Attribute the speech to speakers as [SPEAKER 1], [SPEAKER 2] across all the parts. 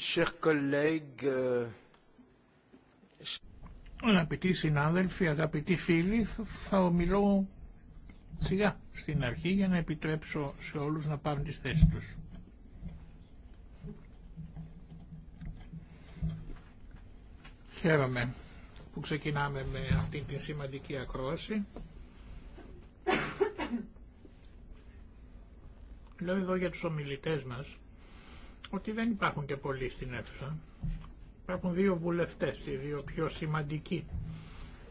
[SPEAKER 1] Euh, αγαπητοί συνάδελφοι, αγαπητοί φίλοι, θα ομιλώ σιγά στην αρχή για να επιτρέψω σε όλους να πάρουν τις θέσεις τους. Χαίρομαι που ξεκινάμε με αυτή την σημαντική ακρόαση. Λέω εδώ για τους ομιλητές μας ότι δεν υπάρχουν και πολλοί στην αίθουσα. Υπάρχουν δύο βουλευτές, οι δύο πιο σημαντικοί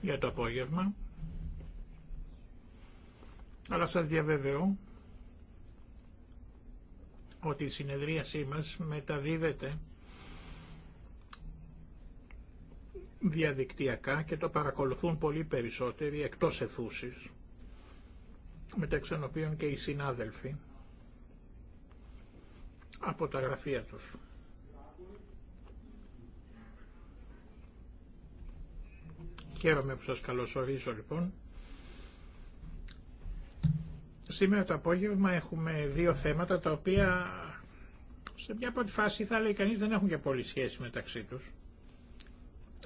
[SPEAKER 1] για το απόγευμα. Αλλά σας διαβεβαιώ ότι η συνεδρίασή μας μεταδίδεται διαδικτυακά και το παρακολουθούν πολύ περισσότεροι εκτός εθούσης μεταξύ των οποίων και οι συνάδελφοι από τα γραφεία τους. Χαίρομαι που σας καλωσορίζω λοιπόν. Σήμερα το απόγευμα έχουμε δύο θέματα τα οποία σε μια πρώτη φάση θα λέει κανείς δεν έχουν και πολύ σχέση μεταξύ τους.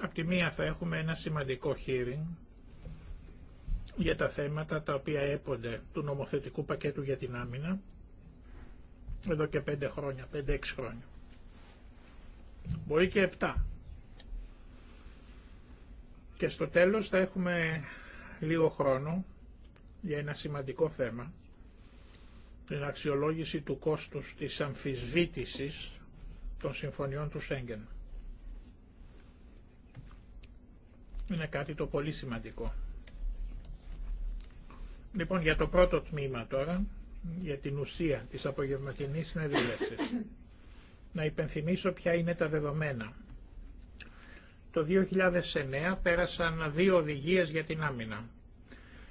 [SPEAKER 1] Απ' τη μία θα έχουμε ένα σημαντικό hearing για τα θέματα τα οποία έπονται του νομοθετικού πακέτου για την άμυνα εδώ και 5 χρόνια, 5-6 χρόνια. Μπορεί και 7. Και στο τέλος θα έχουμε λίγο χρόνο για ένα σημαντικό θέμα, την αξιολόγηση του κόστους της αμφισβήτησης των συμφωνιών του Σέγγεν. Είναι κάτι το πολύ σημαντικό. Λοιπόν, για το πρώτο τμήμα τώρα, για την ουσία της απογευματινής συνεδρίασης. Να υπενθυμίσω ποια είναι τα δεδομένα. Το 2009 πέρασαν δύο οδηγίες για την άμυνα.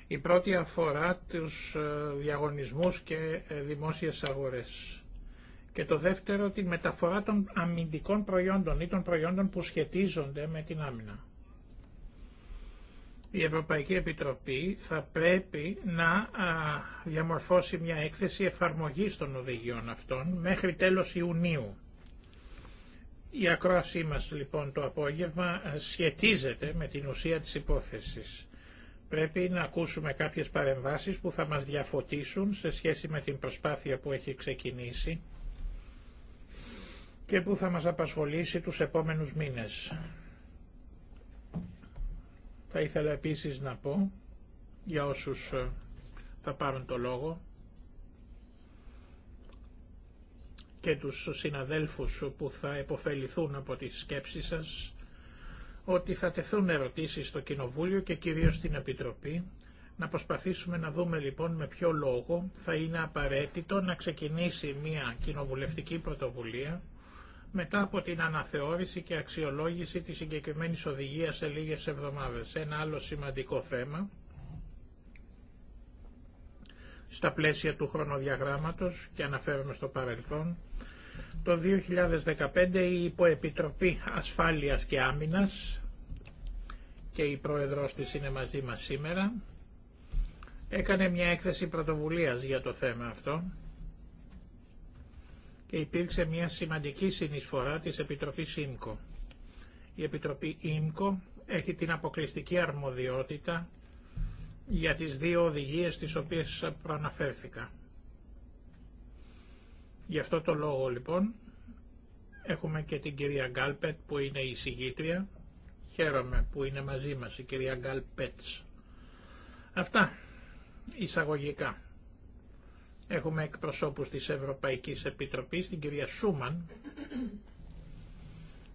[SPEAKER 1] Η πρώτη αφορά τους ε, διαγωνισμούς και ε, δημόσιες αγορές. Και το δεύτερο, τη μεταφορά των αμυντικών προϊόντων ή των προϊόντων που σχετίζονται με την άμυνα η Ευρωπαϊκή Επιτροπή θα πρέπει να διαμορφώσει μια έκθεση εφαρμογής των οδηγιών αυτών μέχρι τέλος Ιουνίου. Η ακρόασή μας λοιπόν το απόγευμα σχετίζεται με την ουσία της υπόθεσης. Πρέπει να ακούσουμε κάποιες παρεμβάσεις που θα μας διαφωτίσουν σε σχέση με την προσπάθεια που έχει ξεκινήσει και που θα μας απασχολήσει τους επόμενους μήνες. Θα ήθελα επίσης να πω για όσους ε, θα πάρουν το λόγο και τους συναδέλφους που θα επωφεληθούν από τις σκέψεις σας ότι θα τεθούν ερωτήσεις στο Κοινοβούλιο και κυρίως στην Επιτροπή. Να προσπαθήσουμε να δούμε λοιπόν με ποιο λόγο θα είναι απαραίτητο να ξεκινήσει μια κοινοβουλευτική πρωτοβουλία μετά από την αναθεώρηση και αξιολόγηση της συγκεκριμένης οδηγίας σε λίγες εβδομάδες. Ένα άλλο σημαντικό θέμα στα πλαίσια του χρονοδιαγράμματος και αναφέρομαι στο παρελθόν. Το 2015 η Υποεπιτροπή Ασφάλειας και Άμυνας και η Πρόεδρος της είναι μαζί μας σήμερα έκανε μια έκθεση πρωτοβουλίας για το θέμα αυτό και υπήρξε μια σημαντική συνεισφορά της Επιτροπής ΙΜΚΟ. Η Επιτροπή ΙΜΚΟ έχει την αποκλειστική αρμοδιότητα για τις δύο οδηγίες τις οποίες προαναφέρθηκα. Γι' αυτό το λόγο λοιπόν έχουμε και την κυρία Γκάλπετ που είναι η συγγήτρια. Χαίρομαι που είναι μαζί μας η κυρία Γκάλπετς. Αυτά εισαγωγικά. Έχουμε εκπροσώπους της Ευρωπαϊκής Επιτροπής, την κυρία Σούμαν,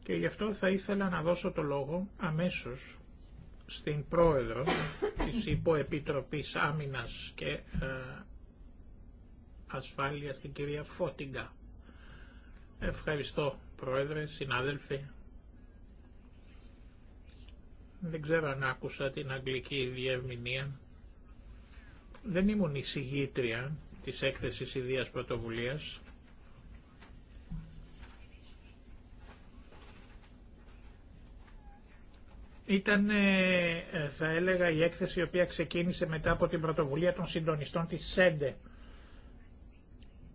[SPEAKER 1] και γι' αυτό θα ήθελα να δώσω το λόγο αμέσως στην πρόεδρο της Υποεπιτροπής Άμυνας και ε, Ασφάλειας, την κυρία Φώτιγκα. Ευχαριστώ, πρόεδρε, συνάδελφοι. Δεν ξέρω αν άκουσα την αγγλική διευμηνία. Δεν ήμουν εισηγήτρια της έκθεσης ιδίας πρωτοβουλίας. Ήταν, ε, θα έλεγα, η έκθεση η οποία ξεκίνησε μετά από την πρωτοβουλία των συντονιστών της ΣΕΝΤΕ.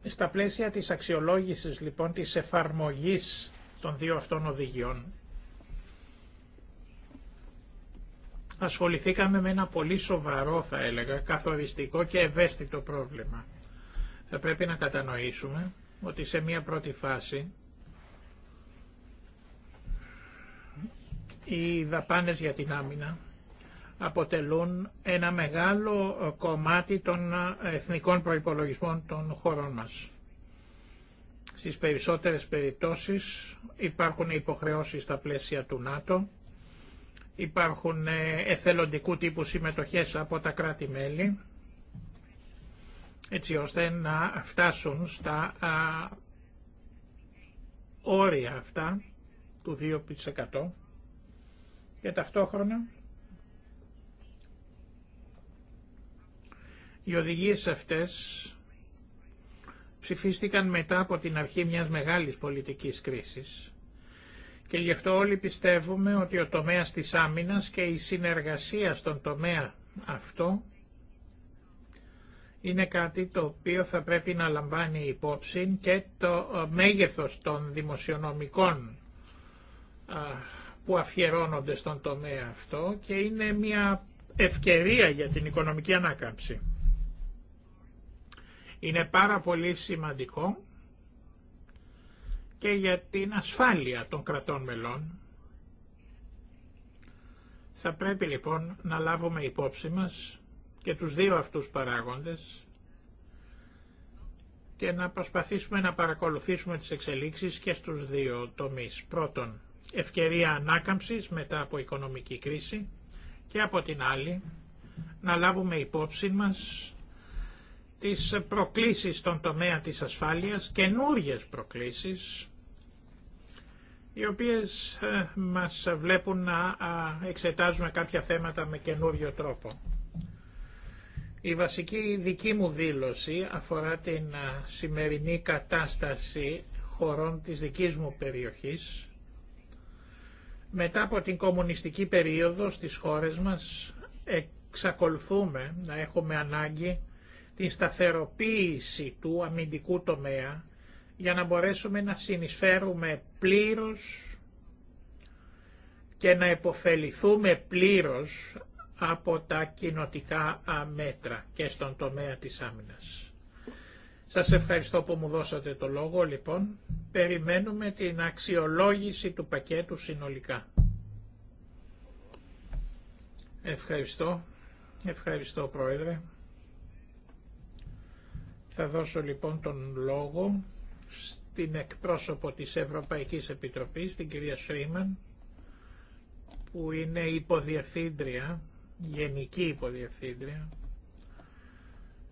[SPEAKER 1] Στα πλαίσια της αξιολόγησης λοιπόν της εφαρμογής των δύο αυτών οδηγιών, ασχοληθήκαμε με ένα πολύ σοβαρό θα έλεγα, καθοριστικό και ευαίσθητο πρόβλημα θα πρέπει να κατανοήσουμε ότι σε μία πρώτη φάση οι δαπάνες για την άμυνα αποτελούν ένα μεγάλο κομμάτι των εθνικών προϋπολογισμών των χωρών μας. Στις περισσότερες περιπτώσεις υπάρχουν υποχρεώσεις στα πλαίσια του ΝΑΤΟ, υπάρχουν εθελοντικού τύπου συμμετοχές από τα κράτη-μέλη έτσι ώστε να φτάσουν στα α, όρια αυτά του 2% και ταυτόχρονα οι οδηγίες αυτές ψηφίστηκαν μετά από την αρχή μιας μεγάλης πολιτικής κρίσης και γι' αυτό όλοι πιστεύουμε ότι ο τομέας της άμυνας και η συνεργασία στον τομέα αυτό είναι κάτι το οποίο θα πρέπει να λαμβάνει υπόψη και το ε, μέγεθος των δημοσιονομικών ε, που αφιερώνονται στον τομέα αυτό και είναι μια ευκαιρία για την οικονομική ανάκαμψη. Είναι πάρα πολύ σημαντικό και για την ασφάλεια των κρατών μελών. Θα πρέπει λοιπόν να λάβουμε υπόψη μας και τους δύο αυτούς παράγοντες και να προσπαθήσουμε να παρακολουθήσουμε τις εξελίξεις και στους δύο τομείς. Πρώτον, ευκαιρία ανάκαμψης μετά από οικονομική κρίση και από την άλλη να λάβουμε υπόψη μας τις προκλήσεις στον τομέα της ασφάλειας, καινούριε προκλήσεις, οι οποίες ε, μας βλέπουν να εξετάζουμε κάποια θέματα με καινούριο τρόπο. Η βασική δική μου δήλωση αφορά την σημερινή κατάσταση χωρών της δικής μου περιοχής. Μετά από την κομμουνιστική περίοδο στις χώρες μας εξακολουθούμε να έχουμε ανάγκη την σταθεροποίηση του αμυντικού τομέα για να μπορέσουμε να συνεισφέρουμε πλήρως και να επωφεληθούμε πλήρως από τα κοινοτικά μέτρα και στον τομέα της άμυνας. Σας ευχαριστώ που μου δώσατε το λόγο, λοιπόν. Περιμένουμε την αξιολόγηση του πακέτου συνολικά. Ευχαριστώ. Ευχαριστώ, Πρόεδρε. Θα δώσω λοιπόν τον λόγο στην εκπρόσωπο της Ευρωπαϊκής Επιτροπής, την κυρία Σρίμαν, που είναι υποδιευθύντρια Γενική Υποδιευθύντρια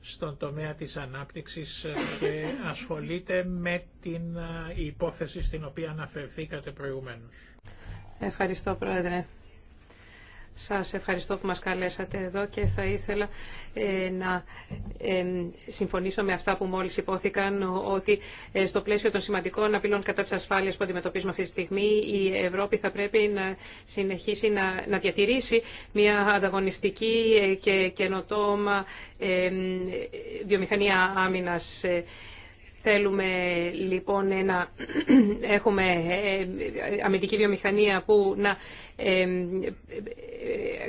[SPEAKER 1] στον τομέα της ανάπτυξης ε, και ασχολείται με την ε, υπόθεση στην οποία αναφερθήκατε προηγουμένως.
[SPEAKER 2] Ευχαριστώ Πρόεδρε. Σας ευχαριστώ που μας καλέσατε εδώ και θα ήθελα ε, να ε, συμφωνήσω με αυτά που μόλις υπόθηκαν ότι ε, στο πλαίσιο των σημαντικών απειλών κατά της ασφάλειας που αντιμετωπίζουμε αυτή τη στιγμή η Ευρώπη θα πρέπει να συνεχίσει να, να διατηρήσει μια ανταγωνιστική και καινοτόμα βιομηχανία άμυνας Θέλουμε λοιπόν να έχουμε ε, αμυντική βιομηχανία που να ε, ε,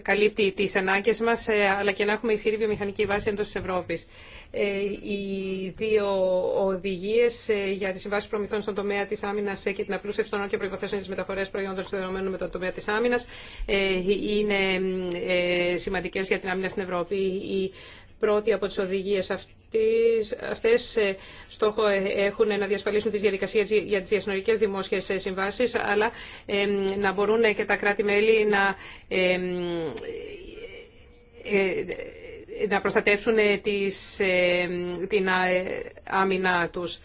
[SPEAKER 2] καλύπτει τις ανάγκες μας, αλλά και να έχουμε ισχυρή βιομηχανική βάση εντός της Ευρώπης. Οι δύο οδηγίες για τις συμβάσεις προμηθών στον τομέα της άμυνας και την απλούσευση των όρων και προϋποθέσεων της μεταφορές προϊόντων συνδεδομένων με τον τομέα της άμυνας είναι σημαντικές για την άμυνα στην Ευρώπη. Η πρώτη από τις οδηγίες Αυτέ αυτές ε, στόχο ε, έχουν να διασφαλίσουν τις διαδικασίες για τις διασυνορικές δημόσιες ε, συμβάσεις, αλλά να μπορούν και τα κράτη-μέλη να να προστατεύσουν τις, την άμυνα τους.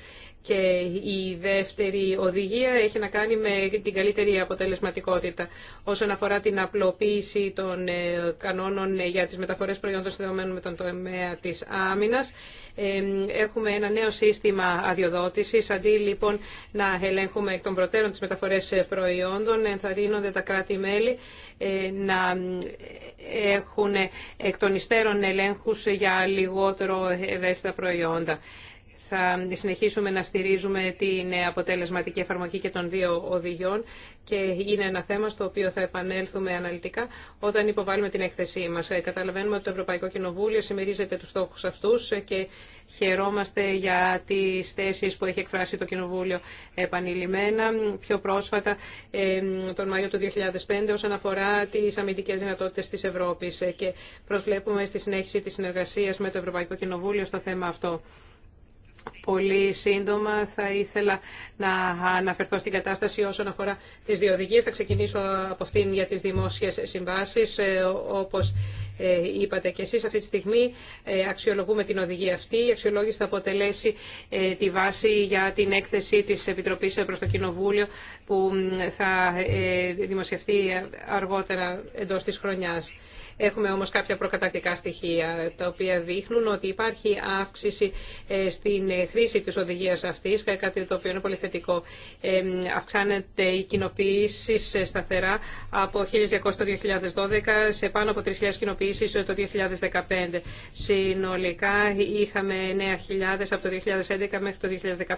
[SPEAKER 2] Και η δεύτερη οδηγία έχει να κάνει με την καλύτερη αποτελεσματικότητα όσον αφορά την απλοποίηση των ε, κανόνων για τις μεταφορές προϊόντων συνδεδομένων με τον τομέα της άμυνας. Έχουμε ένα νέο σύστημα αδειοδότησης. Αντί λοιπόν να ελέγχουμε εκ των προτέρων τις μεταφορές προϊόντων, ενθαρρύνονται τα κράτη-μέλη ε, να έχουν εκ των υστέρων ελέγχους για λιγότερο ευαίσθητα προϊόντα θα συνεχίσουμε να στηρίζουμε την αποτελεσματική εφαρμογή και των δύο οδηγιών και είναι ένα θέμα στο οποίο θα επανέλθουμε αναλυτικά όταν υποβάλουμε την έκθεσή μας. Ε, καταλαβαίνουμε ότι το Ευρωπαϊκό Κοινοβούλιο συμμερίζεται τους στόχους αυτούς και χαιρόμαστε για τις θέσεις που έχει εκφράσει το Κοινοβούλιο επανειλημμένα. Πιο πρόσφατα, τον Μάιο του 2005, όσον αφορά τις αμυντικές δυνατότητες της Ευρώπης ε, και προσβλέπουμε στη συνέχιση της συνεργασίας με το Ευρωπαϊκό Κοινοβούλιο στο θέμα αυτό. Πολύ σύντομα θα ήθελα να αναφερθώ στην κατάσταση όσον αφορά τις δύο οδηγίες. Θα ξεκινήσω από αυτήν για τις δημόσιες συμβάσεις. Ε, όπως ε, είπατε και εσείς, αυτή τη στιγμή ε, αξιολογούμε την οδηγία αυτή. Η αξιολόγηση θα αποτελέσει τη βάση για την έκθεση της Επιτροπής προς το Κοινοβούλιο που θα δημοσιευτεί αργότερα εντός της χρονιάς. Έχουμε όμως κάποια προκατακτικά στοιχεία, τα οποία δείχνουν ότι υπάρχει αύξηση ε, στην ε, χρήση της οδηγίας αυτής, κάτι το οποίο είναι πολύ θετικό. Αυξάνεται η κοινοποίηση ε, σταθερά από 1.200 το 2012 σε πάνω από 3.000 κοινοποίησεις το 2015. Συνολικά είχαμε 9.000 από το 2011 μέχρι το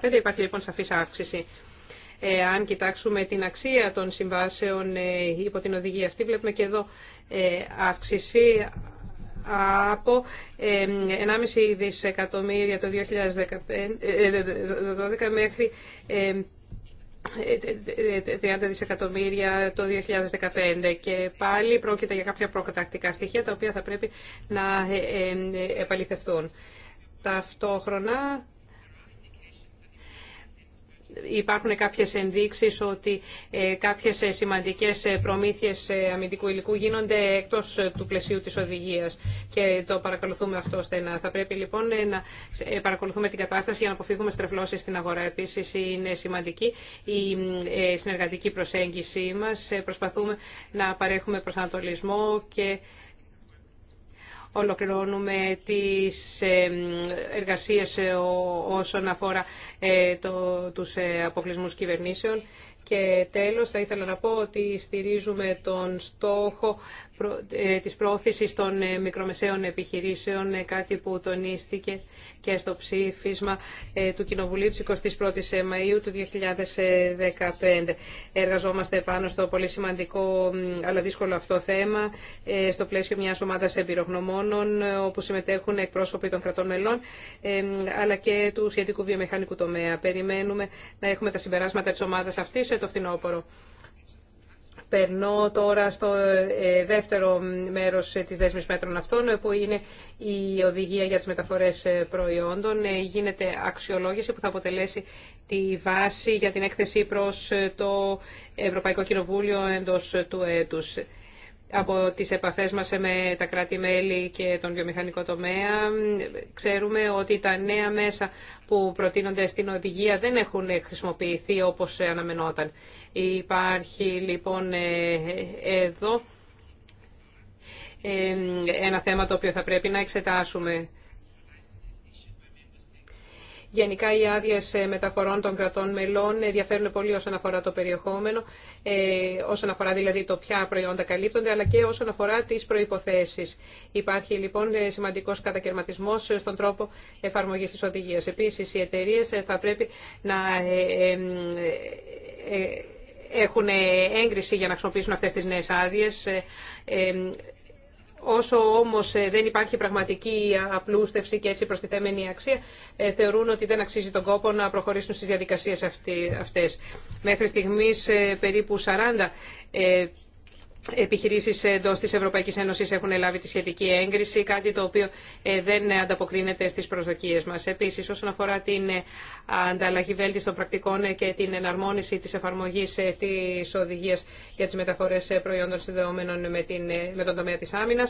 [SPEAKER 2] 2015. Υπάρχει λοιπόν σαφής αύξηση αν κοιτάξουμε την αξία των συμβάσεων ε, υπό την οδηγία αυτή, βλέπουμε και εδώ ε, αύξηση από 1,5 ε, δισεκατομμύρια το 2012 μέχρι 30 δισεκατομμύρια το 2015 και πάλι πρόκειται για κάποια προκατακτικά στοιχεία τα οποία θα πρέπει να επαληθευτούν. Ταυτόχρονα υπάρχουν κάποιες ενδείξεις ότι ε, κάποιες ε, σημαντικές ε, προμήθειες αμυντικού υλικού γίνονται εκτός του πλαισίου της οδηγίας και το παρακολουθούμε αυτό στενά. Θα πρέπει λοιπόν να παρακολουθούμε την κατάσταση για να αποφύγουμε στρεβλώσεις στην αγορά. Επίσης είναι σημαντική η συνεργατική προσέγγιση μας. Προσπαθούμε να παρέχουμε προσανατολισμό και ολοκληρώνουμε τις ε, εργασίες ε, όσον αφορά ε, το, τους αποκλεισμούς κυβερνήσεων. Και τέλος θα ήθελα να πω ότι στηρίζουμε τον στόχο ε, της πρόωθησης των ε, μικρομεσαίων επιχειρήσεων, ε, κάτι που τονίστηκε και στο ψήφισμα του Κοινοβουλίου της 21ης Μαΐου του 2015. Εργαζόμαστε πάνω στο πολύ σημαντικό αλλά δύσκολο αυτό θέμα στο πλαίσιο μιας ομάδας εμπειρογνωμόνων όπου συμμετέχουν εκπρόσωποι των κρατών μελών αλλά και του σχετικού βιομηχανικού τομέα. Περιμένουμε να έχουμε τα συμπεράσματα της ομάδας αυτής το φθινόπωρο. Περνώ τώρα στο ε, δεύτερο μέρος της δέσμης μέτρων αυτών, που είναι η οδηγία για τις μεταφορές ε, προϊόντων. Ε, γίνεται αξιολόγηση που θα αποτελέσει τη βάση για την έκθεση προς το Ευρωπαϊκό Κοινοβούλιο εντός του έτους από τις επαφές μας με τα κράτη-μέλη και τον βιομηχανικό τομέα ξέρουμε ότι τα νέα μέσα που προτείνονται στην οδηγία δεν έχουν χρησιμοποιηθεί όπως αναμενόταν. Υπάρχει λοιπόν ε, εδώ ε, ένα θέμα το οποίο θα πρέπει να εξετάσουμε. Γενικά οι άδειε ε, μεταφορών των κρατών μελών διαφέρουν πολύ όσον αφορά το περιεχόμενο, όσον αφορά δηλαδή το ποια προϊόντα καλύπτονται, αλλά και όσον αφορά τι προποθέσει. Υπάρχει λοιπόν σημαντικό κατακαιρματισμό στον τρόπο εφαρμογή τη οδηγία. Επίση, οι εταιρείε θα πρέπει να έχουν έγκριση για να χρησιμοποιήσουν αυτές τις νέες άδειες. Ε, ε, όσο όμως ε, δεν υπάρχει πραγματική απλούστευση και έτσι προστιθέμενη αξία, θεωρούν ότι δεν αξίζει τον κόπο να προχωρήσουν στις διαδικασίες αυτές. Μέχρι στιγμής περίπου 40 επιχειρήσει εντό τη Ευρωπαϊκή Ένωση έχουν λάβει τη σχετική έγκριση, κάτι το οποίο ε, δεν ανταποκρίνεται στι προσδοκίε μα. Επίση, όσον αφορά την ε, ανταλλαγή βέλτιστων πρακτικών και την εναρμόνιση τη εφαρμογή ε, τη οδηγία για τι μεταφορέ προϊόντων Συνδεόμενων με, τον τομέα τη άμυνα,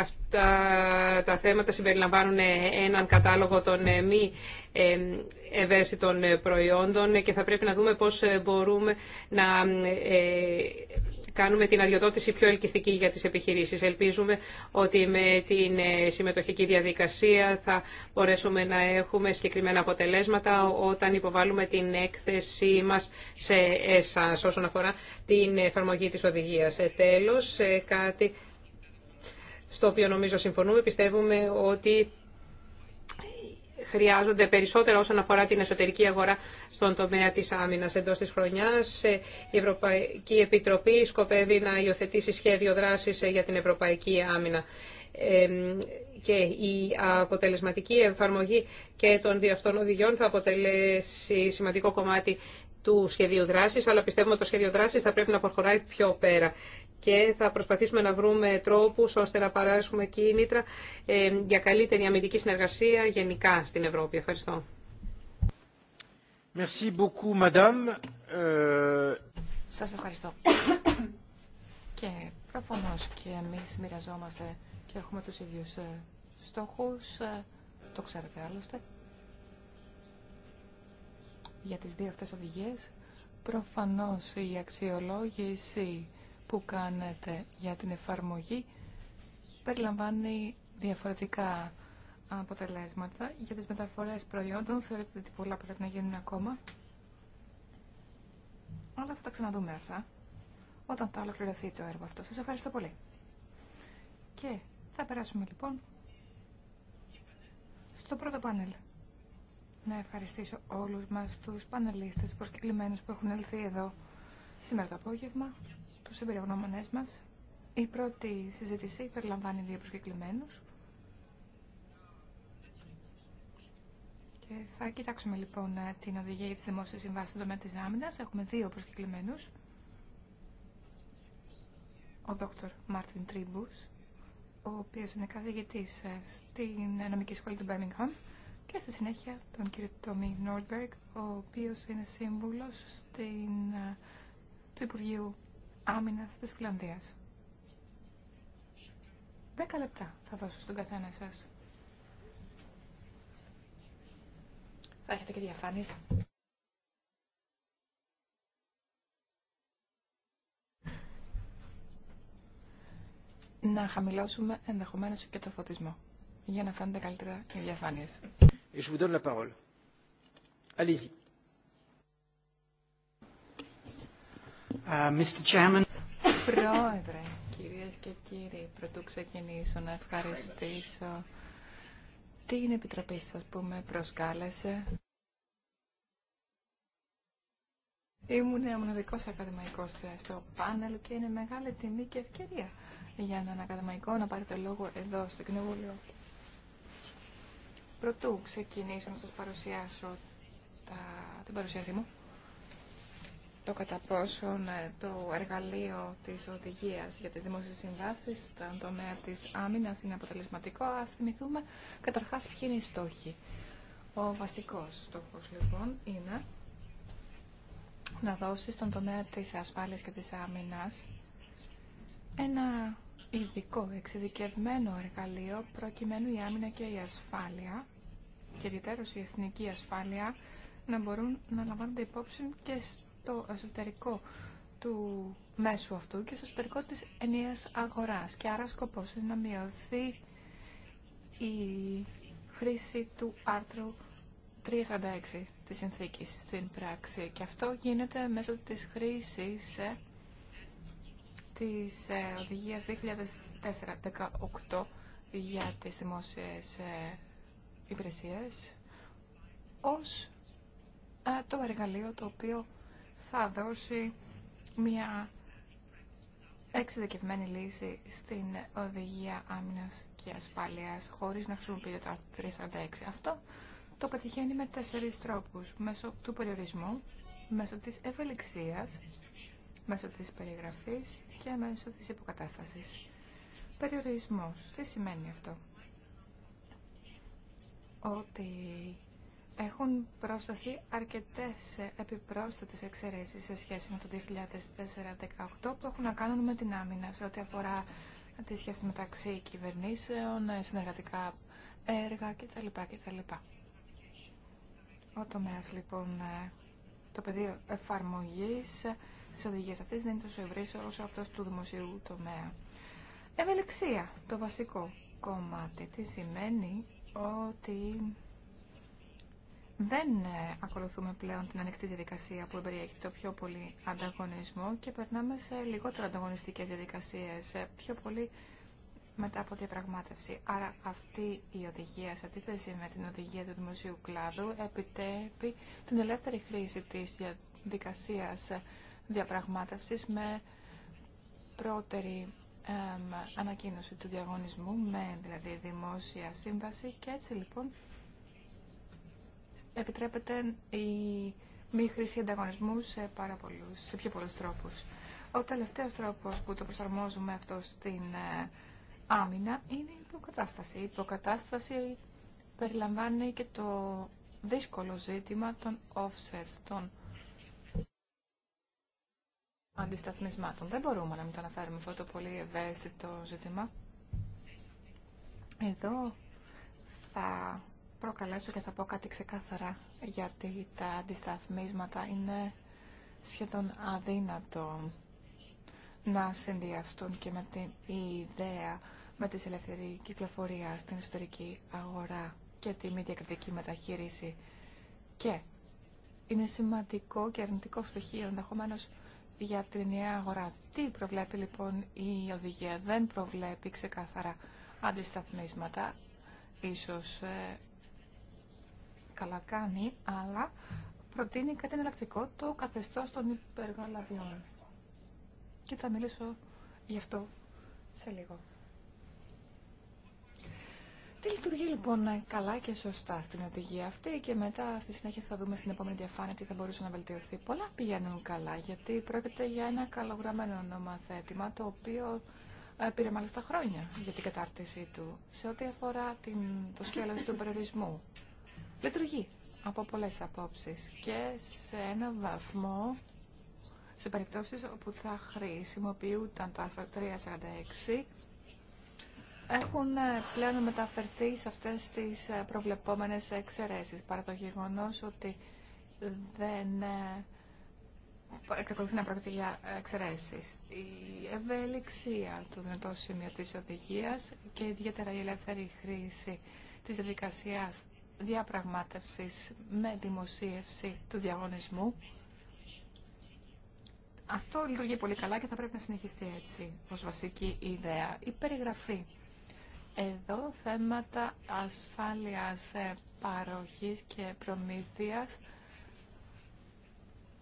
[SPEAKER 2] αυτά τα θέματα συμπεριλαμβάνουν έναν κατάλογο των μη ευαίσθητων προϊόντων και θα πρέπει να δούμε πώς μπορούμε να κάνουμε την αδειοδότηση πιο ελκυστική για τις επιχειρήσεις. Ελπίζουμε ότι με την ε, συμμετοχική διαδικασία θα μπορέσουμε να έχουμε συγκεκριμένα αποτελέσματα όταν υποβάλουμε την έκθεσή μας σε εσάς όσον αφορά την εφαρμογή της οδηγίας. Ε, τέλος, ε, κάτι στο οποίο νομίζω συμφωνούμε, πιστεύουμε ότι χρειάζονται περισσότερο όσον αφορά την εσωτερική αγορά στον τομέα της άμυνας εντός της χρονιάς. Ε, η Ευρωπαϊκή Επιτροπή σκοπεύει να υιοθετήσει σχέδιο δράσης ε, για την Ευρωπαϊκή Άμυνα και η αποτελεσματική εφαρμογή και των δύο οδηγιών θα αποτελέσει σημαντικό κομμάτι του σχεδίου δράσης, αλλά πιστεύουμε ότι το σχέδιο δράσης θα πρέπει να προχωράει πιο πέρα και θα προσπαθήσουμε να βρούμε τρόπους ώστε να παράσχουμε κίνητρα ε, για καλύτερη αμυντική συνεργασία γενικά στην Ευρώπη. Ευχαριστώ.
[SPEAKER 1] Merci beaucoup, madame. Ε, Σας ευχαριστώ.
[SPEAKER 3] και προφανώς και εμείς μοιραζόμαστε και έχουμε τους ίδιους ε, στόχους, το ξέρετε άλλωστε, για τις δύο αυτές οδηγίες. Προφανώς η αξιολόγηση που κάνετε για την εφαρμογή περιλαμβάνει διαφορετικά αποτελέσματα. Για τις μεταφορές προϊόντων θεωρείτε ότι πολλά πρέπει να γίνουν ακόμα. Αλλά θα τα ξαναδούμε αυτά όταν θα ολοκληρωθεί το έργο αυτό. Σας ευχαριστώ πολύ. Και θα περάσουμε λοιπόν στο πρώτο πάνελ. Να ευχαριστήσω όλους μας τους πανελίστες προσκεκλημένους που έχουν έλθει εδώ σήμερα το απόγευμα. Του εμπειρογνώμονές μα. Η πρώτη συζήτηση περιλαμβάνει δύο προσκεκλημένου. Και θα κοιτάξουμε λοιπόν την οδηγία για τι δημόσιε συμβάσει στον τομέα της άμυνας. Έχουμε δύο προσκεκλημένου. Ο δρ. Μάρτιν Τρίμπου, ο οποίος είναι καθηγητή ε, στην νομική σχολή του Birmingham και στη συνέχεια τον κύριο Τόμι Νόρτμπεργκ, ο οποίο είναι σύμβουλο ε, του Υπουργείου Άμυνα τη Φιλανδία. Δέκα λεπτά θα δώσω στον καθένα σα. Θα έχετε και διαφάνεια. Να χαμηλώσουμε ενδεχομένω και το φωτισμό για να φαίνονται καλύτερα οι διαφάνειε.
[SPEAKER 2] Je vous donne la parole.
[SPEAKER 1] allez Uh,
[SPEAKER 3] Πρόεδρε, κυρίες και κύριοι, πρωτού ξεκινήσω να ευχαριστήσω την Επιτροπή σας που με προσκάλεσε. Ήμουν ο μοναδικός ακαδημαϊκός στο πάνελ και είναι μεγάλη τιμή και ευκαιρία για έναν ακαδημαϊκό να πάρει το λόγο εδώ στο Κοινοβούλιο. Πρωτού ξεκινήσω να σας παρουσιάσω τα... την παρουσίασή μου το κατά πόσον ε, το εργαλείο της οδηγίας για τις δημόσιες συμβάσεις στον τομέα της άμυνας είναι αποτελεσματικό, ας θυμηθούμε καταρχάς ποιοι είναι οι στόχοι. Ο βασικός στόχος λοιπόν είναι να δώσει στον τομέα της ασφάλειας και της άμυνας ένα ειδικό, εξειδικευμένο εργαλείο προκειμένου η άμυνα και η ασφάλεια και ιδιαίτερως η εθνική ασφάλεια να μπορούν να λαμβάνονται υπόψη και στο στο εσωτερικό του μέσου αυτού και στο εσωτερικό της ενιαίας αγοράς. Και άρα σκοπός είναι να μειωθεί η χρήση του άρθρου 346 της συνθήκης στην πράξη. Και αυτό γίνεται μέσω της χρήσης ε, της ε, οδηγίας 2004-18 για τις δημόσιες ε, υπηρεσίες ως το εργαλείο το οποίο θα δώσει μια εξειδικευμένη λύση στην οδηγία άμυνας και ασφάλειας χωρίς να χρησιμοποιεί το άρθρο 346. Αυτό το πετυχαίνει με τέσσερις τρόπους. Μέσω του περιορισμού, μέσω της ευελιξίας, μέσω της περιγραφής και μέσω της υποκατάστασης. Περιορισμός. Τι σημαίνει αυτό. Ότι έχουν προσταθεί αρκετές επιπρόσθετες εξαιρέσεις σε σχέση με το 2004-2018 που έχουν να κάνουν με την άμυνα σε ό,τι αφορά τη σχέση μεταξύ κυβερνήσεων, συνεργατικά έργα κτλ. κτλ. Ο τομέας λοιπόν, το πεδίο εφαρμογής της οδηγίας αυτής δεν είναι τόσο ευρύς όσο αυτός του δημοσίου τομέα. Ευελιξία, το βασικό κομμάτι, τι σημαίνει ότι δεν ε, ακολουθούμε πλέον την ανοιχτή διαδικασία που περιέχει το πιο πολύ ανταγωνισμό και περνάμε σε λιγότερο ανταγωνιστικές διαδικασίες, πιο πολύ μετά από διαπραγμάτευση. Άρα αυτή η οδηγία, σε αντίθεση με την οδηγία του δημοσίου κλάδου, επιτρέπει την ελεύθερη χρήση της διαδικασίας διαπραγμάτευσης με πρώτερη ανακοίνωση του διαγωνισμού, με δηλαδή δημόσια σύμβαση και έτσι λοιπόν επιτρέπεται η μη χρήση ανταγωνισμού σε, σε πιο πολλούς τρόπους. Ο τελευταίος τρόπος που το προσαρμόζουμε αυτό στην ε, άμυνα είναι η υποκατάσταση. Η υποκατάσταση περιλαμβάνει και το δύσκολο ζήτημα των offsets, των αντισταθμισμάτων. Δεν μπορούμε να μην το αναφέρουμε αυτό το πολύ ευαίσθητο ζήτημα. Εδώ θα προκαλέσω και θα πω κάτι ξεκάθαρα, γιατί τα αντισταθμίσματα είναι σχεδόν αδύνατο να συνδυαστούν και με την ιδέα με τη ελευθερή κυκλοφορία στην ιστορική αγορά και τη μη διακριτική μεταχείριση. Και είναι σημαντικό και αρνητικό στοιχείο ενδεχομένω για την νέα αγορά. Τι προβλέπει λοιπόν η οδηγία, δεν προβλέπει ξεκάθαρα αντισταθμίσματα. Ίσως ε, καλά κάνει, αλλά προτείνει κάτι εναλλακτικό το καθεστώ των υπεργαλαβιών. Και θα μιλήσω γι' αυτό σε λίγο. Τι λειτουργεί λοιπόν καλά και σωστά στην οδηγία αυτή και μετά στη συνέχεια θα δούμε στην επόμενη διαφάνεια τι θα μπορούσε να βελτιωθεί. Πολλά πηγαίνουν καλά γιατί πρόκειται για ένα καλογραμμένο νομοθέτημα το οποίο ε, πήρε μάλιστα χρόνια για την κατάρτισή του σε ό,τι αφορά την, το σκέλος του περιορισμού λειτουργεί από πολλές απόψεις και σε ένα βαθμό σε περιπτώσεις όπου θα χρησιμοποιούνταν το άρθρο 346 έχουν ε, πλέον μεταφερθεί σε αυτές τις ε, προβλεπόμενες εξαιρέσεις παρά το γεγονός ότι δεν ε, εξακολουθεί να πρόκειται για εξαιρέσει. Η ευελιξία του δυνατό σημείου τη οδηγίας και ιδιαίτερα η ελεύθερη χρήση της διαδικασία διαπραγμάτευσης με δημοσίευση του διαγωνισμού. Αυτό λειτουργεί πολύ καλά και θα πρέπει να συνεχιστεί έτσι ως βασική ιδέα. Η περιγραφή. Εδώ θέματα ασφάλειας ε, παροχής και προμήθειας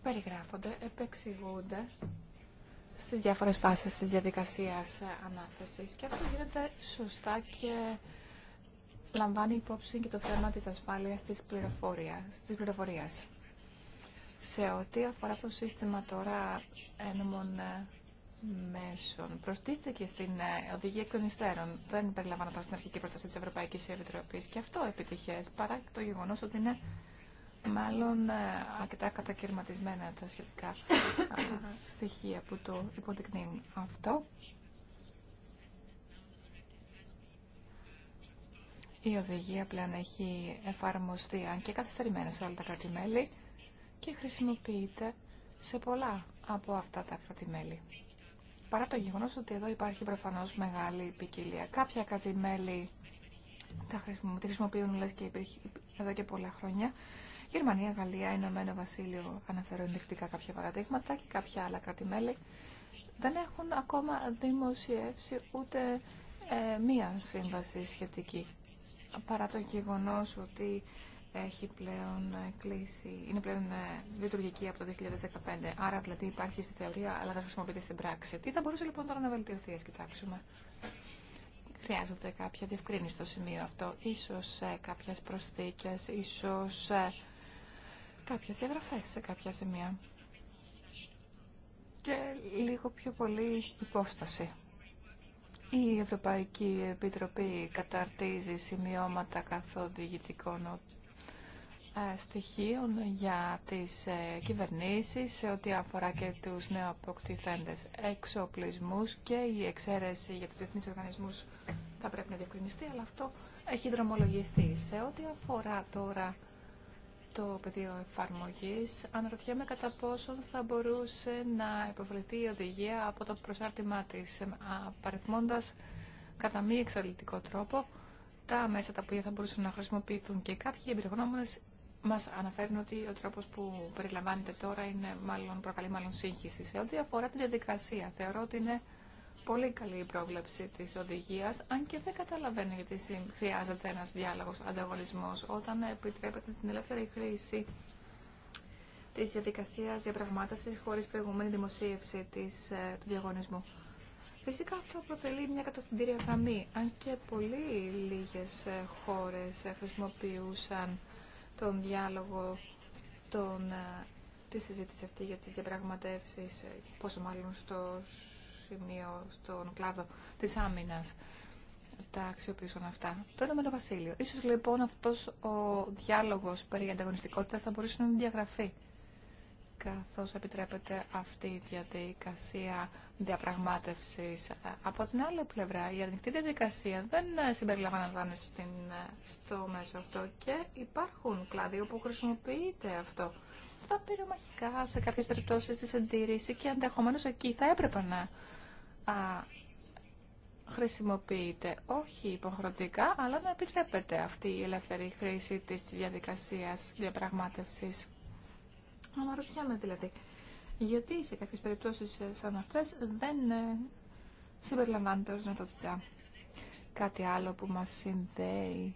[SPEAKER 3] περιγράφονται, επεξηγούνται στις διάφορες φάσεις της διαδικασίας ε, ανάθεσης και αυτό γίνεται σωστά και λαμβάνει υπόψη και το θέμα της ασφάλειας της πληροφορίας. Της πληροφορίας. Σε ό,τι αφορά το σύστημα τώρα ένωμων ε, μέσων, προστίθεται στην ε, οδηγία εκ των υστέρων. Δεν περιλαμβάνονταν στην αρχική προστασία της Ευρωπαϊκής Επιτροπής και αυτό επιτυχές, παρά το γεγονός ότι είναι μάλλον ε, αρκετά κατακαιρματισμένα τα σχετικά στοιχεία που το υποδεικνύουν αυτό. Η οδηγία πλέον έχει εφαρμοστεί αν και καθυστερημένα σε όλα τα κράτη-μέλη και χρησιμοποιείται σε πολλά από αυτά τα κράτη-μέλη. Παρά το γεγονός ότι εδώ υπάρχει προφανώς μεγάλη ποικιλία. Κάποια κράτη-μέλη τα χρησιμοποιούν λες, και εδώ και πολλά χρόνια. Γερμανία, Γαλλία, Ηνωμένο Βασίλειο αναφέρω ενδεικτικά κάποια παραδείγματα και κάποια άλλα κράτη-μέλη δεν έχουν ακόμα δημοσιεύσει ούτε ε, μία σύμβαση σχετική παρά το γεγονός ότι έχει πλέον ε, κλείσει, είναι πλέον ε, λειτουργική από το 2015. Άρα δηλαδή υπάρχει στη θεωρία αλλά δεν χρησιμοποιείται στην πράξη. Τι θα μπορούσε λοιπόν τώρα να βελτιωθεί, ας κοιτάξουμε. Χρειάζεται κάποια διευκρίνηση στο σημείο αυτό, ίσως ε, κάποιες προσθήκες, ίσως κάποιες διαγραφές σε κάποια σημεία. Και λίγο πιο πολύ υπόσταση. Η Ευρωπαϊκή Επιτροπή καταρτίζει σημειώματα καθοδηγητικών ε, στοιχείων για τις ε, κυβερνήσεις σε ό,τι αφορά και τους νεοαποκτηθέντες εξοπλισμούς και η εξαίρεση για τους διεθνείς οργανισμούς θα πρέπει να διευκρινιστεί, αλλά αυτό έχει δρομολογηθεί. Σε ό,τι αφορά τώρα το πεδίο εφαρμογής, αναρωτιέμαι κατά πόσον θα μπορούσε να υποβληθεί η οδηγία από το προσάρτημά της, ε, παρεθμώντας κατά μη εξαλειπτικό τρόπο τα μέσα τα οποία θα μπορούσαν να χρησιμοποιηθούν και κάποιοι εμπειρογνώμονε. μας αναφέρουν ότι ο τρόπος που περιλαμβάνεται τώρα είναι μάλλον, προκαλεί μάλλον σύγχυση σε ό,τι αφορά την διαδικασία. Θεωρώ ότι είναι πολύ καλή η πρόβλεψη της οδηγίας, αν και δεν καταλαβαίνω γιατί χρειάζεται ένας διάλογος, ανταγωνισμό, όταν επιτρέπεται την ελεύθερη χρήση της διαδικασία διαπραγματεύση χωρίς προηγούμενη δημοσίευση της, ε, του διαγωνισμού. Φυσικά αυτό αποτελεί μια κατευθυντήρια γραμμή, αν και πολύ λίγες ε, χώρες ε, χρησιμοποιούσαν τον διάλογο τη συζήτηση αυτή για τις διαπραγματεύσεις, πόσο μάλλον στο, σημείο στον κλάδο της άμυνας τα αξιοποιούσαν αυτά. Το με το Βασίλειο. Ίσως λοιπόν αυτός ο διάλογος περί ανταγωνιστικότητας θα μπορούσε να διαγραφεί καθώς επιτρέπεται αυτή η διαδικασία διαπραγμάτευσης. Από την άλλη πλευρά, η ανοιχτή διαδικασία δεν συμπεριλαμβάνεται στο μέσο αυτό και υπάρχουν κλάδοι όπου χρησιμοποιείται αυτό θα πυρομαχικά σε κάποιε περιπτώσει της συντήρηση και ενδεχομένω εκεί θα έπρεπε να α, χρησιμοποιείται όχι υποχρεωτικά, αλλά να επιτρέπεται αυτή η ελεύθερη χρήση της διαδικασίας διαπραγμάτευσης. Αναρωτιέμαι δηλαδή, γιατί σε κάποιες περιπτώσεις σαν αυτές δεν ε, συμπεριλαμβάνεται ως δυνατότητα. Κάτι άλλο που μας συνδέει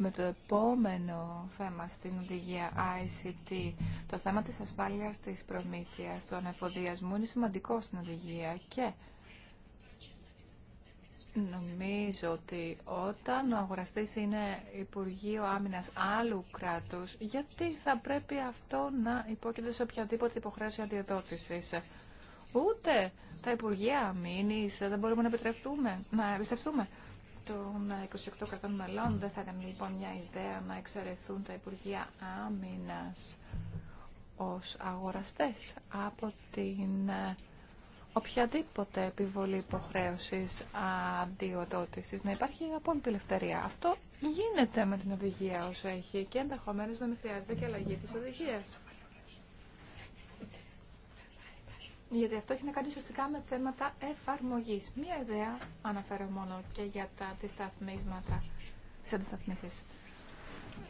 [SPEAKER 3] με το επόμενο θέμα στην οδηγία ICT. Το θέμα της ασφάλειας της προμήθειας, του ανεφοδιασμού είναι σημαντικό στην οδηγία και νομίζω ότι όταν ο αγοραστής είναι Υπουργείο Άμυνας άλλου κράτους, γιατί θα πρέπει αυτό να υπόκειται σε οποιαδήποτε υποχρέωση αντιδότησης. Ούτε τα Υπουργεία Αμήνης δεν μπορούμε να, να εμπιστευτούμε των 28 κρατών μελών. Δεν θα ήταν λοιπόν μια ιδέα να εξαιρεθούν τα Υπουργεία Άμυνα ως αγοραστές από την ε, οποιαδήποτε επιβολή υποχρέωσης αντιοδότησης να υπάρχει απόλυτη ελευθερία. Αυτό γίνεται με την οδηγία όσο έχει και ενδεχομένω να μην χρειάζεται και αλλαγή της οδηγίας. γιατί αυτό έχει να κάνει ουσιαστικά με θέματα εφαρμογή. Μία ιδέα αναφέρω μόνο και για τα αντισταθμίσματα, τι αντισταθμίσει.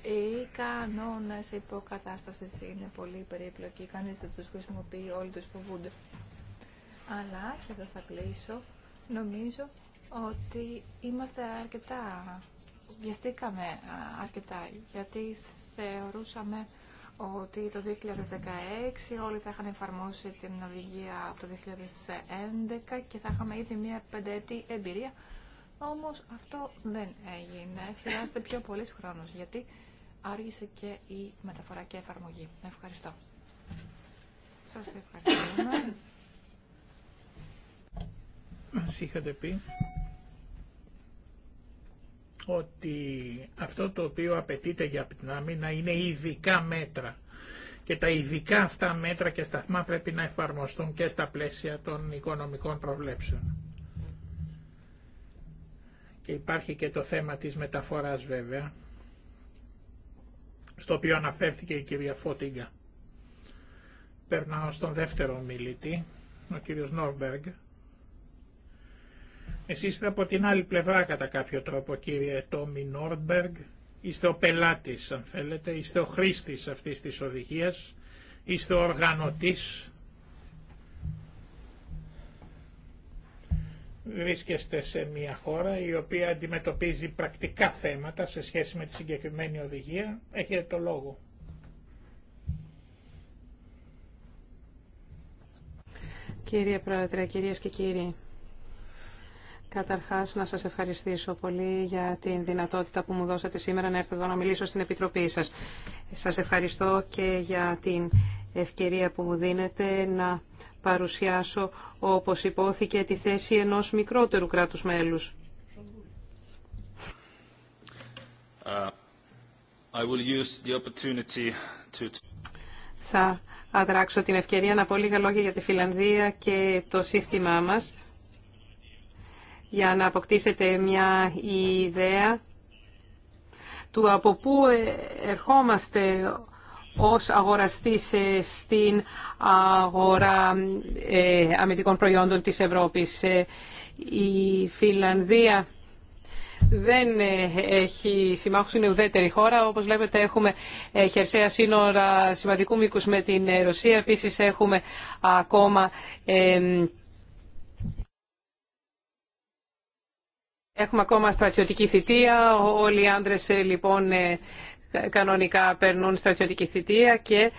[SPEAKER 3] Οι κανόνε υποκατάσταση είναι πολύ περίπλοκοι. Κανεί δεν του χρησιμοποιεί, όλοι του φοβούνται. Αλλά, και εδώ θα κλείσω, νομίζω ότι είμαστε αρκετά. Βιαστήκαμε αρκετά γιατί θεωρούσαμε ότι το 2016 όλοι θα είχαν εφαρμόσει την οδηγία από το 2011 και θα είχαμε ήδη μία πενταετή εμπειρία. Όμως αυτό δεν έγινε. Χρειάζεται πιο πολύς χρόνο γιατί άργησε και η μεταφορά και η εφαρμογή. Ευχαριστώ. Σας ευχαριστούμε.
[SPEAKER 1] Μας είχατε πει ότι αυτό το οποίο απαιτείται για την άμυνα είναι ειδικά μέτρα. Και τα ειδικά αυτά μέτρα και σταθμά πρέπει να εφαρμοστούν και στα πλαίσια των οικονομικών προβλέψεων. Και υπάρχει και το θέμα της μεταφοράς βέβαια, στο οποίο αναφέρθηκε η κυρία Φώτιγκα. Περνάω στον δεύτερο μιλητή, ο κύριος Νόρμπεργκ. Εσείς είστε από την άλλη πλευρά κατά κάποιο τρόπο κύριε Τόμι Νόρντμπεργκ. Είστε ο πελάτης αν θέλετε, είστε ο χρήστης αυτής της οδηγίας, είστε ο οργανωτής. Βρίσκεστε σε μια χώρα η οποία αντιμετωπίζει πρακτικά θέματα σε σχέση με τη συγκεκριμένη οδηγία. Έχετε το λόγο.
[SPEAKER 2] Κύριε Πρόεδρε, κυρίες και κύριοι. Καταρχάς να σας ευχαριστήσω πολύ για την δυνατότητα που μου δώσατε σήμερα να έρθω εδώ να μιλήσω στην Επιτροπή σας. Σας ευχαριστώ και για την ευκαιρία που μου δίνετε να παρουσιάσω, όπως υπόθηκε, τη θέση ενός μικρότερου κράτους μέλους.
[SPEAKER 1] Uh,
[SPEAKER 3] I will use the opportunity to...
[SPEAKER 2] Θα αδράξω την ευκαιρία να πω λίγα λόγια για τη Φιλανδία και το σύστημά μας για να αποκτήσετε μια ιδέα του από πού ε, ερχόμαστε ως αγοραστής ε, στην αγορά ε, αμυντικών προϊόντων της Ευρώπης. Η Φιλανδία δεν έχει συμμάχους, είναι ουδέτερη χώρα. Όπως βλέπετε έχουμε χερσαία σύνορα σημαντικού μήκους με την Ρωσία. Επίσης έχουμε ακόμα Έχουμε ακόμα στρατιωτική θητεία. Όλοι οι άντρες ε, λοιπόν ε, κανονικά περνούν στρατιωτική θητεία και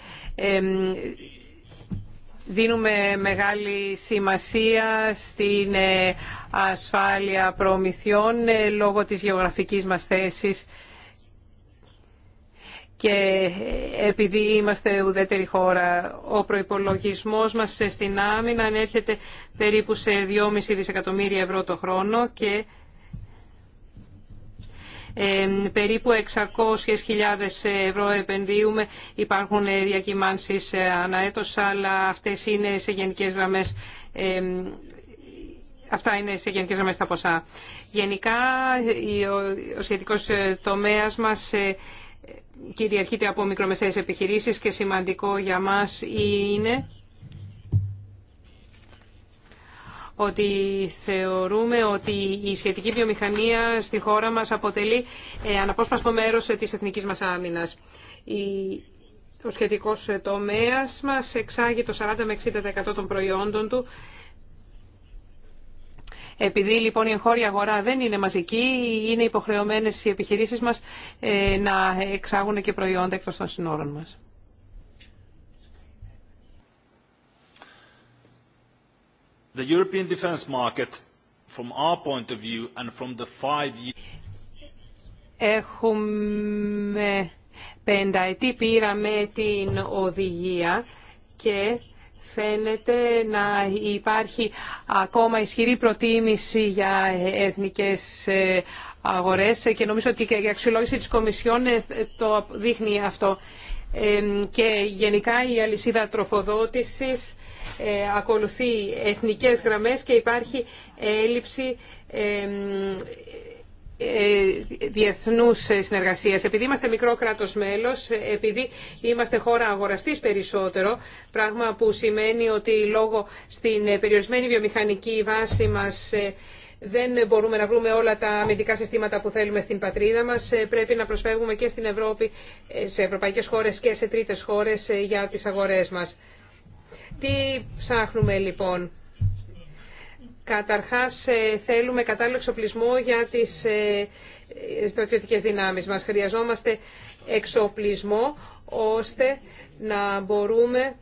[SPEAKER 2] δίνουμε μεγάλη σημασία στην ε, ασφάλεια προμηθειών λόγω της γεωγραφικής μας θέσης και επειδή είμαστε ουδέτερη χώρα, ο προϋπολογισμός μας στην άμυνα ανέρχεται περίπου σε 2,5 δισεκατομμύρια ευρώ το χρόνο και περίπου 600.000 ευρώ επενδύουμε. Υπάρχουν ε, ε, ανά έτος, αλλά αυτές είναι σε γενικές γραμμές Αυτά είναι σε γενικέ γραμμέ τα ποσά. Γενικά, ο σχετικό ε, τομέα μα κυριαρχείται από μικρομεσαίες επιχειρήσεις και σημαντικό για μας είναι ότι θεωρούμε ότι η σχετική βιομηχανία στη χώρα μας αποτελεί ε, αναπόσπαστο μέρος της εθνικής μας άμυνας. Ο σχετικός τομέας μας εξάγει το 40 με 60% των προϊόντων του. Επειδή λοιπόν η εγχώρια αγορά δεν είναι μαζική, είναι υποχρεωμένες οι επιχειρήσεις μας ε, να εξάγουν και προϊόντα εκτός των συνόρων μας. The European Έχουμε πενταετή πείρα με την οδηγία και φαίνεται να υπάρχει ακόμα ισχυρή προτίμηση για εθνικές ε, αγορές και νομίζω ότι και η αξιολόγηση της Κομισιόν ε, το δείχνει αυτό. Και γενικά η αλυσίδα τροφοδότησης ε, ακολουθεί εθνικές γραμμές και υπάρχει έλλειψη ε, ε, διεθνούς συνεργασίας. Επειδή είμαστε μικρό κράτος μέλος, επειδή είμαστε χώρα αγοραστής περισσότερο, πράγμα που σημαίνει ότι λόγω στην περιορισμένη βιομηχανική βάση μας δεν μπορούμε να βρούμε όλα τα αμυντικά συστήματα που θέλουμε στην πατρίδα μας. Πρέπει να προσφεύγουμε και στην Ευρώπη, σε ευρωπαϊκές χώρες και σε τρίτες χώρες για τις αγορές μας. Τι ψάχνουμε λοιπόν. Καταρχάς ε, θέλουμε κατάλληλο εξοπλισμό για τις ε, ε, στρατιωτικές δυνάμεις μας. Χρειαζόμαστε εξοπλισμό ώστε να μπορούμε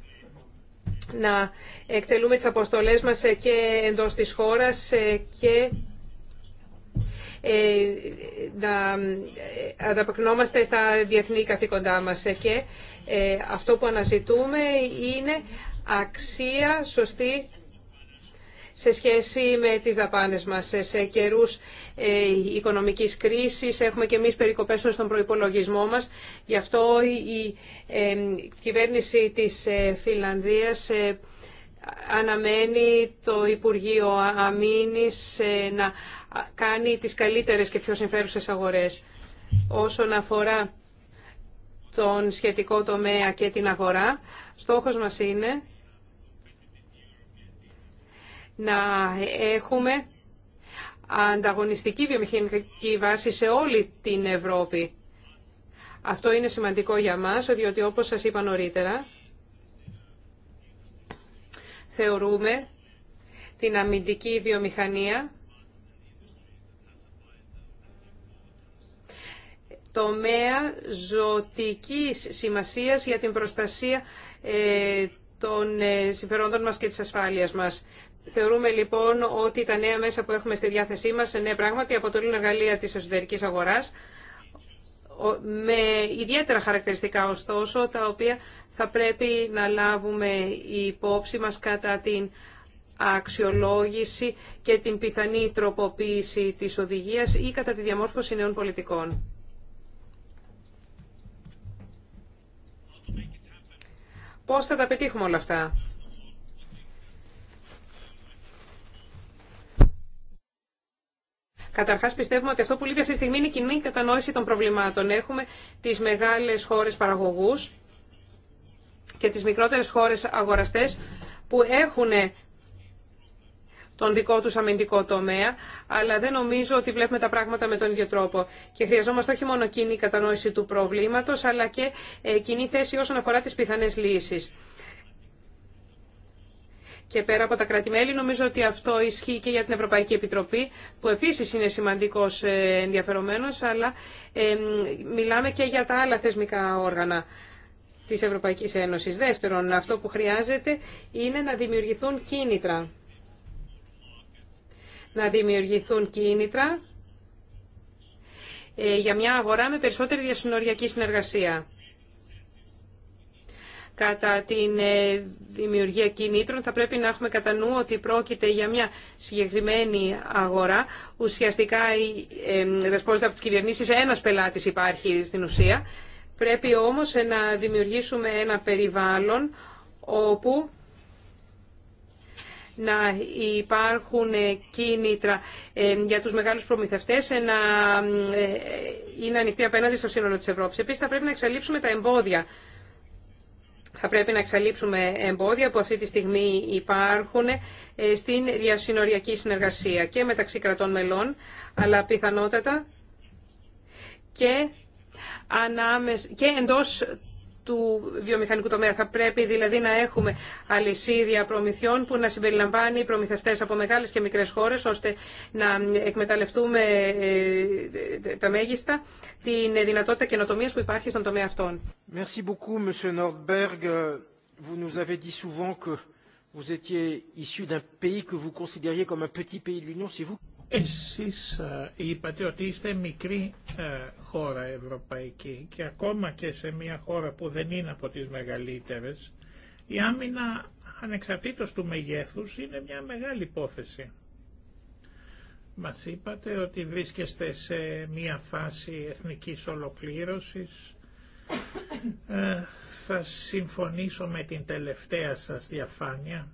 [SPEAKER 2] να εκτελούμε τις αποστολές μας και εντός της χώρας και να ανταποκρινόμαστε στα διεθνή καθήκοντά μας. Και αυτό που αναζητούμε είναι αξία σωστή σε σχέση με τις δαπάνες μας. Σε καιρούς ε, οικονομικής κρίσης έχουμε και εμείς περικοπές στον προϋπολογισμό μας. Γι' αυτό η ε, κυβέρνηση της ε, Φιλανδίας αναμένει το Υπουργείο Αμήνης να κάνει τις καλύτερες και πιο συμφέρουσες αγορές. Όσον αφορά τον σχετικό τομέα και την αγορά, στόχος μας είναι να έχουμε ανταγωνιστική βιομηχανική βάση σε όλη την Ευρώπη. Αυτό είναι σημαντικό για μας, διότι όπως σας είπα νωρίτερα, θεωρούμε την αμυντική βιομηχανία τομέα ζωτικής σημασίας για την προστασία ε, των ε, συμφερόντων μας και της ασφάλειας μας. Θεωρούμε λοιπόν ότι τα νέα μέσα που έχουμε στη διάθεσή μας, ναι πράγματι, αποτελούν εργαλεία της εσωτερικής αγοράς, με ιδιαίτερα χαρακτηριστικά ωστόσο, τα οποία θα πρέπει να λάβουμε υπόψη μας κατά την αξιολόγηση και την πιθανή τροποποίηση της οδηγίας ή κατά τη διαμόρφωση νέων πολιτικών. Πώς θα τα πετύχουμε όλα αυτά. Καταρχάς πιστεύουμε ότι αυτό που λείπει αυτή τη στιγμή είναι η κοινή κατανόηση των προβλημάτων. Έχουμε τις μεγάλες χώρες παραγωγούς και τις μικρότερες χώρες αγοραστές που έχουν τον δικό τους αμυντικό τομέα, αλλά δεν νομίζω ότι βλέπουμε τα πράγματα με τον ίδιο τρόπο. Και χρειαζόμαστε όχι μόνο κοινή κατανόηση του προβλήματος, αλλά και ε, κοινή θέση όσον αφορά τις πιθανές λύσεις και πέρα από τα κράτη-μέλη. Νομίζω ότι αυτό ισχύει και για την Ευρωπαϊκή Επιτροπή, που επίσης είναι σημαντικός ε, ενδιαφερομένος, αλλά μιλάμε και για τα άλλα θεσμικά όργανα της Ευρωπαϊκής Ένωσης. Δεύτερον, αυτό που χρειάζεται είναι να δημιουργηθούν κίνητρα. Να δημιουργηθούν κίνητρα ε, για μια αγορά με περισσότερη διασυνοριακή συνεργασία κατά την ε, δημιουργία κινήτρων θα πρέπει να έχουμε κατά νου ότι πρόκειται για μια συγκεκριμένη αγορά. Ουσιαστικά δεσπόζεται από τις κυβερνήσεις ένας πελάτης υπάρχει στην ουσία. Πρέπει όμως ε, να δημιουργήσουμε ένα περιβάλλον όπου να υπάρχουν ε, κίνητρα για τους μεγάλους προμηθευτές να είναι ανοιχτή απέναντι στο σύνολο της Ευρώπης. Επίσης θα πρέπει να εξαλείψουμε τα εμπόδια θα πρέπει να εξαλείψουμε εμπόδια που αυτή τη στιγμή υπάρχουν ε, στην διασυνοριακή συνεργασία και μεταξύ κρατών μελών, αλλά πιθανότατα και, ανάμες και εντός του βιομηχανικού τομέα. Θα πρέπει δηλαδή να έχουμε αλυσίδια προμηθειών που να συμπεριλαμβάνει προμηθευτές από μεγάλες και μικρές χώρες ώστε να εκμεταλλευτούμε ε, τα μέγιστα την δυνατότητα καινοτομίας που υπάρχει στον τομέα αυτών. Merci beaucoup, Monsieur Nordberg. Vous nous avez dit souvent que
[SPEAKER 1] vous étiez issu d'un pays que vous considériez comme un petit pays de l'Union. C'est vous εσείς ε, είπατε ότι είστε μικρή ε, χώρα ευρωπαϊκή και ακόμα και σε μια χώρα που δεν είναι από τις μεγαλύτερες, η άμυνα ανεξαρτήτως του μεγέθους είναι μια μεγάλη υπόθεση. Μας είπατε ότι βρίσκεστε σε μια φάση εθνικής ολοκλήρωσης. Ε, θα συμφωνήσω με την τελευταία σας διαφάνεια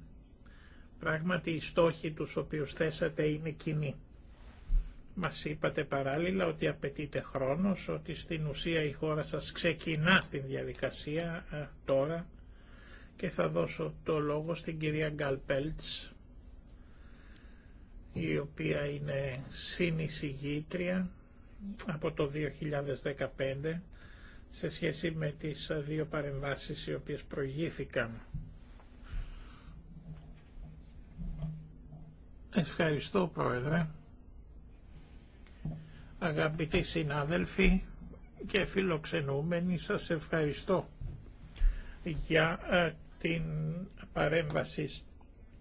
[SPEAKER 1] Πράγματι οι στόχοι τους οποίους θέσατε είναι κοινοί. Μας είπατε παράλληλα ότι απαιτείται χρόνος, ότι στην ουσία η χώρα σας ξεκινά στην διαδικασία ε, τώρα και θα δώσω το λόγο στην κυρία Γκαλπέλτς,
[SPEAKER 3] η οποία
[SPEAKER 1] είναι συνεισηγήτρια από το 2015 σε σχέση με τις ε, δύο παρεμβάσεις οι οποίες προηγήθηκαν Ευχαριστώ Πρόεδρε. Αγαπητοί συνάδελφοι και φιλοξενούμενοι, σας ευχαριστώ για ε, την παρέμβαση.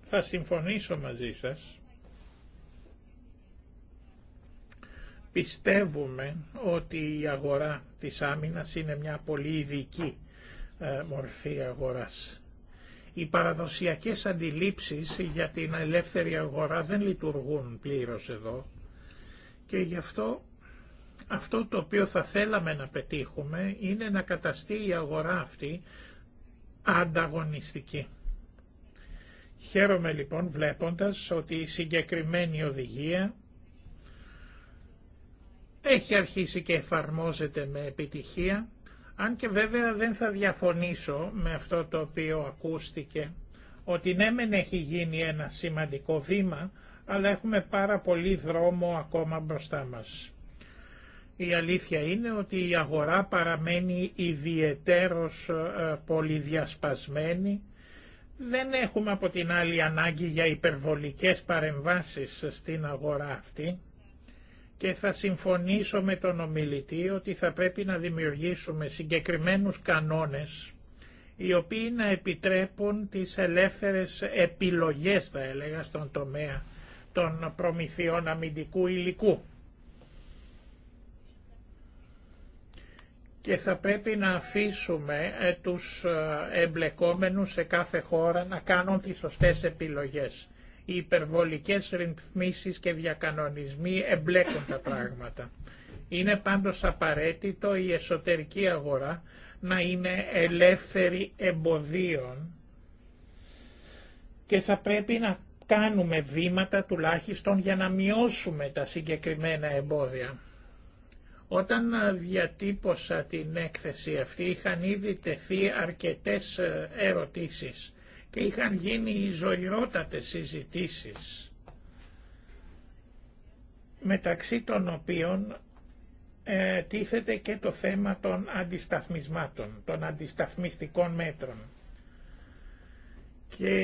[SPEAKER 1] Θα συμφωνήσω μαζί σας. Πιστεύουμε ότι η αγορά της άμυνας είναι μια πολύ ειδική ε, μορφή αγοράς οι παραδοσιακές αντιλήψεις για την ελεύθερη αγορά δεν λειτουργούν πλήρως εδώ και γι' αυτό αυτό το οποίο θα θέλαμε να πετύχουμε είναι να καταστεί η αγορά αυτή ανταγωνιστική. Χαίρομαι λοιπόν βλέποντας ότι η συγκεκριμένη οδηγία έχει αρχίσει και εφαρμόζεται με επιτυχία αν και βέβαια δεν θα διαφωνήσω με αυτό το οποίο ακούστηκε, ότι ναι μεν έχει γίνει ένα σημαντικό βήμα, αλλά έχουμε πάρα πολύ δρόμο ακόμα μπροστά μας. Η αλήθεια είναι ότι η αγορά παραμένει ιδιαιτέρως ε, πολυδιασπασμένη. Δεν έχουμε από την άλλη ανάγκη για υπερβολικές παρεμβάσεις στην αγορά αυτή και θα συμφωνήσω με τον ομιλητή ότι θα πρέπει να δημιουργήσουμε συγκεκριμένους κανόνες οι οποίοι να επιτρέπουν τις ελεύθερες επιλογές, θα έλεγα, στον τομέα των προμηθειών αμυντικού υλικού. Και θα πρέπει να αφήσουμε ε, τους ε, εμπλεκόμενους σε κάθε χώρα να κάνουν τις σωστές επιλογές οι υπερβολικές ρυθμίσεις και διακανονισμοί εμπλέκουν τα πράγματα. Είναι πάντως απαραίτητο η εσωτερική αγορά να είναι ελεύθερη εμποδίων και θα πρέπει να κάνουμε βήματα τουλάχιστον για να μειώσουμε τα συγκεκριμένα εμπόδια. Όταν διατύπωσα την έκθεση αυτή είχαν ήδη τεθεί αρκετές ερωτήσεις και είχαν γίνει ζωηρότατες συζητήσεις μεταξύ των οποίων ε, τίθεται και το θέμα των αντισταθμισμάτων, των αντισταθμιστικών μέτρων. Και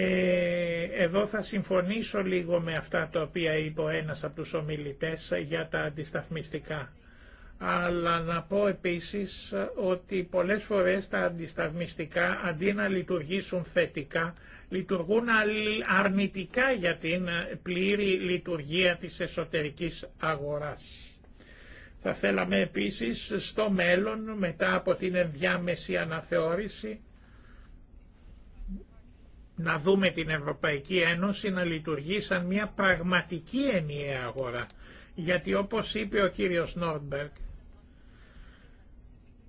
[SPEAKER 1] εδώ θα συμφωνήσω λίγο με αυτά τα οποία είπε ο ένας από τους ομιλητές για τα αντισταθμιστικά αλλά να πω επίσης ότι πολλές φορές τα αντισταθμιστικά αντί να λειτουργήσουν θετικά λειτουργούν αρνητικά για την πλήρη λειτουργία της εσωτερικής αγοράς. Θα θέλαμε επίσης στο μέλλον μετά από την ενδιάμεση αναθεώρηση να δούμε την Ευρωπαϊκή Ένωση να λειτουργεί σαν μια πραγματική ενιαία αγορά. Γιατί όπως είπε ο κύριος Νόρμπερκ,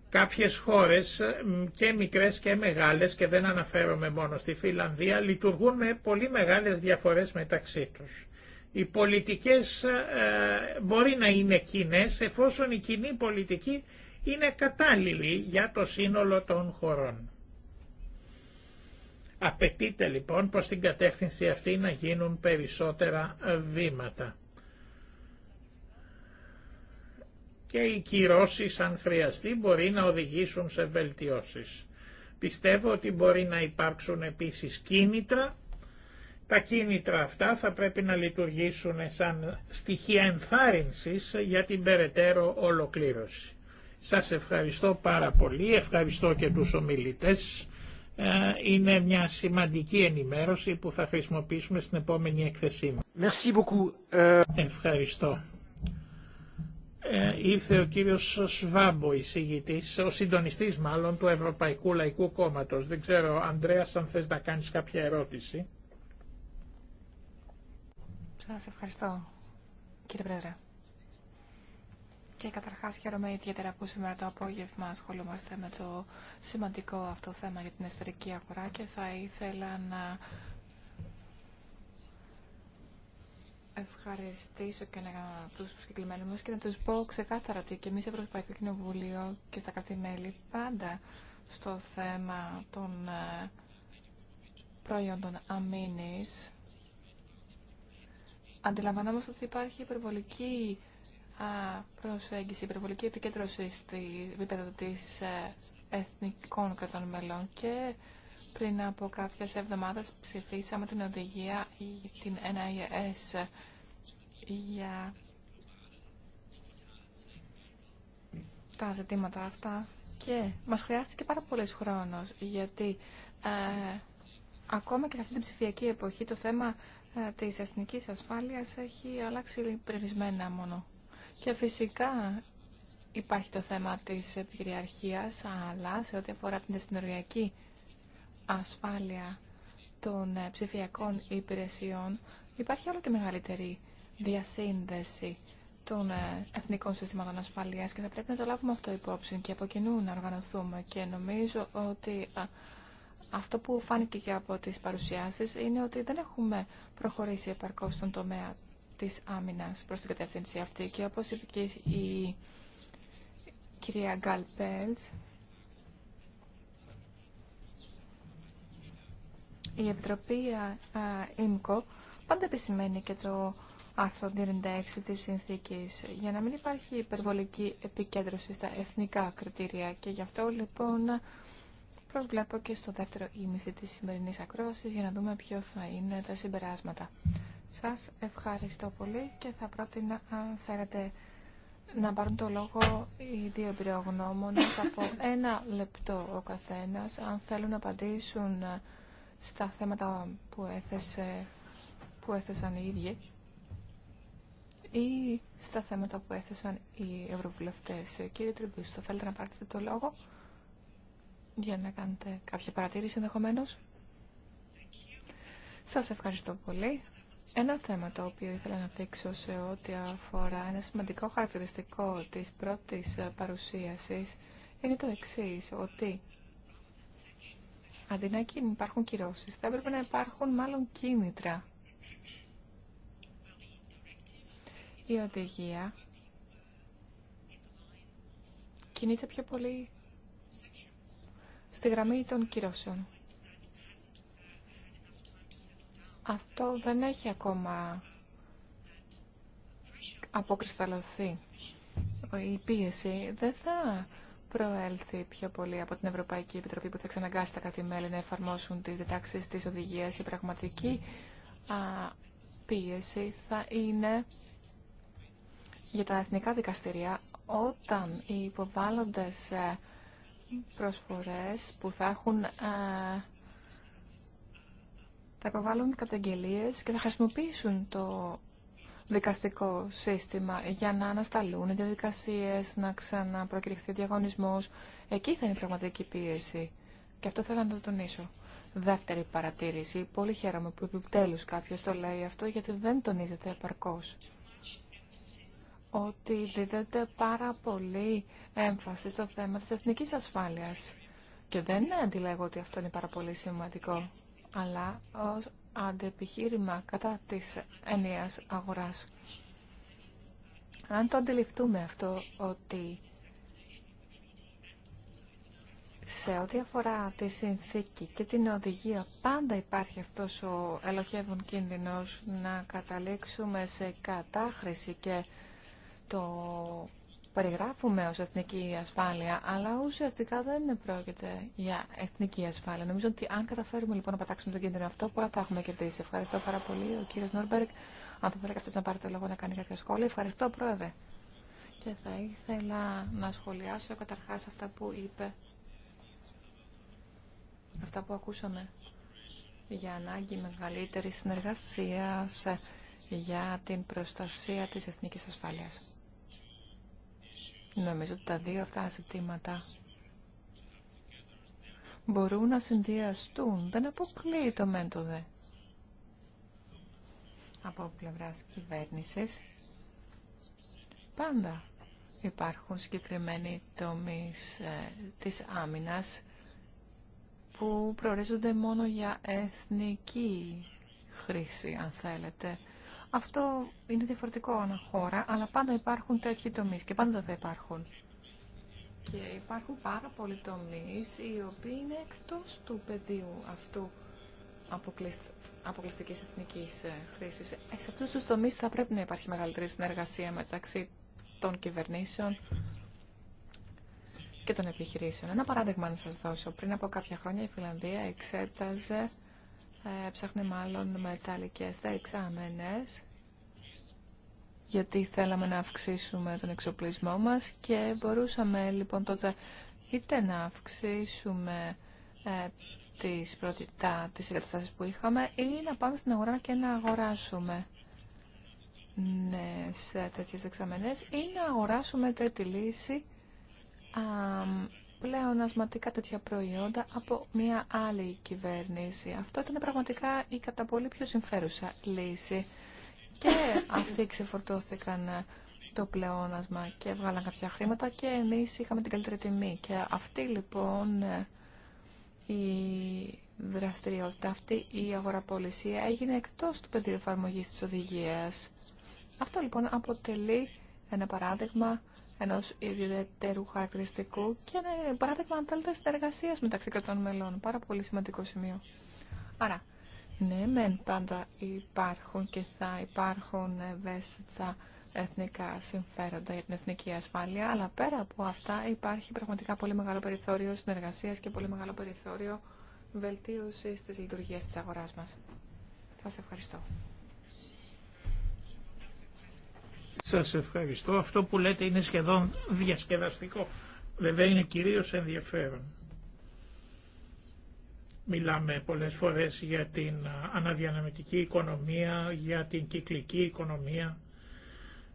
[SPEAKER 1] Κάποιες χώρες ε, και μικρές και μεγάλες και δεν αναφέρομαι μόνο στη Φιλανδία λειτουργούν με πολύ μεγάλες διαφορές μεταξύ τους. Οι πολιτικές ε, ε, μπορεί να είναι κοινέ εφόσον η κοινή πολιτική είναι κατάλληλη για το σύνολο των χωρών. Απαιτείται λοιπόν προς την κατεύθυνση αυτή να γίνουν περισσότερα βήματα. και οι κυρώσεις αν χρειαστεί μπορεί να οδηγήσουν σε βελτιώσεις. Πιστεύω ότι μπορεί να υπάρξουν επίσης κίνητρα. Τα κίνητρα αυτά θα πρέπει να λειτουργήσουν σαν στοιχεία ενθάρρυνσης για την περαιτέρω ολοκλήρωση. Σας ευχαριστώ πάρα πολύ, ευχαριστώ και τους ομιλητές. Ε, είναι μια σημαντική ενημέρωση που θα χρησιμοποιήσουμε στην επόμενη εκθεσή μας. Ε, ευχαριστώ ε, ήρθε ο κύριος Σβάμπο, εισηγητής, ο συντονιστής μάλλον του Ευρωπαϊκού Λαϊκού Κόμματος. Δεν ξέρω, Ανδρέας, αν θες να κάνεις κάποια ερώτηση.
[SPEAKER 3] Σας ευχαριστώ, κύριε Πρόεδρε. Και καταρχάς χαίρομαι ιδιαίτερα που σήμερα το απόγευμα ασχολούμαστε με το σημαντικό αυτό θέμα για την εσωτερική αγορά και θα ήθελα να ευχαριστήσω και να του συγκεκριμένου μας και να τους πω ξεκάθαρα ότι και εμείς Ευρωπαϊκό Κοινοβούλιο και τα καθημέλη πάντα στο θέμα των ε, προϊόντων αμήνη. αντιλαμβανόμαστε ότι υπάρχει υπερβολική προσέγγιση, υπερβολική επικέντρωση στη επίπεδο της ε, εθνικών κρατών μελών και πριν από κάποιε εβδομάδες ψηφίσαμε την οδηγία την NIS για τα ζητήματα αυτά και μας χρειάστηκε πάρα πολύς χρόνος γιατί ε, ακόμα και σε αυτή την ψηφιακή εποχή το θέμα ε, της εθνικής ασφάλειας έχει αλλάξει περιορισμένα μόνο. Και φυσικά υπάρχει το θέμα της κυριαρχίας αλλά σε ό,τι αφορά την συνοριακή ασφάλεια των ε, ψηφιακών υπηρεσιών υπάρχει όλο και μεγαλύτερη διασύνδεση των ε, εθνικών συστημάτων ασφαλείας και θα πρέπει να το λάβουμε αυτό υπόψη και από κοινού να οργανωθούμε και νομίζω ότι αυτό που φάνηκε και από τις παρουσιάσεις είναι ότι δεν έχουμε προχωρήσει επαρκώς στον τομέα της άμυνας προς την κατεύθυνση αυτή και όπως είπε και η κυρία Γκάλ Η Επιτροπή ΙΜΚΟ πάντα επισημαίνει και το άρθρο 96 της συνθήκης για να μην υπάρχει υπερβολική επικέντρωση στα εθνικά κριτήρια και γι' αυτό λοιπόν προσβλέπω και στο δεύτερο ήμιση της σημερινής ακρόασης για να δούμε ποιο θα είναι τα συμπεράσματα. Σας ευχαριστώ πολύ και θα πρότεινα αν θέλετε να πάρουν το λόγο οι δύο από ένα λεπτό ο καθένας αν θέλουν να απαντήσουν στα θέματα που, που έθεσαν οι ίδιοι ή στα θέματα που έθεσαν οι ευρωβουλευτές. Κύριε Τριμπούς, θα θέλετε να πάρετε το λόγο για να κάνετε κάποια παρατήρηση ενδεχομένω. Σας ευχαριστώ πολύ. Ένα θέμα το οποίο ήθελα να δείξω σε ό,τι αφορά ένα σημαντικό χαρακτηριστικό της πρώτης παρουσίασης είναι το εξής, ότι Αντί να υπάρχουν κυρώσεις, θα έπρεπε να υπάρχουν μάλλον κίνητρα. Η οδηγία κινείται πιο πολύ στη γραμμή των κυρώσεων. Αυτό δεν έχει ακόμα αποκρισταλωθεί. Η πίεση δεν θα προέλθει πιο πολύ από την Ευρωπαϊκή Επιτροπή που θα εξαναγκάσει τα κράτη-μέλη να εφαρμόσουν τις διτάξεις της οδηγίας. Η πραγματική α, πίεση θα είναι για τα εθνικά δικαστηρία όταν οι υποβάλλοντες ε, προσφορές που θα έχουν ε, θα υποβάλουν καταγγελίες και θα χρησιμοποιήσουν το δικαστικό σύστημα για να ανασταλούν οι διαδικασίες, να ξαναπροκηρυχθεί διαγωνισμός. Εκεί θα είναι η πραγματική πίεση. Και αυτό θέλω να το τονίσω. Δεύτερη παρατήρηση. Πολύ χαίρομαι που επιτέλου κάποιος το λέει αυτό γιατί δεν τονίζεται επαρκώς. Ότι δίδεται πάρα πολύ έμφαση στο θέμα της εθνικής ασφάλειας. Και δεν αντιλέγω ότι αυτό είναι πάρα πολύ σημαντικό. Αλλά αντεπιχείρημα κατά της ενιαίας αγοράς. Αν το αντιληφθούμε αυτό ότι σε ό,τι αφορά τη συνθήκη και την οδηγία πάντα υπάρχει αυτός ο ελοχεύων κίνδυνος να καταλήξουμε σε κατάχρηση και το περιγράφουμε ως εθνική ασφάλεια, αλλά ουσιαστικά δεν πρόκειται για εθνική ασφάλεια. Νομίζω ότι αν καταφέρουμε λοιπόν να πατάξουμε τον κίνδυνο αυτό, πολλά θα έχουμε κερδίσει. Ευχαριστώ πάρα πολύ ο κύριο Νόρμπεργκ. Αν θα θέλει να πάρετε το λόγο να κάνει κάποια σχόλια. Ευχαριστώ πρόεδρε. Και θα ήθελα να σχολιάσω καταρχά αυτά που είπε, αυτά που ακούσαμε για ανάγκη μεγαλύτερη συνεργασίας για την προστασία της εθνικής ασφάλειας. Νομίζω ότι τα δύο αυτά ζητήματα μπορούν να συνδυαστούν. Δεν αποκλείει το μέντο δε. Από πλευράς κυβέρνησης πάντα υπάρχουν συγκεκριμένοι τομείς ε, της άμυνας που προορίζονται μόνο για εθνική χρήση, αν θέλετε. Αυτό είναι διαφορετικό ανά χώρα, αλλά πάντα υπάρχουν τέτοιοι τομείς και πάντα δεν υπάρχουν. Και υπάρχουν πάρα πολλοί τομείς οι οποίοι είναι εκτός του πεδίου αυτού αποκλειστική εθνική ε, χρήση. Ε, σε αυτού του τομεί θα πρέπει να υπάρχει μεγαλύτερη συνεργασία μεταξύ των κυβερνήσεων και των επιχειρήσεων. Ένα παράδειγμα να σα δώσω. Πριν από κάποια χρόνια η Φιλανδία εξέταζε ε, ψάχνει μάλλον μεταλλικές δεξάμενες γιατί θέλαμε να αυξήσουμε τον εξοπλισμό μας και μπορούσαμε λοιπόν τότε είτε να αυξήσουμε ε, τις, πρώτη, τις εγκαταστάσεις που είχαμε ή να πάμε στην αγορά και να αγοράσουμε ναι, σε τέτοιες δεξαμενές ή να αγοράσουμε τρίτη λύση πλεονασματικά τέτοια προϊόντα από μια άλλη κυβέρνηση. Αυτό ήταν πραγματικά η κατά πολύ πιο συμφέρουσα λύση. Και αυτοί ξεφορτώθηκαν το πλεόνασμα και βγάλαν κάποια χρήματα και εμείς είχαμε την καλύτερη τιμή. Και αυτή λοιπόν η δραστηριότητα, αυτή η αγοραπολισία έγινε εκτός του πεδίου εφαρμογής της οδηγίας. Αυτό λοιπόν αποτελεί ένα παράδειγμα ενό ιδιαίτερου χαρακτηριστικού και είναι παράδειγμα, αν θέλετε, συνεργασία μεταξύ κρατών μελών. Πάρα πολύ σημαντικό σημείο. Άρα, ναι, μεν πάντα υπάρχουν και θα υπάρχουν ευαίσθητα εθνικά συμφέροντα για την εθνική ασφάλεια, αλλά πέρα από αυτά υπάρχει πραγματικά πολύ μεγάλο περιθώριο συνεργασία και πολύ μεγάλο περιθώριο βελτίωση τη λειτουργία τη αγορά μα. Σα ευχαριστώ.
[SPEAKER 1] Σας ευχαριστώ. Αυτό που λέτε είναι σχεδόν διασκεδαστικό. Βέβαια είναι κυρίως ενδιαφέρον. Μιλάμε πολλές φορές για την αναδιαναμητική οικονομία, για την κυκλική οικονομία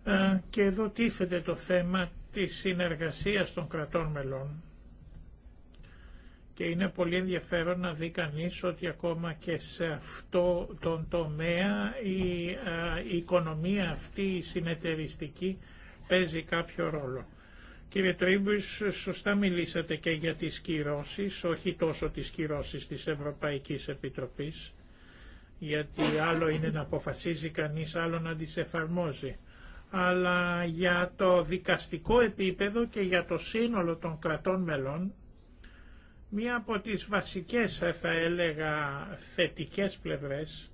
[SPEAKER 1] ε, και εδώ τίθεται το θέμα της συνεργασίας των κρατών μελών και είναι πολύ ενδιαφέρον να δει κανεί ότι ακόμα και σε αυτό τον τομέα η, η οικονομία αυτή η συνεταιριστική παίζει κάποιο ρόλο. Κύριε Τρίμπους, σωστά μιλήσατε και για τις κυρώσεις, όχι τόσο τις κυρώσεις της Ευρωπαϊκής Επιτροπής, γιατί άλλο είναι να αποφασίζει κανείς, άλλο να τις εφαρμόζει. Αλλά για το δικαστικό επίπεδο και για το σύνολο των κρατών μελών, Μία από τις βασικές θα έλεγα θετικές πλευρές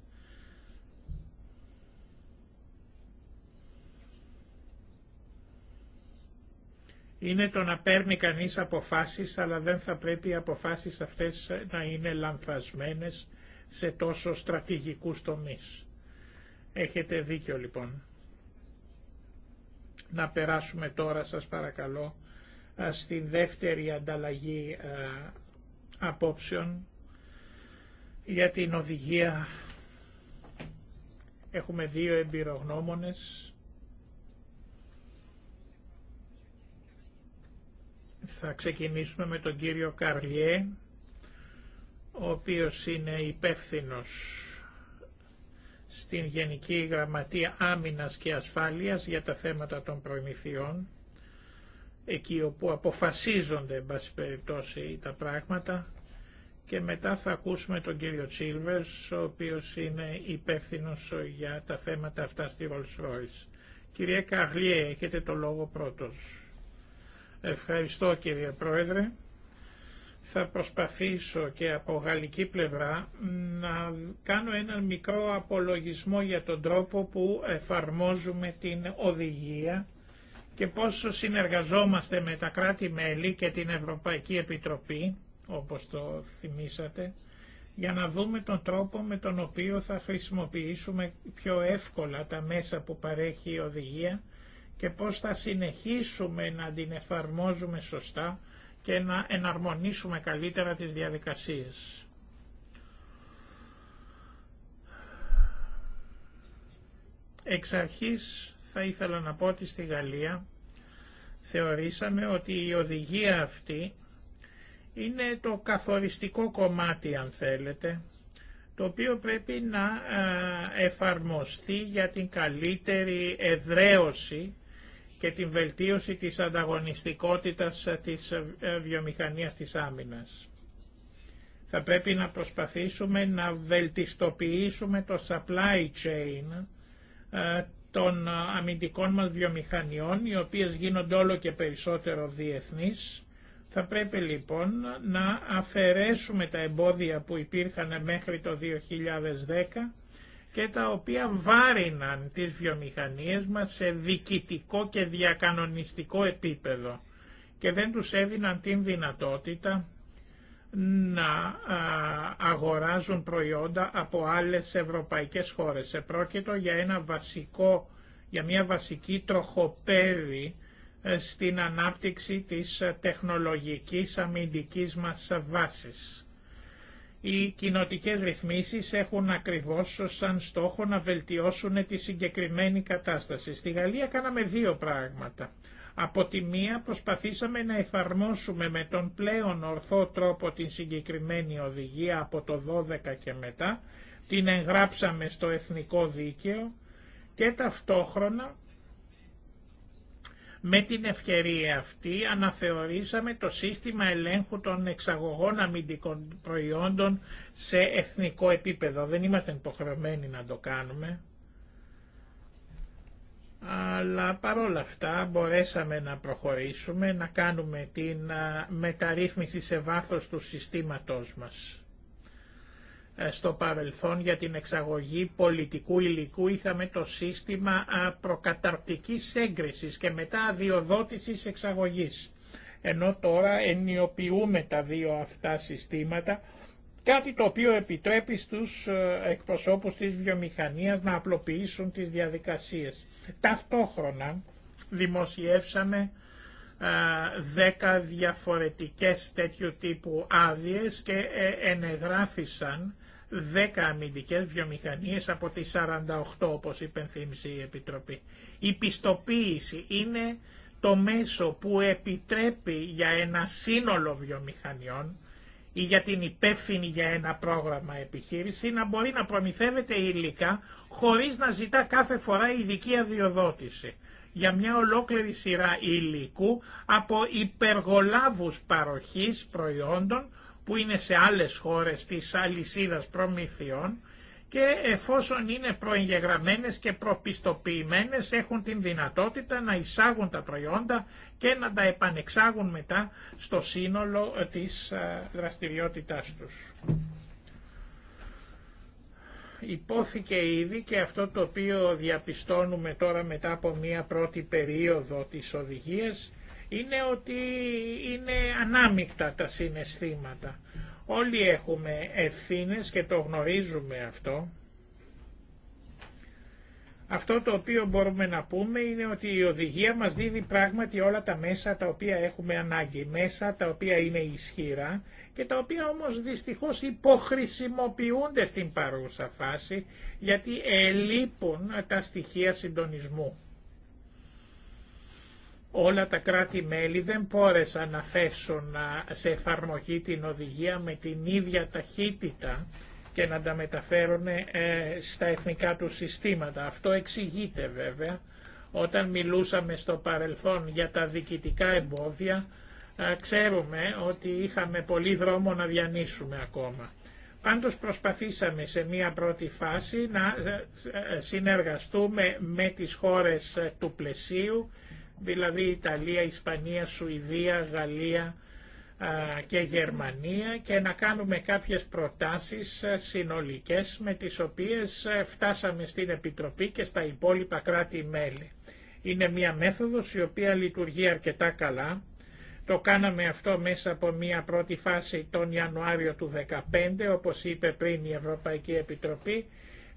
[SPEAKER 1] είναι το να παίρνει κανείς αποφάσεις, αλλά δεν θα πρέπει οι αποφάσεις αυτές να είναι λανθασμένες σε τόσο στρατηγικούς τομείς. Έχετε δίκιο λοιπόν. Να περάσουμε τώρα σας παρακαλώ στη δεύτερη ανταλλαγή απόψεων για την οδηγία. Έχουμε δύο εμπειρογνώμονες. Θα ξεκινήσουμε με τον κύριο Καρλιέ, ο οποίος είναι υπεύθυνος στην Γενική Γραμματεία Άμυνας και Ασφάλειας για τα θέματα των προμηθειών εκεί όπου αποφασίζονται εν πάση περιπτώσει τα πράγματα και μετά θα ακούσουμε τον κύριο Τσίλβερς ο οποίος είναι υπεύθυνο για τα θέματα αυτά στη Rolls Royce. Κυρία Καγλίε, έχετε το λόγο πρώτος. Ευχαριστώ κύριε Πρόεδρε. Θα προσπαθήσω και από γαλλική πλευρά να κάνω έναν μικρό απολογισμό για τον τρόπο που εφαρμόζουμε την οδηγία και πόσο συνεργαζόμαστε με τα κράτη-μέλη και την Ευρωπαϊκή Επιτροπή, όπως το θυμήσατε, για να δούμε τον τρόπο με τον οποίο θα χρησιμοποιήσουμε πιο εύκολα τα μέσα που παρέχει η οδηγία και πώς θα συνεχίσουμε να την εφαρμόζουμε σωστά και να εναρμονίσουμε καλύτερα τις διαδικασίες. Εξ θα ήθελα να πω ότι στη Γαλλία θεωρήσαμε ότι η οδηγία αυτή είναι το καθοριστικό κομμάτι αν θέλετε το οποίο πρέπει να ε, εφαρμοστεί για την καλύτερη εδραίωση και την βελτίωση της ανταγωνιστικότητας της ε, βιομηχανίας της άμυνας. Θα πρέπει να προσπαθήσουμε να βελτιστοποιήσουμε το supply chain ε, των αμυντικών μας βιομηχανιών, οι οποίες γίνονται όλο και περισσότερο διεθνείς. Θα πρέπει λοιπόν να αφαιρέσουμε τα εμπόδια που υπήρχαν μέχρι το 2010 και τα οποία βάριναν τις βιομηχανίες μας σε διοικητικό και διακανονιστικό επίπεδο και δεν τους έδιναν την δυνατότητα να αγοράζουν προϊόντα από άλλες ευρωπαϊκές χώρες. Επρόκειτο για, ένα βασικό, για μια βασική τροχοπέδη ε, στην ανάπτυξη της τεχνολογικής αμυντικής μας βάσης. Οι κοινοτικέ ρυθμίσεις έχουν ακριβώς σαν στόχο να βελτιώσουν τη συγκεκριμένη κατάσταση. Στη Γαλλία κάναμε δύο πράγματα. Από τη μία προσπαθήσαμε να εφαρμόσουμε με τον πλέον ορθό τρόπο την συγκεκριμένη οδηγία από το 12 και μετά, την εγγράψαμε στο εθνικό δίκαιο και ταυτόχρονα με την ευκαιρία αυτή αναθεωρήσαμε το σύστημα ελέγχου των εξαγωγών αμυντικών προϊόντων σε εθνικό επίπεδο. Δεν είμαστε υποχρεωμένοι να το κάνουμε αλλά παρόλα αυτά μπορέσαμε να προχωρήσουμε, να κάνουμε την μεταρρύθμιση σε βάθος του συστήματός μας. Ε, στο παρελθόν για την εξαγωγή πολιτικού υλικού είχαμε το σύστημα προκαταρκτικής έγκρισης και μετά αδειοδότησης εξαγωγής. Ενώ τώρα ενιοποιούμε τα δύο αυτά συστήματα Κάτι το οποίο επιτρέπει στους ε, εκπροσώπους της βιομηχανίας να απλοποιήσουν τις διαδικασίες. Ταυτόχρονα δημοσιεύσαμε ε, δέκα διαφορετικές τέτοιου τύπου άδειες και ε, ενεγράφησαν δέκα αμυντικές βιομηχανίες από τις 48 όπως υπενθύμισε η Επιτροπή. Η πιστοποίηση είναι το μέσο που επιτρέπει για ένα σύνολο βιομηχανιών ή για την υπεύθυνη για ένα πρόγραμμα επιχείρηση να μπορεί να προμηθεύεται υλικά χωρίς να ζητά κάθε φορά ειδική αδειοδότηση για μια ολόκληρη σειρά υλικού από υπεργολάβους παροχής προϊόντων που είναι σε άλλες χώρες της αλυσίδας προμηθειών και εφόσον είναι προεγγεγραμμένες και προπιστοποιημένες έχουν την δυνατότητα να εισάγουν τα προϊόντα και να τα επανεξάγουν μετά στο σύνολο ε, της ε, δραστηριότητάς τους. Υπόθηκε ήδη και αυτό το οποίο διαπιστώνουμε τώρα μετά από μία πρώτη περίοδο της οδηγίας είναι ότι είναι ανάμεικτα τα συναισθήματα Όλοι έχουμε ευθύνες και το γνωρίζουμε αυτό. Αυτό το οποίο μπορούμε να πούμε είναι ότι η οδηγία μας δίδει πράγματι όλα τα μέσα τα οποία έχουμε ανάγκη, μέσα τα οποία είναι ισχύρα και τα οποία όμως δυστυχώς υποχρησιμοποιούνται στην παρούσα φάση γιατί ελείπουν τα στοιχεία συντονισμού. Όλα τα κράτη-μέλη δεν πόρεσαν να θέσουν σε εφαρμογή την οδηγία με την ίδια ταχύτητα και να τα μεταφέρουν ε, στα εθνικά του συστήματα. Αυτό εξηγείται βέβαια. Όταν μιλούσαμε στο παρελθόν για τα διοικητικά εμπόδια, ξέρουμε ότι είχαμε πολύ δρόμο να διανύσουμε ακόμα. Πάντως προσπαθήσαμε σε μία πρώτη φάση να ε, ε, συνεργαστούμε με τις χώρες του πλαισίου δηλαδή Ιταλία, Ισπανία, Σουηδία, Γαλλία και Γερμανία και να κάνουμε κάποιες προτάσεις ε, συνολικές με τις οποίες ε, φτάσαμε στην Επιτροπή και στα υπόλοιπα κράτη-μέλη. Είναι μια μέθοδος η οποία λειτουργεί αρκετά καλά. Το κάναμε αυτό μέσα από μια πρώτη φάση τον Ιανουάριο του 2015, όπως είπε πριν η Ευρωπαϊκή Επιτροπή,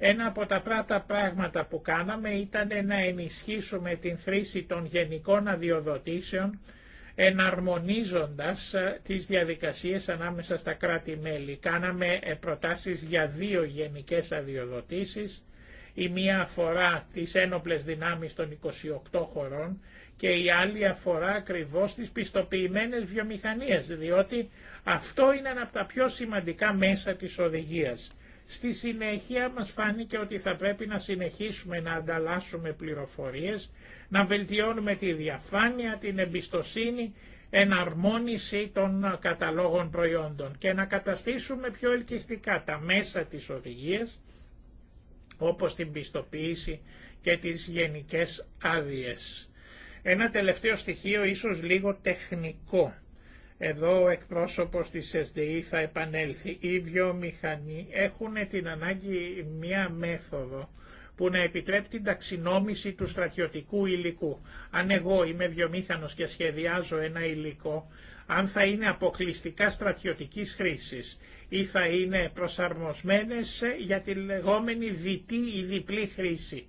[SPEAKER 1] ένα από τα πρώτα πράγματα που κάναμε ήταν να ενισχύσουμε την χρήση των γενικών αδειοδοτήσεων εναρμονίζοντας ε, τις διαδικασίες ανάμεσα στα κράτη-μέλη. Κάναμε ε, προτάσεις για δύο γενικές αδειοδοτήσεις. Η μία αφορά τις ένοπλες δυνάμεις των 28 χωρών και η άλλη αφορά ακριβώς τις πιστοποιημένες βιομηχανίες, διότι αυτό είναι ένα από τα πιο σημαντικά μέσα της οδηγίας Στη συνέχεια μας φάνηκε ότι θα πρέπει να συνεχίσουμε να ανταλλάσσουμε πληροφορίες, να βελτιώνουμε τη διαφάνεια, την εμπιστοσύνη, εναρμόνιση των καταλόγων προϊόντων και να καταστήσουμε πιο ελκυστικά τα μέσα της οδηγίας, όπως την πιστοποίηση και τις γενικές άδειες. Ένα τελευταίο στοιχείο ίσως λίγο τεχνικό. Εδώ ο εκπρόσωπος της SDE θα επανέλθει. Οι βιομηχανοί έχουν την ανάγκη μια μέθοδο που να επιτρέπει την ταξινόμηση του στρατιωτικού υλικού. Αν εγώ είμαι βιομήχανος και σχεδιάζω ένα υλικό, αν θα είναι αποκλειστικά στρατιωτικής χρήσης ή θα είναι προσαρμοσμένες για τη λεγόμενη διτή ή διπλή χρήση.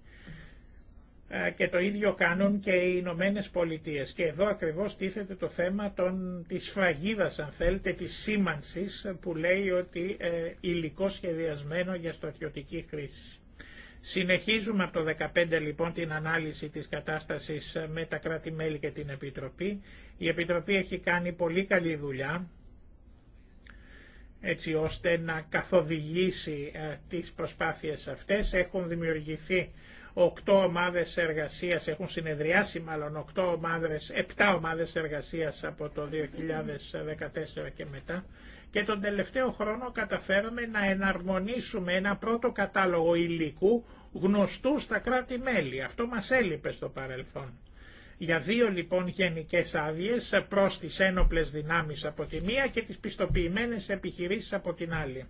[SPEAKER 1] Ε, και το ίδιο κάνουν και οι Ηνωμένε Πολιτείε. Και εδώ ακριβώς τίθεται το θέμα των, της φραγίδας, αν θέλετε, της σήμανσης που λέει ότι ε, υλικό σχεδιασμένο για στοχιωτική χρήση. Συνεχίζουμε από το 2015 λοιπόν την ανάλυση της κατάστασης ε, με τα κράτη-μέλη και την Επιτροπή. Η Επιτροπή έχει κάνει πολύ καλή δουλειά έτσι ώστε να καθοδηγήσει ε, τις προσπάθειες αυτές. Έχουν δημιουργηθεί Οκτώ ομάδες εργασίας έχουν συνεδριάσει, μάλλον οκτώ ομάδες, επτά ομάδες εργασίας από το 2014 και μετά. Και τον τελευταίο χρόνο καταφέραμε να εναρμονίσουμε ένα πρώτο κατάλογο υλικού γνωστού στα κράτη-μέλη. Αυτό μας έλειπε στο παρελθόν. Για δύο λοιπόν γενικές άδειες προς τις ένοπλες δυνάμεις από τη μία και τις πιστοποιημένες επιχειρήσεις από την άλλη.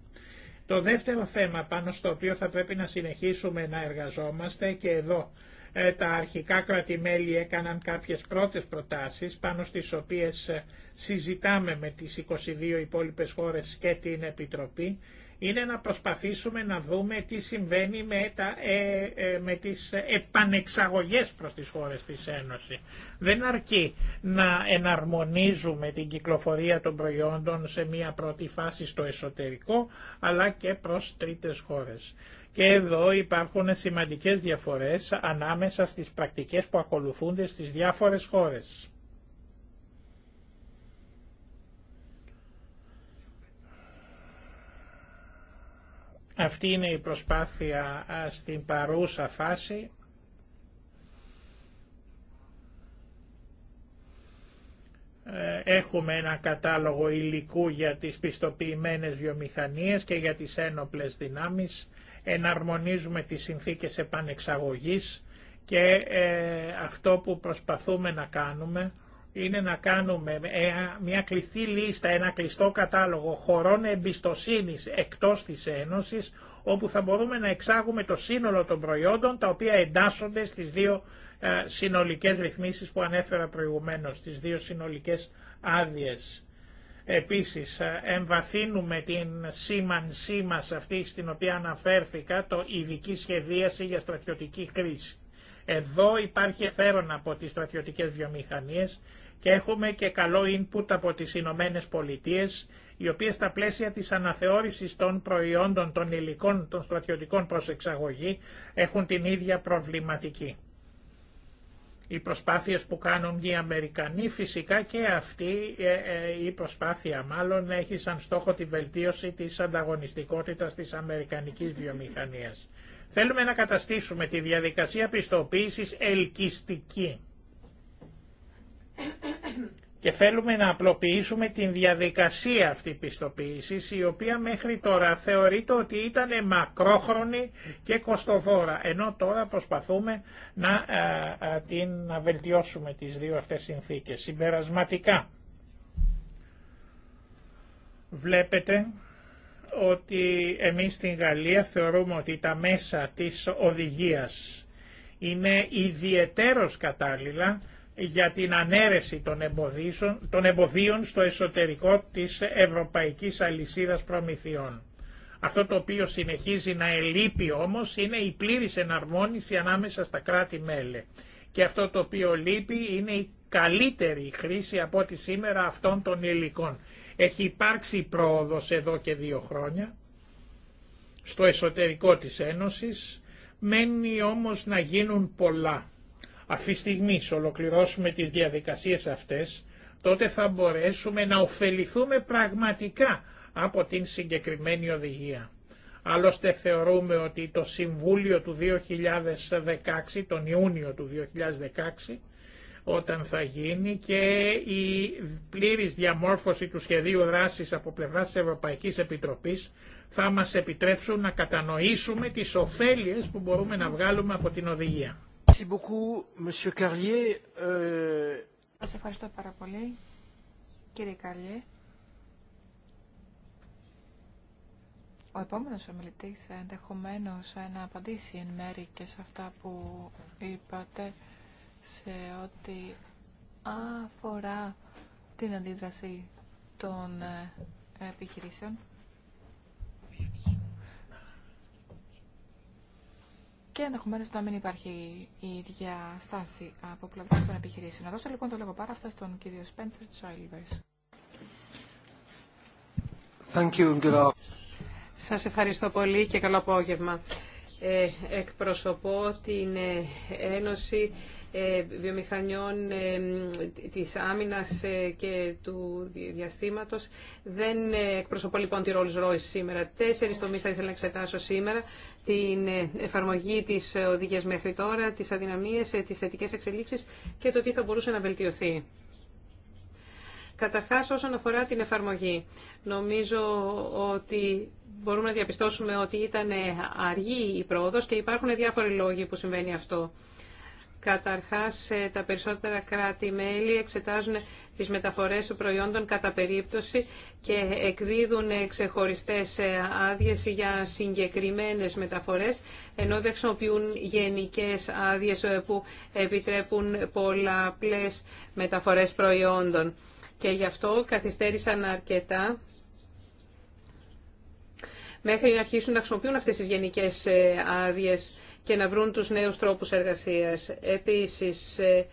[SPEAKER 1] Το δεύτερο θέμα πάνω στο οποίο θα πρέπει να συνεχίσουμε να εργαζόμαστε και εδώ ε, τα αρχικά κρατημέλη έκαναν κάποιες πρώτες προτάσεις πάνω στις οποίες ε, συζητάμε με τις 22 υπόλοιπες χώρες και την Επιτροπή είναι να προσπαθήσουμε να δούμε τι συμβαίνει με, τα, ε, ε, με τις επανεξαγωγές προς τις χώρες της Ένωση. Δεν αρκεί να εναρμονίζουμε την κυκλοφορία των προϊόντων σε μία πρώτη φάση στο εσωτερικό, αλλά και προς τρίτες χώρες. Και εδώ υπάρχουν σημαντικές διαφορές ανάμεσα στις πρακτικές που ακολουθούνται στις διάφορες χώρες. Αυτή είναι η προσπάθεια στην παρούσα φάση. Ε, έχουμε ένα κατάλογο υλικού για τις πιστοποιημένες βιομηχανίες και για τις ένοπλες δυνάμεις. Εναρμονίζουμε τις συνθήκες επανεξαγωγής και ε, αυτό που προσπαθούμε να κάνουμε είναι να κάνουμε μια κλειστή λίστα, ένα κλειστό κατάλογο χωρών εμπιστοσύνης εκτός της Ένωσης, όπου θα μπορούμε να εξάγουμε το σύνολο των προϊόντων, τα οποία εντάσσονται στις δύο ε, συνολικές ρυθμίσεις που ανέφερα προηγουμένως, στις δύο συνολικές άδειες. Επίσης, ε, εμβαθύνουμε την σήμανσή μας αυτή στην οποία αναφέρθηκα, το ειδική σχεδίαση για στρατιωτική κρίση. Εδώ υπάρχει εφέρον από τις στρατιωτικές βιομηχανίες και έχουμε και καλό input από τις Ηνωμένε Πολιτείε, οι οποίες στα πλαίσια της αναθεώρησης των προϊόντων των υλικών των στρατιωτικών προς εξαγωγή έχουν την ίδια προβληματική. Οι προσπάθειες που κάνουν οι Αμερικανοί φυσικά και αυτή ε, ε, η προσπάθεια μάλλον έχει σαν στόχο την βελτίωση της ανταγωνιστικότητας της Αμερικανικής βιομηχανίας. Θέλουμε να καταστήσουμε τη διαδικασία πιστοποίησης ελκυστική και θέλουμε να απλοποιήσουμε την διαδικασία αυτή πιστοποίησης, η οποία μέχρι τώρα θεωρείται ότι ήταν μακρόχρονη και κοστοφόρα, ενώ τώρα προσπαθούμε να, ε, ε, την, να βελτιώσουμε τις δύο αυτές συνθήκες. Συμπερασματικά, βλέπετε ότι εμείς στην Γαλλία θεωρούμε ότι τα μέσα της οδηγίας είναι ιδιαιτέρως κατάλληλα για την ανέρεση των, εμποδίων στο εσωτερικό της ευρωπαϊκής αλυσίδας προμηθειών. Αυτό το οποίο συνεχίζει να ελείπει όμως είναι η πλήρης εναρμόνιση ανάμεσα στα κράτη-μέλη. Και αυτό το οποίο λείπει είναι η καλύτερη χρήση από ό,τι σήμερα αυτών των υλικών. Έχει υπάρξει πρόοδος εδώ και δύο χρόνια στο εσωτερικό της Ένωσης, μένει όμως να γίνουν πολλά αυτή στιγμή ολοκληρώσουμε τις διαδικασίες αυτές, τότε θα μπορέσουμε να ωφεληθούμε πραγματικά από την συγκεκριμένη οδηγία. Άλλωστε θεωρούμε ότι το Συμβούλιο του 2016, τον Ιούνιο του 2016, όταν θα γίνει και η πλήρης διαμόρφωση του σχεδίου δράσης από πλευράς της Ευρωπαϊκής Επιτροπής θα μας επιτρέψουν να κατανοήσουμε τις ωφέλειες που μπορούμε να βγάλουμε από την οδηγία. Euh,
[SPEAKER 3] Σας ευχαριστώ πάρα πολύ, κύριε Καρλιέ. Ο επόμενο ομιλητής ενδεχομένω να απαντήσει εν μέρη και σε αυτά που είπατε σε ό,τι αφορά την αντίδραση των επιχειρήσεων και ενδεχομένω να μην υπάρχει η ίδια στάση από πλευρά των επιχειρήσεων. Να δώσω λοιπόν το λόγο πάρα αυτά στον κύριο Σπένσερ Τσόιλβερ.
[SPEAKER 2] Σας ευχαριστώ πολύ και καλό απόγευμα. Ε, εκπροσωπώ την ε, Ένωση ε, βιομηχανιών ε, της άμυνας ε, και του διαστήματος. Δεν εκπροσωπώ λοιπόν τη Rolls Royce σήμερα. Τέσσερις τομείς θα ήθελα να εξετάσω σήμερα. Την εφαρμογή της οδηγίας μέχρι τώρα, τις αδυναμίες, τις θετικές εξελίξεις και το τι θα μπορούσε να βελτιωθεί. Καταρχάς όσον αφορά την εφαρμογή. Νομίζω ότι μπορούμε να διαπιστώσουμε ότι ήταν αργή η πρόοδος και υπάρχουν διάφοροι λόγοι που συμβαίνει αυτό. Καταρχάς, ε, τα περισσότερα κράτη-μέλη εξετάζουν τις μεταφορές προϊόντων κατά περίπτωση και εκδίδουν ε, ξεχωριστές ε, άδειες για συγκεκριμένες μεταφορές, ενώ δεν χρησιμοποιούν γενικές άδειες που επιτρέπουν πολλαπλές μεταφορές προϊόντων. Και γι' αυτό καθυστέρησαν αρκετά μέχρι να αρχίσουν να χρησιμοποιούν αυτές τις γενικές άδειες και να βρουν τους νέους τρόπους εργασίας. Επίσης, ε,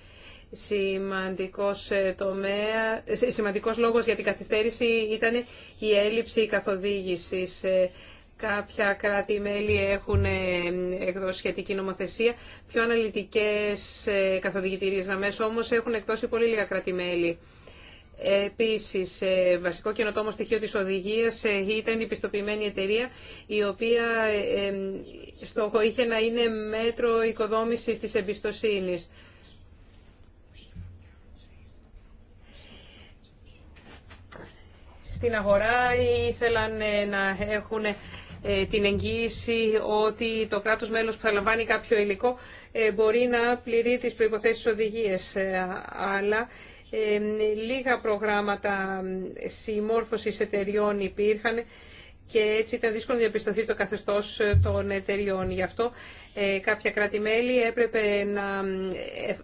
[SPEAKER 2] σημαντικός, ε, τομέα, ε, σημαντικός λόγος για την καθυστέρηση ήταν η έλλειψη καθοδήγησης. Κάποια κράτη-μέλη έχουν εκδώσει σχετική νομοθεσία, πιο αναλυτικές καθοδηγητήριες γραμμές όμως έχουν εκδώσει πολύ λίγα κράτη-μέλη. Επίσης, ε, βασικό καινοτόμο στοιχείο της οδηγία ε, ήταν η πιστοποιημένη εταιρεία, η οποία ε, στόχο είχε να είναι μέτρο οικοδόμησης της εμπιστοσύνη. Στην αγορά ήθελαν να έχουν την εγγύηση ότι το κράτος μέλος που θα λαμβάνει κάποιο υλικό μπορεί να πληρεί τις προϋποθέσεις οδηγίες. Αλλά λίγα προγράμματα συμμόρφωσης εταιριών υπήρχαν και έτσι ήταν δύσκολο να διαπιστωθεί το καθεστώς ε, των εταιριών. Γι' αυτό ε, κάποια κράτη-μέλη έπρεπε να ε,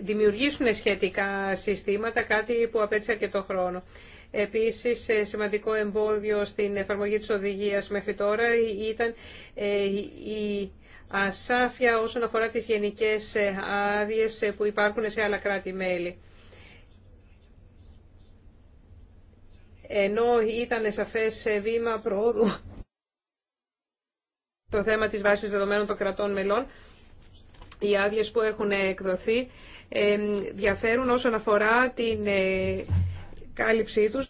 [SPEAKER 2] δημιουργήσουν σχετικά συστήματα, κάτι που απέτυχε αρκετό χρόνο. Επίσης, σημαντικό εμπόδιο στην εφαρμογή της οδηγίας μέχρι τώρα ήταν η ασάφεια όσον αφορά τις γενικές άδειες που υπάρχουν σε άλλα κράτη-μέλη. ενώ ήταν σαφές βήμα προόδου το θέμα της βάσης δεδομένων των κρατών μελών, οι άδειε που έχουν εκδοθεί ε, διαφέρουν όσον αφορά την ε, κάλυψή τους.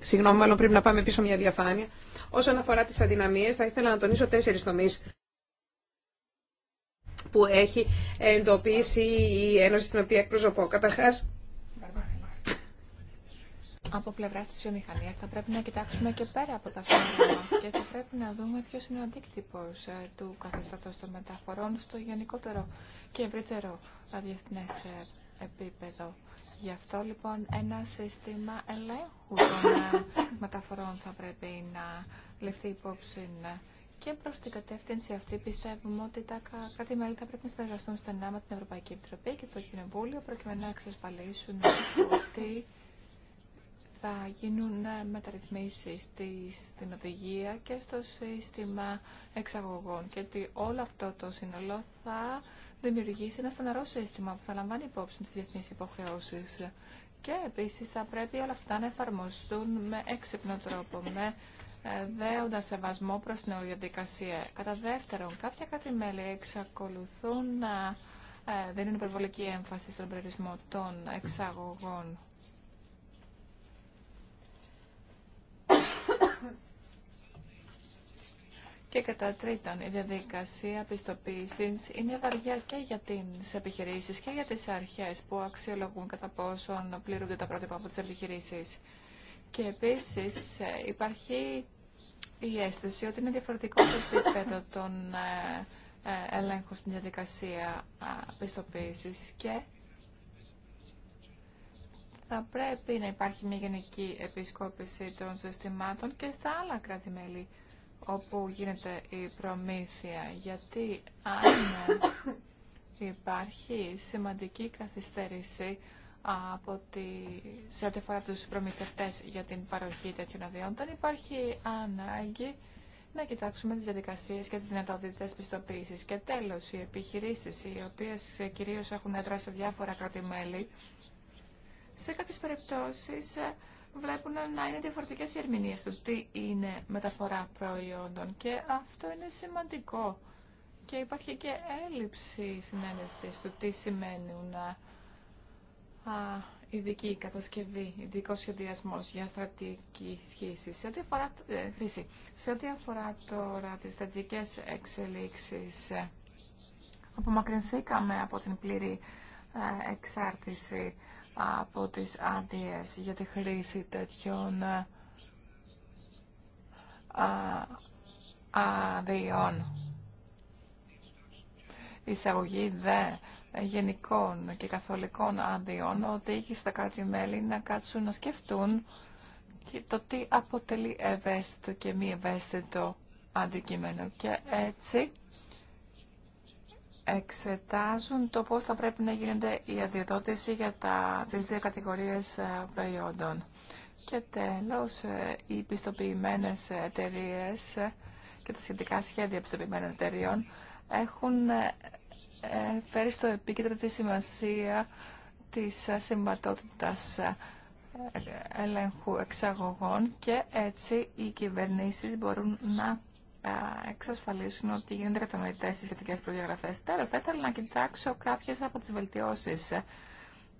[SPEAKER 2] Συγγνώμη, μάλλον πρέπει να πάμε πίσω μια διαφάνεια. Όσον αφορά τις αδυναμίες, θα ήθελα να τονίσω τέσσερις τομείς που έχει εντοπίσει η Ένωση την οποία εκπροσωπώ.
[SPEAKER 3] Καταρχά. από πλευρά τη βιομηχανία θα πρέπει να κοιτάξουμε και πέρα από τα σύνορα μα και θα πρέπει να δούμε ποιο είναι ο αντίκτυπο ε, του καθεστώτο των μεταφορών στο γενικότερο και ευρύτερο διεθνέ ε, επίπεδο. Γι' αυτό λοιπόν ένα σύστημα ελέγχου των ε, μεταφορών θα πρέπει να ληφθεί υπόψη και προ την κατεύθυνση αυτή πιστεύουμε ότι τα κράτη μέλη θα πρέπει να συνεργαστούν στενά με την Ευρωπαϊκή Επιτροπή και το Κοινοβούλιο προκειμένου να εξασφαλίσουν ότι θα γίνουν ε, μεταρρυθμίσει στην οδηγία και στο σύστημα εξαγωγών και ότι όλο αυτό το σύνολο θα δημιουργήσει ένα στεναρό σύστημα που θα λαμβάνει υπόψη τι διεθνεί υποχρεώσει. Και επίση θα πρέπει όλα αυτά να εφαρμοστούν με έξυπνο τρόπο, με ε, δέοντα σεβασμό προ την διαδικασία. Κατά δεύτερον, κάτι εξακολουθούν να ε, δίνουν υπερβολική έμφαση στον περιορισμό των εξαγωγών. Και κατά τρίτον, η διαδικασία πιστοποίηση είναι βαριά και για τι επιχειρήσει και για τι αρχέ που αξιολογούν κατά πόσον πληρούνται τα πρότυπα από τι επιχειρήσει. Και επίσης ε, υπάρχει η αίσθηση ότι είναι διαφορετικό το επίπεδο των ε, ε, ελέγχων στην διαδικασία πιστοποίησης και θα πρέπει να υπάρχει μια γενική επισκόπηση των συστημάτων και στα άλλα κράτη-μέλη όπου γίνεται η προμήθεια. Γιατί αν υπάρχει σημαντική καθυστέρηση από τη... σε ό,τι αφορά τους προμηθευτές για την παροχή τέτοιων αδειών, δεν υπάρχει ανάγκη να κοιτάξουμε τις διαδικασίες και τις δυνατότητες πιστοποίησης. Και τέλος, οι επιχειρήσεις, οι οποίες κυρίως έχουν έδρα σε διάφορα κράτη-μέλη, σε κάποιες περιπτώσεις ε, βλέπουν να είναι διαφορετικές οι του τι είναι μεταφορά προϊόντων και αυτό είναι σημαντικό. Και υπάρχει και έλλειψη συνένεση του τι σημαίνουν ε, ειδική κατασκευή, ειδικό σχεδιασμό για στρατηγική σχέση. Σε ό,τι αφορά, ε, σε ό,τι αφορά τώρα τι στρατηγικέ εξελίξει, ε, απομακρυνθήκαμε από την πλήρη ε, εξάρτηση από τις άδειε για τη χρήση τέτοιων ε, αδειών. εισαγωγή δε γενικών και καθολικών άδειων οδήγησε τα κράτη-μέλη να κάτσουν να σκεφτούν το τι αποτελεί ευαίσθητο και μη ευαίσθητο αντικείμενο. Και έτσι εξετάζουν το πώς θα πρέπει να γίνεται η αδειοδότηση για τα, τις δύο κατηγορίες ε, προϊόντων. Και τέλος, ε, οι πιστοποιημένες εταιρείε ε, και τα σχετικά σχέδια πιστοποιημένων εταιρείων έχουν φέρει στο επίκεντρο τη σημασία της συμβατότητας ελέγχου εξαγωγών και έτσι οι κυβερνήσεις μπορούν να εξασφαλίσουν ότι γίνονται κατανοητές στις σχετικές προδιαγραφές. Τέλος, θα ήθελα να κοιτάξω κάποιες από τις βελτιώσεις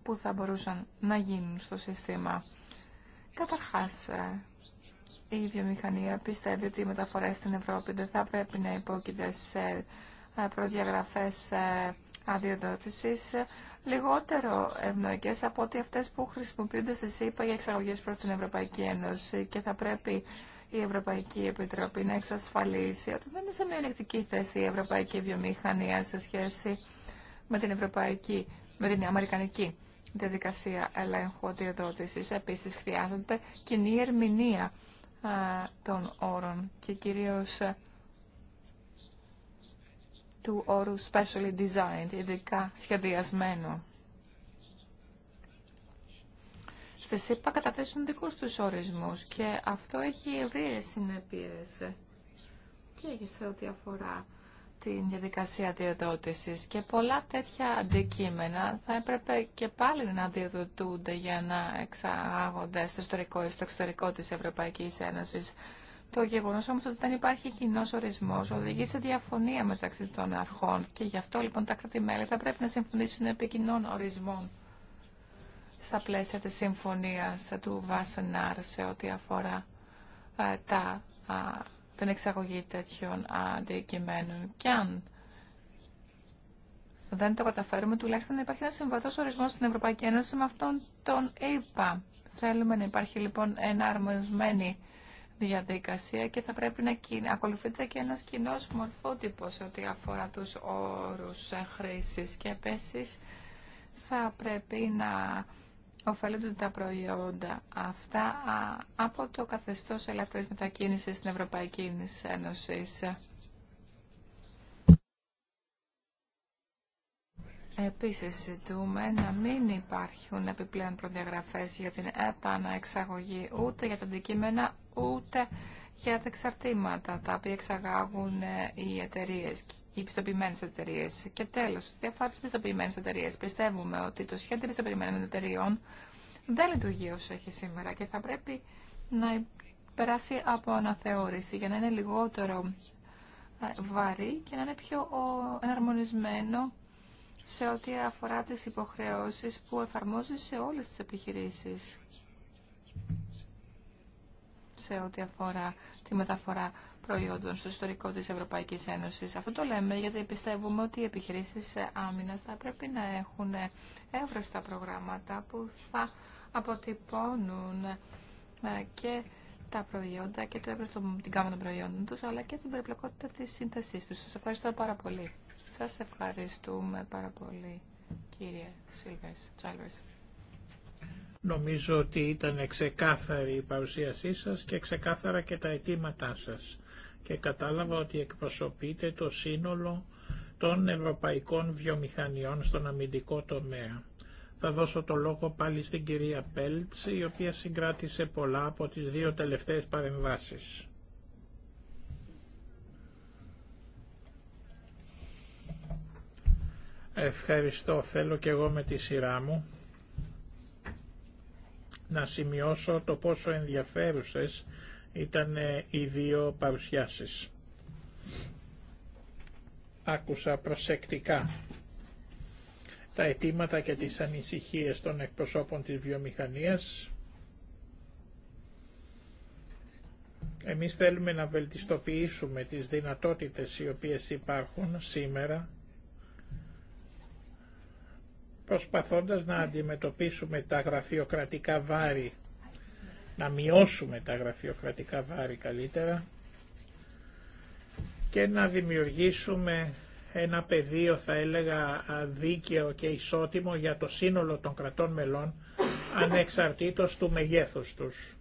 [SPEAKER 3] που θα μπορούσαν να γίνουν στο σύστημα. Καταρχάς, η βιομηχανία πιστεύει ότι οι μεταφορές στην Ευρώπη δεν θα πρέπει να υπόκειται σε ε, προδιαγραφές ε, αδειοδότησης ε, λιγότερο ευνοϊκές από ότι αυτές που χρησιμοποιούνται στη ΣΥΠΑ για εξαγωγές προς την Ευρωπαϊκή Ένωση και θα πρέπει η Ευρωπαϊκή Επιτροπή να εξασφαλίσει ότι δεν είναι σε μια ελεκτική θέση η Ευρωπαϊκή Βιομηχανία σε σχέση με την, Ευρωπαϊκή, με την Αμερικανική διαδικασία ελέγχου αδειοδότησης. Επίσης χρειάζεται κοινή ερμηνεία των όρων και κυρίως του όρου specially designed, ειδικά σχεδιασμένου. Στη ΣΥΠΑ καταθέσουν δικούς τους ορισμούς και αυτό έχει ευρύες συνέπειες και σε ό,τι αφορά την διαδικασία διαδότησης και πολλά τέτοια αντικείμενα θα έπρεπε και πάλι να διαδοτούνται για να εξαγάγονται στο ιστορικό ή στο εξωτερικό της Ευρωπαϊκής Ένωσης το γεγονός όμως ότι δεν υπάρχει κοινό ορισμός οδηγεί σε διαφωνία μεταξύ των αρχών και γι' αυτό λοιπόν τα κρατημέλη θα πρέπει να συμφωνήσουν επί κοινών ορισμών στα πλαίσια της συμφωνίας του Βασενάρ σε ό,τι αφορά ε, τα, την εξαγωγή τέτοιων αντικειμένων. Και αν δεν το καταφέρουμε, τουλάχιστον να υπάρχει ένα συμβατός ορισμός στην Ευρωπαϊκή Ένωση με αυτόν τον ΕΙΠΑ. Θέλουμε να υπάρχει λοιπόν εναρμονισμένη διαδικασία και θα πρέπει να ακολουθείται και ένας κοινό μορφότυπος ό,τι αφορά τους όρους χρήσης και επίση θα πρέπει να ωφελούνται τα προϊόντα αυτά από το καθεστώς ελεύθερης μετακίνησης στην Ευρωπαϊκή Ένωση. Επίσης ζητούμε να μην υπάρχουν επιπλέον προδιαγραφές για την επαναεξαγωγή ούτε για τα αντικείμενα ούτε για τα εξαρτήματα τα οποία εξαγάγουν ε, οι εταιρείε, οι πιστοποιημένε εταιρείε. Και τέλο, τι αφορά τι πιστοποιημένε εταιρείε, πιστεύουμε ότι το σχέδιο πιστοποιημένων εταιρείων δεν λειτουργεί όσο έχει σήμερα και θα πρέπει να περάσει από αναθεώρηση για να είναι λιγότερο ε, βαρύ και να είναι πιο εναρμονισμένο σε ό,τι αφορά τις υποχρεώσεις που εφαρμόζει σε όλες τις επιχειρήσεις σε ό,τι αφορά τη μεταφορά προϊόντων στο ιστορικό της Ευρωπαϊκής Ένωσης. Αυτό το λέμε γιατί πιστεύουμε ότι οι επιχειρήσεις άμυνας θα πρέπει να έχουν εύρωστα προγράμματα που θα αποτυπώνουν ε, και τα προϊόντα και το εύρωστο την κάμα των προϊόντων τους, αλλά και την περιπλοκότητα της σύνθεσής τους. Σας ευχαριστώ πάρα πολύ. Σας ευχαριστούμε πάρα πολύ, κύριε Σίλβες Τσάλβερς.
[SPEAKER 1] Νομίζω ότι ήταν ξεκάθαρη η παρουσίασή σας και ξεκάθαρα και τα αιτήματά σας και κατάλαβα ότι εκπροσωπείτε το σύνολο των ευρωπαϊκών βιομηχανιών στον αμυντικό τομέα. Θα δώσω το λόγο πάλι στην κυρία Πέλτς, η οποία συγκράτησε πολλά από τις δύο τελευταίες παρεμβάσεις. Ευχαριστώ. Θέλω και εγώ με τη σειρά μου να σημειώσω το πόσο ενδιαφέρουσες ήταν ε, οι δύο παρουσιάσεις. Άκουσα προσεκτικά τα αιτήματα και τις ανησυχίες των εκπροσώπων της βιομηχανίας. Εμείς θέλουμε να βελτιστοποιήσουμε τις δυνατότητες οι οποίες υπάρχουν σήμερα προσπαθώντας να αντιμετωπίσουμε τα γραφειοκρατικά βάρη, να μειώσουμε τα γραφειοκρατικά βάρη καλύτερα και να δημιουργήσουμε ένα πεδίο θα έλεγα δίκαιο και ισότιμο για το σύνολο των κρατών μελών ανεξαρτήτως του μεγέθους τους.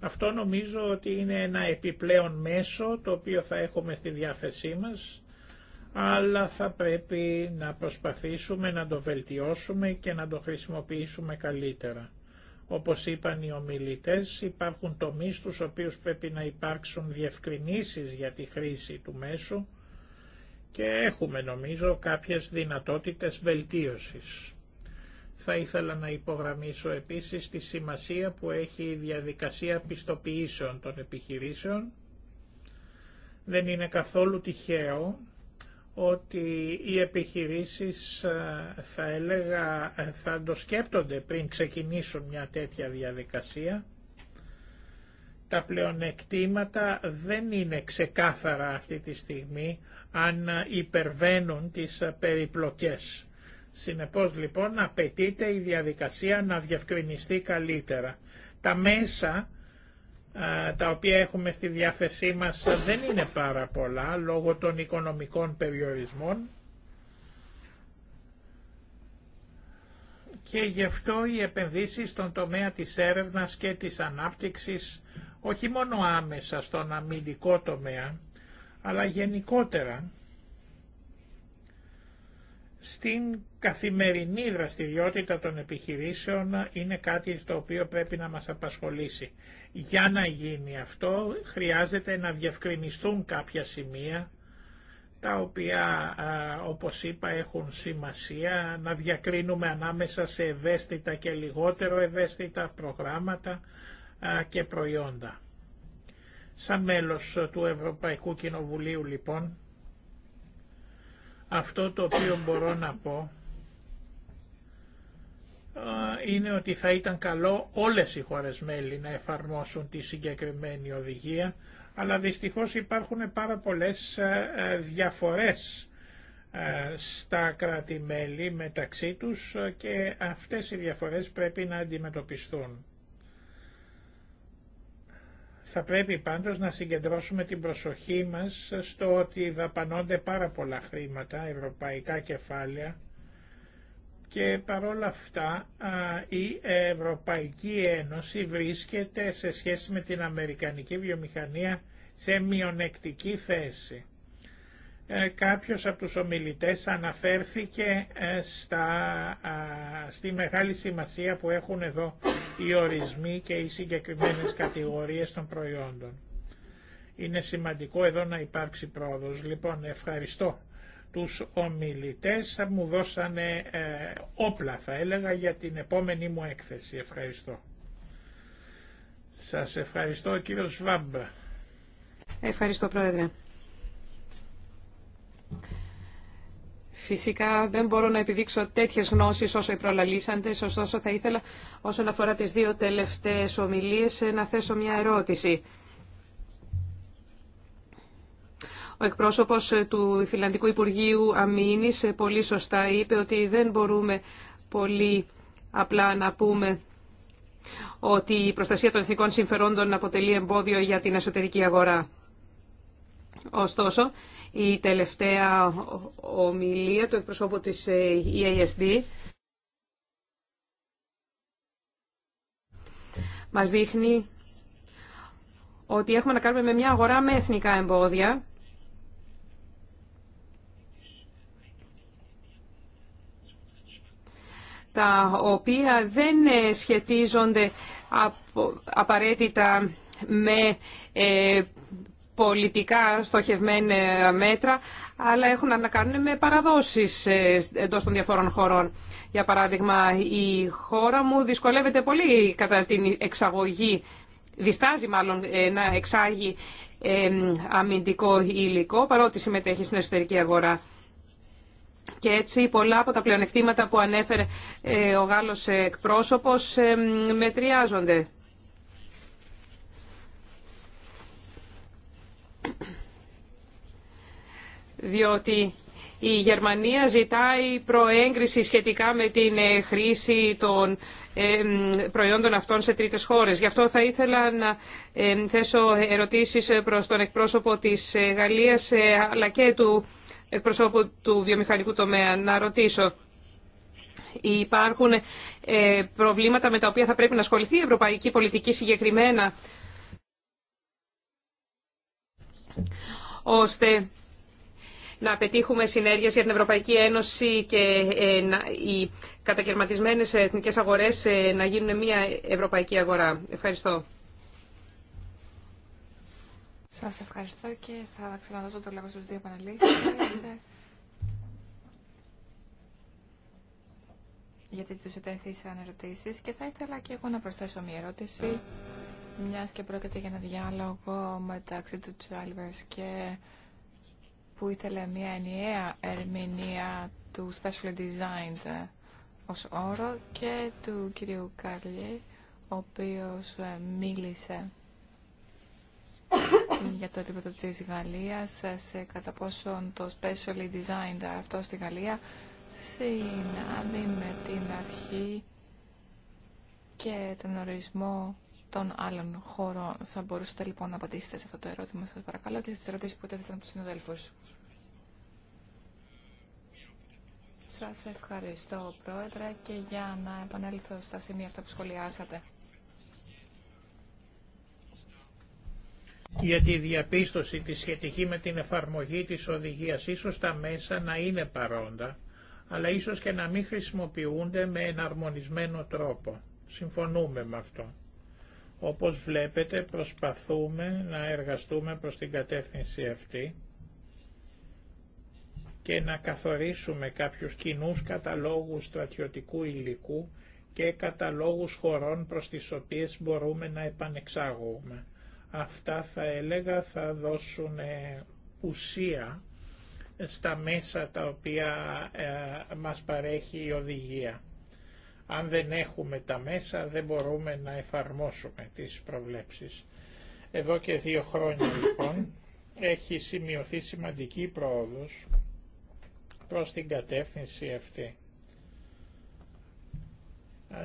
[SPEAKER 1] Αυτό νομίζω ότι είναι ένα επιπλέον μέσο το οποίο θα έχουμε στη διάθεσή μας αλλά θα πρέπει να προσπαθήσουμε να το βελτιώσουμε και να το χρησιμοποιήσουμε καλύτερα. Όπως είπαν οι ομιλητές, υπάρχουν τομείς στους οποίους πρέπει να υπάρξουν διευκρινήσεις για τη χρήση του μέσου και έχουμε νομίζω κάποιες δυνατότητες βελτίωσης. Θα ήθελα να υπογραμμίσω επίσης τη σημασία που έχει η διαδικασία πιστοποιήσεων των επιχειρήσεων. Δεν είναι καθόλου τυχαίο ότι οι επιχειρήσεις ε, θα έλεγα ε, θα το σκέπτονται πριν ξεκινήσουν μια τέτοια διαδικασία. Τα πλεονεκτήματα δεν είναι ξεκάθαρα αυτή τη στιγμή αν ε, υπερβαίνουν τις περιπλοκές. Συνεπώς λοιπόν απαιτείται η διαδικασία να διευκρινιστεί καλύτερα. Τα μέσα ε, τα οποία έχουμε στη διάθεσή μας δεν είναι πάρα πολλά λόγω των οικονομικών περιορισμών και γι' αυτό οι επενδύσεις στον τομέα της έρευνας και της ανάπτυξης όχι μόνο άμεσα στον αμυντικό τομέα αλλά γενικότερα στην καθημερινή δραστηριότητα των επιχειρήσεων είναι κάτι το οποίο πρέπει να μας απασχολήσει. Για να γίνει αυτό χρειάζεται να διευκρινιστούν κάποια σημεία τα οποία όπως είπα έχουν σημασία να διακρίνουμε ανάμεσα σε ευαίσθητα και λιγότερο ευαίσθητα προγράμματα και προϊόντα. Σαν μέλος του Ευρωπαϊκού Κοινοβουλίου λοιπόν αυτό το οποίο μπορώ να πω είναι ότι θα ήταν καλό όλες οι χώρες μέλη να εφαρμόσουν τη συγκεκριμένη οδηγία, αλλά δυστυχώς υπάρχουν πάρα πολλές διαφορές στα κράτη-μέλη μεταξύ τους και αυτές οι διαφορές πρέπει να αντιμετωπιστούν. Θα πρέπει πάντως να συγκεντρώσουμε την προσοχή μας στο ότι δαπανώνται πάρα πολλά χρήματα, ευρωπαϊκά κεφάλαια και παρόλα αυτά η Ευρωπαϊκή Ένωση βρίσκεται σε σχέση με την Αμερικανική βιομηχανία σε μειονεκτική θέση. Ε, κάποιος από τους ομιλητές αναφέρθηκε ε, στα, στη μεγάλη σημασία που έχουν εδώ οι ορισμοί και οι συγκεκριμένες κατηγορίες των προϊόντων. Είναι σημαντικό εδώ να υπάρξει πρόοδος. Λοιπόν, ευχαριστώ τους ομιλητές. Θα μου δώσανε ε, όπλα, θα έλεγα, για την επόμενη μου έκθεση. Ευχαριστώ. Σας ευχαριστώ, κύριο Σβάμπ.
[SPEAKER 2] Ευχαριστώ, Πρόεδρε. Φυσικά δεν μπορώ να επιδείξω τέτοιε γνώσεις όσο οι προλαλήσαντε. ωστόσο θα ήθελα όσον αφορά τι δύο τελευταίες ομιλίε, ε, να θέσω μια ερώτηση. Ο εκπρόσωπος ε, του Φιλανδικού Υπουργείου Αμήνη ε, πολύ σωστά είπε ότι δεν μπορούμε πολύ απλά να πούμε ότι η προστασία των εθνικών συμφερόντων αποτελεί εμπόδιο για την εσωτερική αγορά. Ωστόσο, η τελευταία ομιλία του εκπροσώπου της ε, EASD μας δείχνει ότι έχουμε να κάνουμε με μια αγορά με εθνικά εμπόδια τα οποία δεν ε, σχετίζονται απαραίτητα με ε, πολιτικά στοχευμένα μέτρα, αλλά έχουν να κάνουν με παραδόσεις ε, εντός των διαφόρων χωρών. Για παράδειγμα, η χώρα μου δυσκολεύεται πολύ κατά την εξαγωγή, διστάζει μάλλον ε, να εξάγει αμυντικό υλικό, παρότι συμμετέχει στην εσωτερική αγορά. Και έτσι πολλά από τα πλεονεκτήματα που ανέφερε ε, ο Γάλλος εκπρόσωπος μετριάζονται. διότι η Γερμανία ζητάει προέγκριση σχετικά με την ε, χρήση των προϊόντων αυτών σε τρίτες χώρες. Γι' αυτό θα ήθελα να θέσω ερωτήσεις προς τον εκπρόσωπο της ε, Γαλλίας ε, αλλά και του εκπροσώπου του βιομηχανικού τομέα. Να ρωτήσω, υπάρχουν προβλήματα με τα οποία θα πρέπει να ασχοληθεί η ευρωπαϊκή πολιτική συγκεκριμένα ώστε να πετύχουμε συνέργειες για την Ευρωπαϊκή Ένωση και ε, οι κατακαιρματισμένες εθνικές αγορές ε, να γίνουν μια ευρωπαϊκή αγορά. Ευχαριστώ.
[SPEAKER 3] Σας ευχαριστώ και θα ξαναδώσω το λόγο στους δύο πανελίσεις. γιατί τους ετέθησαν ερωτήσεις και θα ήθελα και εγώ να προσθέσω μια ερώτηση. Μιας και πρόκειται για ένα διάλογο μεταξύ του Τσάλιβερς και που ήθελε μια ενιαία ερμηνεία του Special Designed ως όρο και του κυρίου Καρλιέ ο οποίος ε, μίλησε για το επίπεδο της Γαλλίας ε, σε κατά πόσον το Special Designed αυτό στη Γαλλία συνάδει με την αρχή και τον ορισμό των άλλων χωρών. Θα μπορούσατε λοιπόν να απαντήσετε σε αυτό το ερώτημα σας παρακαλώ και στις ερωτήσεις που έθεσαν του τους Σα Σας ευχαριστώ Πρόεδρε και για να επανέλθω στα σημεία αυτά που σχολιάσατε.
[SPEAKER 1] για τη διαπίστωση της σχετική με την εφαρμογή της οδηγίας. Ίσως τα μέσα να είναι παρόντα, αλλά ίσως και να μην χρησιμοποιούνται με εναρμονισμένο τρόπο. Συμφωνούμε με αυτό. Όπως βλέπετε προσπαθούμε να εργαστούμε προς την κατεύθυνση αυτή και να καθορίσουμε κάποιους κοινούς καταλόγους στρατιωτικού υλικού και καταλόγους χωρών προς τις οποίες μπορούμε να επανεξάγουμε. Αυτά θα έλεγα θα δώσουν ε, ουσία στα μέσα τα οποία ε, μας παρέχει η οδηγία αν δεν έχουμε τα μέσα δεν μπορούμε να εφαρμόσουμε τις προβλέψεις. Εδώ και δύο χρόνια λοιπόν έχει σημειωθεί σημαντική πρόοδος προς την κατεύθυνση αυτή.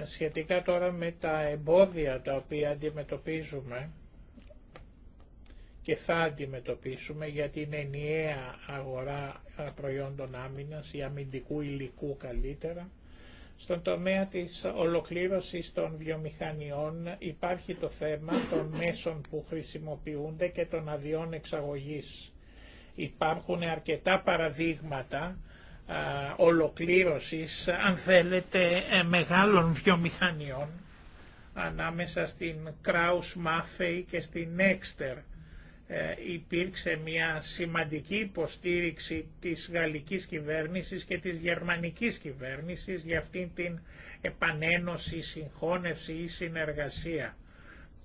[SPEAKER 1] Σχετικά τώρα με τα εμπόδια τα οποία αντιμετωπίζουμε και θα αντιμετωπίσουμε για την ενιαία αγορά προϊόντων άμυνας ή αμυντικού υλικού καλύτερα, στον τομέα της ολοκλήρωσης των βιομηχανιών υπάρχει το θέμα των μέσων που χρησιμοποιούνται και των αδειών εξαγωγής. Υπάρχουν αρκετά παραδείγματα ολοκλήρωσης, αν θέλετε, ε, μεγάλων βιομηχανιών ανάμεσα στην Kraus Maffei και στην Nexter ε, υπήρξε μια σημαντική υποστήριξη της γαλλικής κυβέρνησης και της γερμανικής κυβέρνησης για αυτήν την επανένωση, συγχώνευση ή συνεργασία.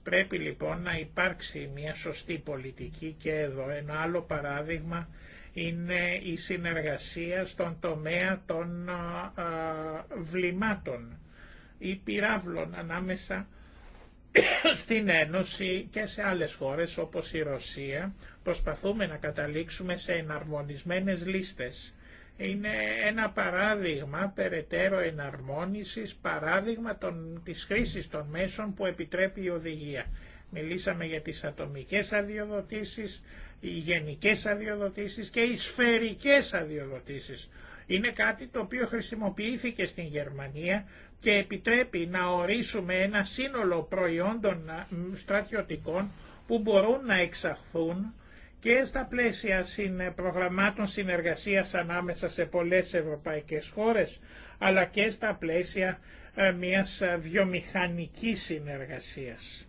[SPEAKER 1] Πρέπει λοιπόν να υπάρξει μια σωστή πολιτική και εδώ. Ένα άλλο παράδειγμα είναι η συνεργασία στον τομέα των βλημάτων ή πυράβλων ανάμεσα στην Ένωση και σε άλλες χώρες όπως η Ρωσία προσπαθούμε να καταλήξουμε σε εναρμονισμένες λίστες. Είναι ένα παράδειγμα περαιτέρω εναρμόνισης, παράδειγμα των, της χρήσης των μέσων που επιτρέπει η οδηγία. Μιλήσαμε για τις ατομικές αδειοδοτήσεις, οι γενικές αδειοδοτήσεις και οι σφαιρικές αδειοδοτήσεις είναι κάτι το οποίο χρησιμοποιήθηκε στην Γερμανία και επιτρέπει να ορίσουμε ένα σύνολο προϊόντων στρατιωτικών που μπορούν να εξαχθούν και στα πλαίσια ε, προγραμμάτων συνεργασίας ανάμεσα σε πολλές ευρωπαϊκές χώρες, αλλά και στα πλαίσια ε, μιας ε, βιομηχανικής συνεργασίας.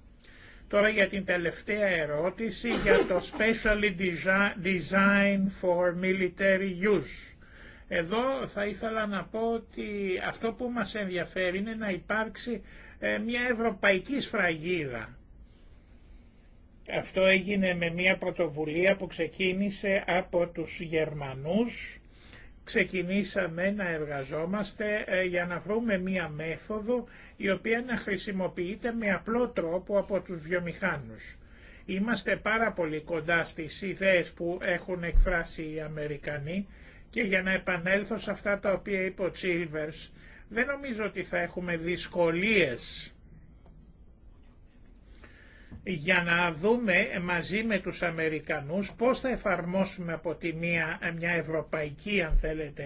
[SPEAKER 1] Τώρα για την τελευταία ερώτηση για το Specially Design for Military Use. Εδώ θα ήθελα να πω ότι αυτό που μας ενδιαφέρει είναι να υπάρξει ε, μια ευρωπαϊκή σφραγίδα. Αυτό έγινε με μια πρωτοβουλία που ξεκίνησε από τους Γερμανούς. Ξεκινήσαμε να εργαζόμαστε ε, για να βρούμε μια μέθοδο η οποία να χρησιμοποιείται με απλό τρόπο από τους βιομηχάνους. Είμαστε πάρα πολύ κοντά στις ιδέες που έχουν εκφράσει οι Αμερικανοί και για να επανέλθω σε αυτά τα οποία είπε ο Τσίλβερς, δεν νομίζω ότι θα έχουμε δυσκολίες για να δούμε μαζί με τους Αμερικανούς πώς θα εφαρμόσουμε από τη μία μια ευρωπαϊκή αν θέλετε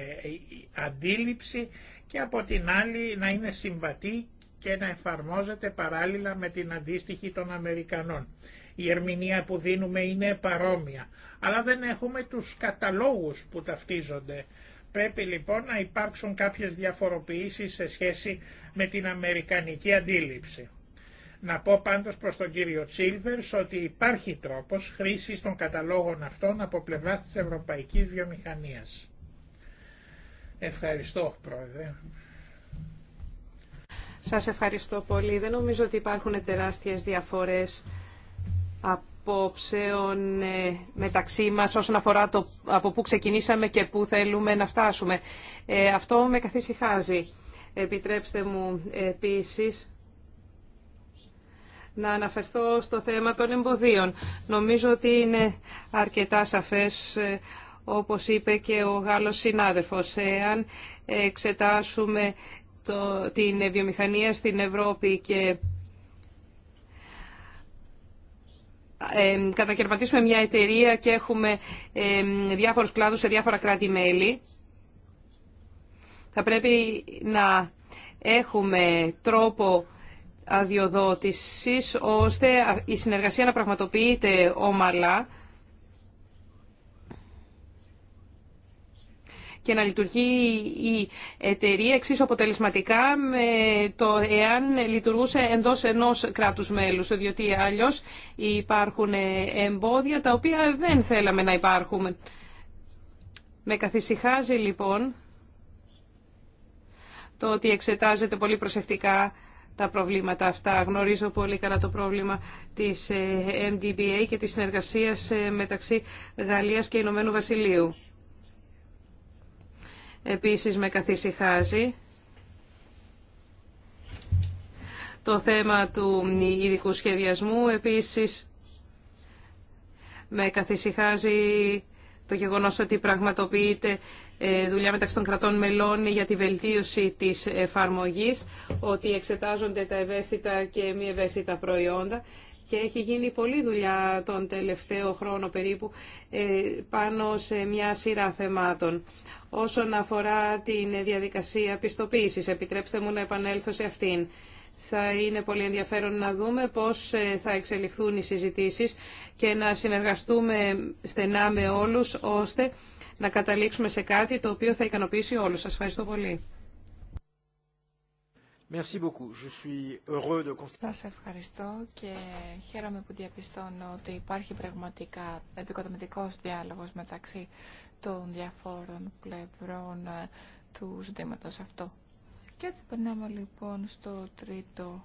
[SPEAKER 1] αντίληψη και από την άλλη να είναι συμβατή και να εφαρμόζεται παράλληλα με την αντίστοιχη των Αμερικανών η ερμηνεία που δίνουμε είναι παρόμοια. Αλλά δεν έχουμε τους καταλόγους που ταυτίζονται. Πρέπει λοιπόν να υπάρξουν κάποιες διαφοροποιήσεις σε σχέση με την αμερικανική αντίληψη. Να πω πάντως προς τον κύριο Τσίλβερς ότι υπάρχει τρόπος χρήσης των καταλόγων αυτών από πλευράς της Ευρωπαϊκής Βιομηχανίας. Ευχαριστώ, Πρόεδρε.
[SPEAKER 2] Σας ευχαριστώ πολύ. Δεν νομίζω ότι υπάρχουν τεράστιες διαφορές απόψεων ε, μεταξύ μας όσον αφορά το από πού ξεκινήσαμε και πού θέλουμε να φτάσουμε. Ε, αυτό με καθησυχάζει. Επιτρέψτε μου ε, επίσης να αναφερθώ στο θέμα των εμποδίων. Νομίζω ότι είναι αρκετά σαφές όπως είπε και ο Γάλλος συνάδελφος. Εάν εξετάσουμε το, την βιομηχανία στην Ευρώπη και κατακαιρματίσουμε μια εταιρεία και έχουμε διάφορους κλάδους σε διάφορα κράτη-μέλη, θα πρέπει να έχουμε τρόπο αδειοδότησης ώστε η συνεργασία να πραγματοποιείται ομαλά και να λειτουργεί η εταιρεία εξίσου αποτελεσματικά με το εάν λειτουργούσε εντός ενός κράτους μέλους, διότι αλλιώ υπάρχουν εμπόδια τα οποία δεν θέλαμε να υπάρχουν. Με καθησυχάζει λοιπόν το ότι εξετάζεται πολύ προσεκτικά τα προβλήματα αυτά. Γνωρίζω πολύ καλά το πρόβλημα της ε, MDBA και της συνεργασίας ε, μεταξύ Γαλλίας και Ηνωμένου Βασιλείου. Επίσης με καθησυχάζει το θέμα του ειδικού σχεδιασμού. Επίσης με καθησυχάζει το γεγονός ότι πραγματοποιείται ε, δουλειά μεταξύ των κρατών μελών για τη βελτίωση της εφαρμογής, ότι εξετάζονται τα ευαίσθητα και μη ευαίσθητα προϊόντα και έχει γίνει πολλή δουλειά τον τελευταίο χρόνο περίπου ε, πάνω σε μια σειρά θεμάτων. Όσον αφορά την διαδικασία πιστοποίησης, επιτρέψτε μου να επανέλθω σε αυτήν. Θα είναι πολύ ενδιαφέρον να δούμε πώς ε, θα εξελιχθούν οι συζητήσεις και να συνεργαστούμε στενά με όλους, ώστε να καταλήξουμε σε κάτι το οποίο θα ικανοποιήσει όλους. Σας ευχαριστώ πολύ.
[SPEAKER 1] Σα
[SPEAKER 3] ευχαριστώ και χαίρομαι που διαπιστώνω ότι υπάρχει πραγματικά επικοδομητικός διάλογος μεταξύ των διαφόρων πλευρών ε, του ζητήματος αυτό. Και έτσι περνάμε λοιπόν στο τρίτο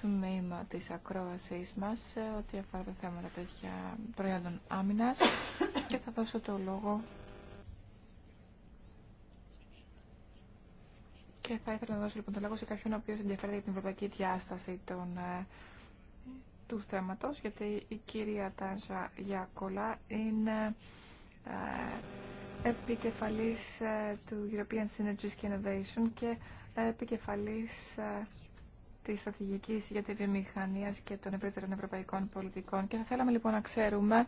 [SPEAKER 3] τμήμα της ακρόασής μας ε, ό,τι αφορά τα θέματα τέτοια προϊόντων άμυνας και θα δώσω το λόγο Και θα ήθελα να δώσω λοιπόν το λόγο σε κάποιον ο οποίος ενδιαφέρεται για την ευρωπαϊκή διάσταση των, ε, του θέματο γιατί η κυρία Τάνσα Γιακολά είναι ε, επικεφαλής ε, του European Synergies και Innovation και ε, επικεφαλή ε, της στρατηγικής για τη βιομηχανία και των ευρύτερων ευρωπαϊκών πολιτικών. Και θα θέλαμε λοιπόν να ξέρουμε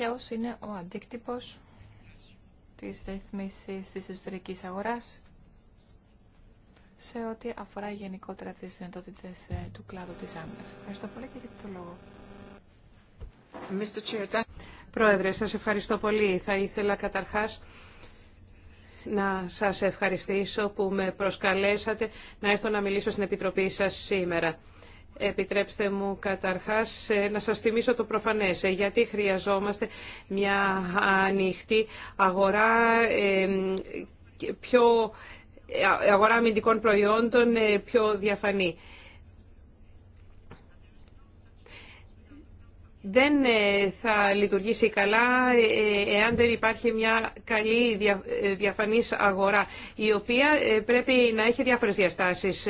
[SPEAKER 3] τυχαίος είναι ο αντίκτυπος της ρυθμίσης της εσωτερικής αγοράς σε ό,τι αφορά γενικότερα τις δυνατότητες ε, του κλάδου της άμυνας. Ευχαριστώ πολύ και για το λόγο.
[SPEAKER 2] Πρόεδρε, σας ευχαριστώ πολύ. Θα ήθελα καταρχάς να σας ευχαριστήσω που με προσκαλέσατε να έρθω να μιλήσω στην Επιτροπή σας σήμερα. Επιτρέψτε μου καταρχάς ε, να σας θυμίσω το προφανές, ε, γιατί χρειαζόμαστε μια ανοιχτή αγορά ε, πιο αγορά αμυντικών προϊόντων πιο διαφανή. Δεν θα λειτουργήσει καλά εάν δεν υπάρχει μια καλή διαφανής αγορά, η οποία πρέπει να έχει διάφορες διαστάσεις.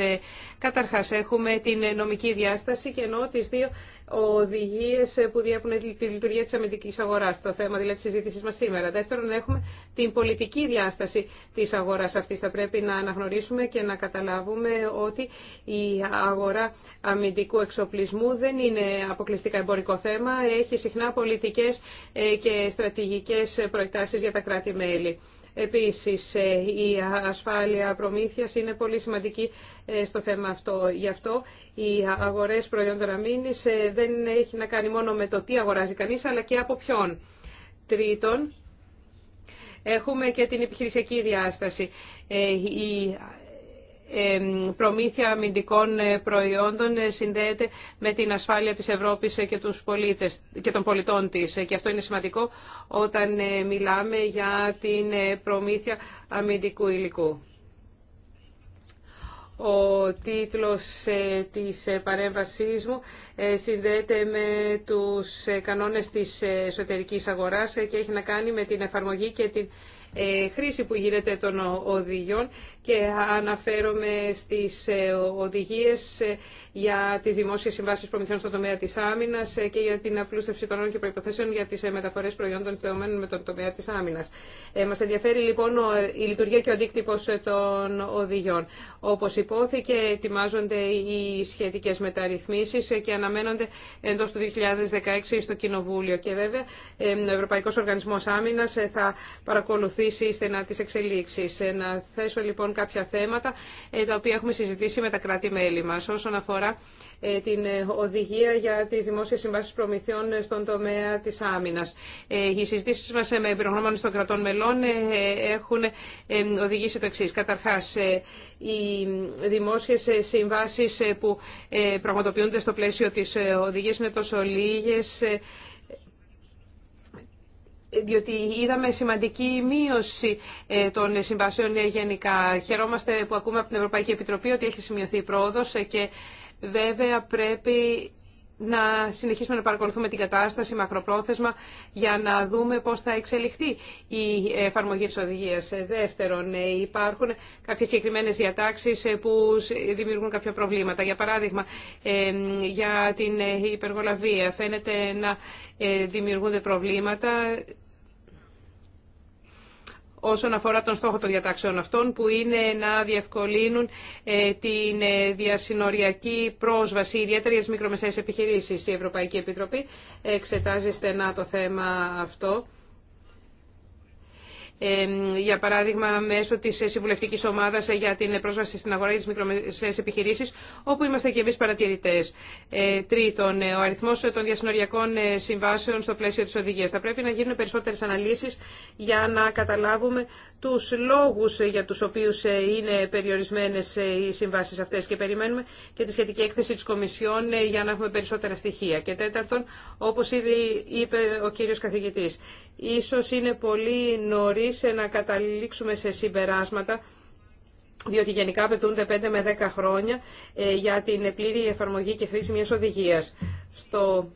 [SPEAKER 2] Καταρχάς έχουμε την νομική διάσταση και ενώ τις δύο οδηγίες που διέπουν τη λειτουργία της αμυντικής αγοράς, το θέμα δηλαδή της συζήτησης μας σήμερα. Δεύτερον, έχουμε την πολιτική διάσταση της αγοράς αυτής. Θα πρέπει να αναγνωρίσουμε και να καταλάβουμε ότι η αγορά αμυντικού εξοπλισμού δεν είναι αποκλειστικά εμπορικό θέμα, έχει συχνά πολιτικές ε, και στρατηγικές προεκτάσεις για τα κράτη-μέλη. Επίσης, ε, η ασφάλεια προμήθειας είναι πολύ σημαντική ε, στο θέμα αυτό. Γι' αυτό οι αγορές προϊόντων αμήνης ε, δεν έχει να κάνει μόνο με το τι αγοράζει κανείς, αλλά και από ποιον. Τρίτον, έχουμε και την επιχειρησιακή διάσταση προμήθεια αμυντικών ε, προϊόντων ε, συνδέεται με την ασφάλεια της Ευρώπης ε, και, τους πολίτες, και των πολιτών της. Και αυτό είναι σημαντικό όταν μιλάμε για την προμήθεια αμυντικού υλικού. Ο τίτλος της παρέμβασής μου συνδέεται με τους κανόνες της εσωτερικής αγοράς και έχει να κάνει με την εφαρμογή και την χρήση που γίνεται των οδηγιών και αναφέρομαι στις ε, οδηγίες ε, για τις δημόσιες συμβάσεις προμηθειών στον τομέα της άμυνας ε, και για την απλούστευση των όρων και προϋποθέσεων για τις μεταφορές προϊόντων θεωμένων με τον τομέα της άμυνας. Μας ενδιαφέρει λοιπόν η λειτουργία και ο αντίκτυπος των οδηγιών. Όπως υπόθηκε, ετοιμάζονται οι σχετικές μεταρρυθμίσεις και αναμένονται εντός του 2016 στο Κοινοβούλιο. Και βέβαια, ο Ευρωπαϊκός Οργανισμός Άμυνας θα παρακολουθήσει στενά τις εξελίξεις. Να θέσω λοιπόν κάποια θέματα ε, τα οποία έχουμε συζητήσει με τα κράτη-μέλη μας όσον αφορά ε, την ε, οδηγία για τις δημόσιες συμβάσεις προμηθειών στον τομέα της άμυνας. Οι συζητήσεις μας με εμπειρογνώμανους των κρατών μελών έχουν οδηγήσει το εξή. Καταρχάς, οι δημόσιες συμβάσεις που πραγματοποιούνται στο πλαίσιο της οδηγίας είναι τόσο λίγες διότι είδαμε σημαντική μείωση ε, των συμβάσεων ε, γενικά. Χαιρόμαστε που ακούμε από την Ευρωπαϊκή Επιτροπή ότι έχει σημειωθεί η πρόοδος ε, και βέβαια πρέπει να συνεχίσουμε να παρακολουθούμε την κατάσταση μακροπρόθεσμα για να δούμε πώς θα εξελιχθεί η εφαρμογή της οδηγίας. Δεύτερον, υπάρχουν κάποιες συγκεκριμένες διατάξεις που δημιουργούν κάποια προβλήματα. Για παράδειγμα, για την υπεργολαβία φαίνεται να δημιουργούνται προβλήματα όσον αφορά τον στόχο των διατάξεων αυτών, που είναι να διευκολύνουν ε, την ε, διασυνοριακή πρόσβαση, ιδιαίτερα για τις μικρομεσαίες επιχειρήσεις. Η Ευρωπαϊκή Επιτροπή εξετάζει στενά το θέμα αυτό για παράδειγμα μέσω της συμβουλευτικής ομάδας για την πρόσβαση στην αγορά για τις μικρομεσαίες επιχειρήσεις, όπου είμαστε και εμείς παρατηρητές. Ε, τρίτον, ε, ο αριθμός των διασυνοριακών ε, συμβάσεων στο πλαίσιο της οδηγίας. Θα πρέπει να γίνουν περισσότερες αναλύσεις για να καταλάβουμε τους λόγους ε, για τους οποίους ε, είναι περιορισμένες ε, οι συμβάσεις αυτές και περιμένουμε και τη σχετική έκθεση της Κομισιόν για να έχουμε περισσότερα στοιχεία. Και τέταρτον, όπως ήδη είπε ο κύριος καθηγητής, ίσως είναι πολύ νωρίς να καταλήξουμε σε συμπεράσματα διότι γενικά απαιτούνται 5 με 10 χρόνια για την πλήρη εφαρμογή και χρήση μιας οδηγίας. Στο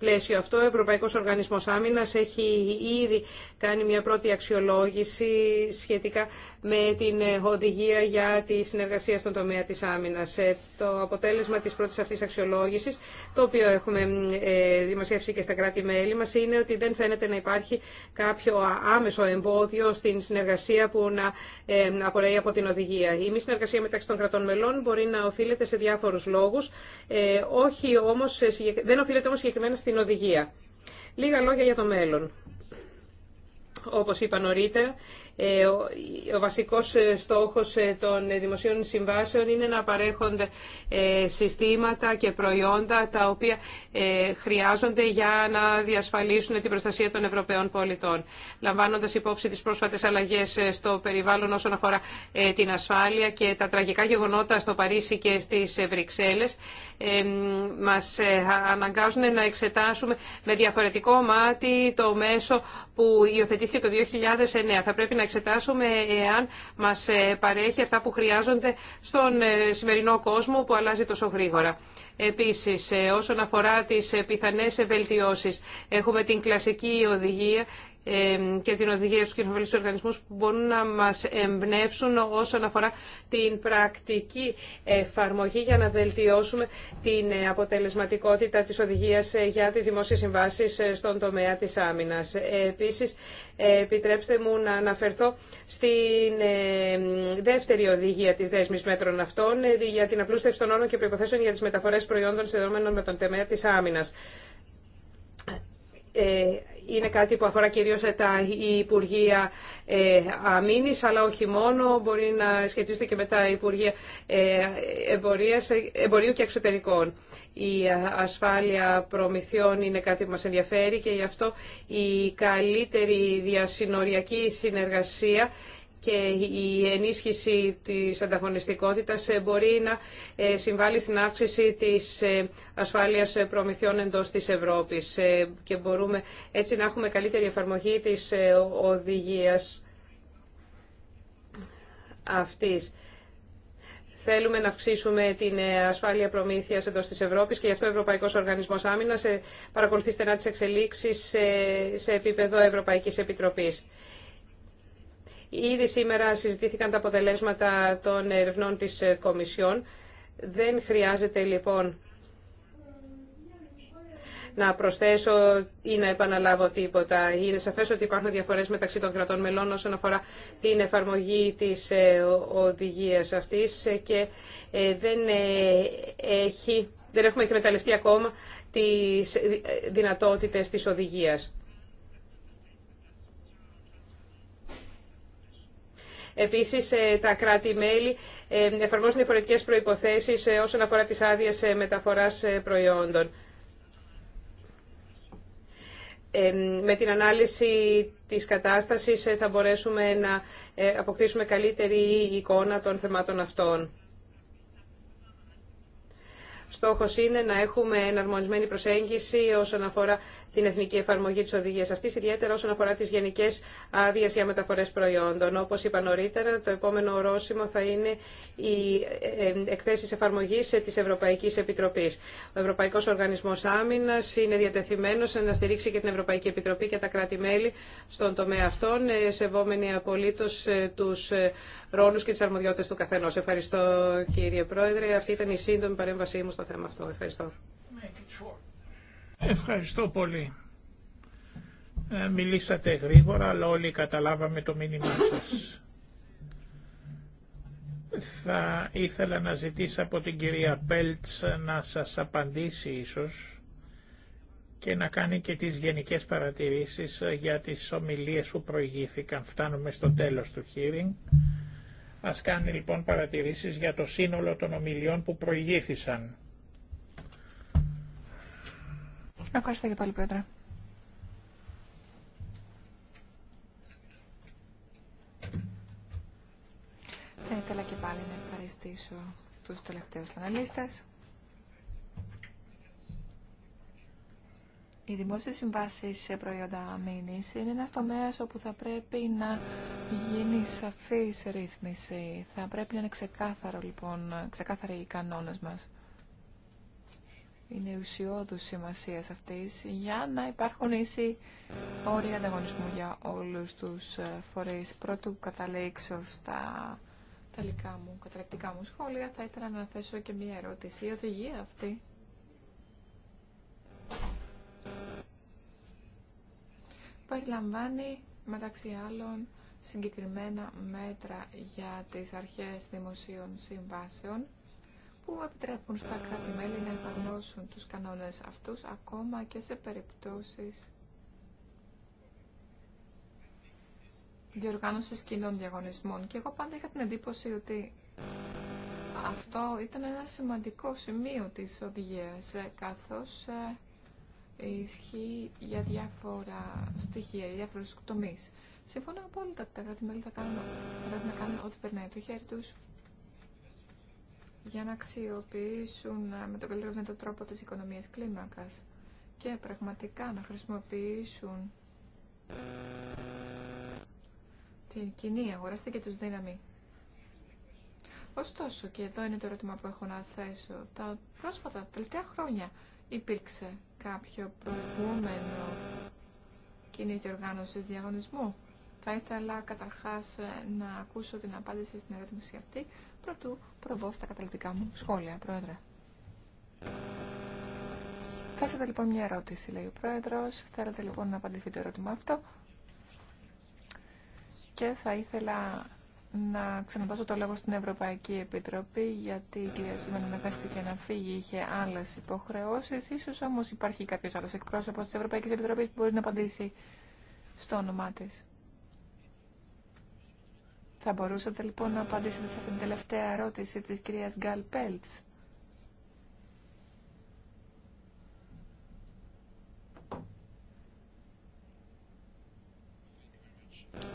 [SPEAKER 2] πλαίσιο αυτό, ο Ευρωπαϊκός Οργανισμός Άμυνας έχει ήδη κάνει μια πρώτη αξιολόγηση σχετικά με την ε, οδηγία για τη συνεργασία στον τομέα της άμυνας. Ε, το αποτέλεσμα της πρώτης αυτής αξιολόγησης, το οποίο έχουμε ε, δημοσιεύσει και στα κράτη-μέλη μας, είναι ότι δεν φαίνεται να υπάρχει κάποιο άμεσο εμπόδιο στην συνεργασία που να απορρέει από την οδηγία. Η μη συνεργασία μεταξύ των κρατών μελών μπορεί να οφείλεται σε διάφορους λόγους, όχι όμως, δεν οφείλεται όμως συγκεκριμένα στην οδηγία. Λίγα λόγια για το μέλλον. Όπως είπα νωρίτερα, ε, ο βασικός ε, στόχος ε, των δημοσίων συμβάσεων είναι να παρέχονται συστήματα και προϊόντα τα οποία χρειάζονται για να διασφαλίσουν την προστασία των Ευρωπαίων πολιτών. Λαμβάνοντας υπόψη τις πρόσφατες αλλαγές στο περιβάλλον όσον αφορά την ασφάλεια και τα τραγικά γεγονότα στο Παρίσι και στις Βρυξέλλες, μας αναγκάζουν να εξετάσουμε με διαφορετικό μάτι το μέσο που υιοθετήθηκε το 2009 εξετάσουμε εάν μας ε, παρέχει αυτά που χρειάζονται στον ε, σημερινό κόσμο που αλλάζει τόσο γρήγορα. Επίσης, ε, όσον αφορά τις πιθανές βελτιώσεις, έχουμε την κλασική οδηγία και την οδηγία στους κοινοβουλευτικούς οργανισμούς που μπορούν να μας εμπνεύσουν όσον αφορά την πρακτική εφαρμογή για να βελτιώσουμε την αποτελεσματικότητα της οδηγίας για τις δημόσιες συμβάσεις στον τομέα της άμυνας. Επίσης, επιτρέψτε μου να αναφερθώ στην δεύτερη οδηγία της δέσμης μέτρων αυτών ε, για την απλούστευση των όρων και προϋποθέσεων για τις μεταφορές προϊόντων συνδεδομένων με τον τομέα της άμυνας ε, είναι κάτι που αφορά κυρίως ε, τα Υπουργεία ε, Αμήνης, αλλά όχι μόνο, μπορεί να σχετίζεται και με τα Υπουργεία ε, Εμπορίας, Εμπορίου και Εξωτερικών. Η ασφάλεια προμηθειών είναι κάτι που μας ενδιαφέρει και γι' αυτό η καλύτερη διασυνοριακή συνεργασία και η ενίσχυση της ανταγωνιστικότητας ε, μπορεί να ε, συμβάλλει στην αύξηση της ε, ασφάλειας προμηθειών εντός της Ευρώπης και μπορούμε έτσι να έχουμε καλύτερη εφαρμογή της οδηγίας αυτής. Θέλουμε να αυξήσουμε την ασφάλεια προμήθεια εντό τη Ευρώπη και γι' αυτό ο Ευρωπαϊκό Οργανισμό Άμυνα παρακολουθεί στενά τι εξελίξει σε επίπεδο Ευρωπαϊκή Επιτροπή. Ήδη σήμερα συζητήθηκαν τα αποτελέσματα των ερευνών της ε, Κομισιόν. Δεν χρειάζεται λοιπόν να προσθέσω ή να επαναλάβω τίποτα. Είναι σαφές ότι υπάρχουν διαφορές μεταξύ των κρατών μελών όσον αφορά την εφαρμογή της ε, οδηγίας αυτής και ε, δεν, έχει, δεν έχουμε εκμεταλλευτεί ακόμα τις δυνατότητες της οδηγίας. Επίσης, ε, τα κράτη-μέλη ε, εφαρμόζουν διαφορετικέ προϋποθέσεις ε, όσον αφορά τις άδειες μεταφοράς προϊόντων. Με την ανάλυση της κατάστασης θα μπορέσουμε να αποκτήσουμε καλύτερη εικόνα των θεμάτων αυτών. Στόχος είναι να έχουμε εναρμονισμένη προσέγγιση όσον αφορά την εθνική εφαρμογή της οδηγίας αυτής, ιδιαίτερα όσον αφορά τις γενικές άδειε για μεταφορές προϊόντων. Όπως είπα νωρίτερα, το επόμενο ορόσημο θα είναι οι ε, ε, εκθέσεις εφαρμογής της Ευρωπαϊκής Επιτροπής. Ο Ευρωπαϊκός Οργανισμός Άμυνας είναι διατεθειμένος να στηρίξει και την Ευρωπαϊκή Επιτροπή και τα κράτη-μέλη στον τομέα αυτών, ε, σεβόμενοι απολύτω τους ρόλους και τις αρμοδιότητες του καθενός. Ευχαριστώ κύριε Πρόεδρε. Αυτή ήταν η σύντομη παρέμβασή μου στο θέμα αυτό.
[SPEAKER 1] Ευχαριστώ. Ευχαριστώ πολύ. Ε, μιλήσατε γρήγορα, αλλά όλοι καταλάβαμε το μήνυμά σας. Θα ήθελα να ζητήσω από την κυρία Πέλτς να σας απαντήσει ίσως και να κάνει και τις γενικές παρατηρήσεις για τις ομιλίες που προηγήθηκαν. Φτάνουμε στο τέλος του hearing. Ας κάνει λοιπόν παρατηρήσεις για το σύνολο των ομιλιών που προηγήθησαν.
[SPEAKER 3] Ευχαριστώ και πάλι, Πέτρα. Θα ήθελα και πάλι να ευχαριστήσω τους τελευταίους πανελίστες. Οι δημόσιε συμβάσει σε προϊόντα αμήνη είναι ένας τομέας όπου θα πρέπει να γίνει σαφή ρύθμιση. Θα πρέπει να είναι ξεκάθαρο, λοιπόν, ξεκάθαροι οι κανόνες μας είναι ουσιώδου σημασία αυτή για να υπάρχουν ίσοι όροι ανταγωνισμού για όλου του ε, φορεί. Πρώτου καταλήξω στα τελικά μου, καταρρεκτικά μου σχόλια, θα ήθελα να θέσω και μία ερώτηση. Η οδηγία αυτή περιλαμβάνει μεταξύ άλλων συγκεκριμένα μέτρα για τις αρχές δημοσίων συμβάσεων που επιτρέπουν στα κράτη-μέλη να εφαρμόσουν τους κανόνες αυτούς ακόμα και σε περιπτώσεις διοργάνωσης κοινών διαγωνισμών. Και εγώ πάντα είχα την εντύπωση ότι αυτό ήταν ένα σημαντικό σημείο της οδηγίας, ε, καθώς ε, ισχύει για διάφορα στοιχεία, για διάφορους τομείς. Συμφωνώ απόλυτα ότι τα κράτη-μέλη θα, να κάνουν ό,τι περνάει το χέρι τους για να αξιοποιήσουν ε, με τον καλύτερο δυνατό τρόπο τις οικονομίες κλίμακας και πραγματικά να χρησιμοποιήσουν την κοινή αγοραστή και τους δύναμη. Ωστόσο, και εδώ είναι το ερώτημα που έχω να θέσω, τα πρόσφατα, τα τελευταία χρόνια υπήρξε κάποιο προηγούμενο κοινή διοργάνωση διαγωνισμού θα ήθελα καταρχάς ε, να ακούσω την απάντηση στην ερώτηση αυτή, πρωτού προβώ στα καταληκτικά μου σχόλια, Πρόεδρε. Θέσατε λοιπόν μια ερώτηση, λέει ο Πρόεδρος. Θέλετε λοιπόν να απαντηθεί το ερώτημα αυτό. Και θα ήθελα να ξαναδώσω το λόγο στην Ευρωπαϊκή Επιτροπή, γιατί η κυρία αναγκάστηκε να φύγει, είχε άλλε υποχρεώσει. σω όμω υπάρχει κάποιο άλλο εκπρόσωπο τη Ευρωπαϊκή Επιτροπή που μπορεί να απαντήσει στο όνομά τη. Θα μπορούσατε λοιπόν να απαντήσετε σε την τελευταία ερώτηση της κυρίας Γκάλ Πέλτς.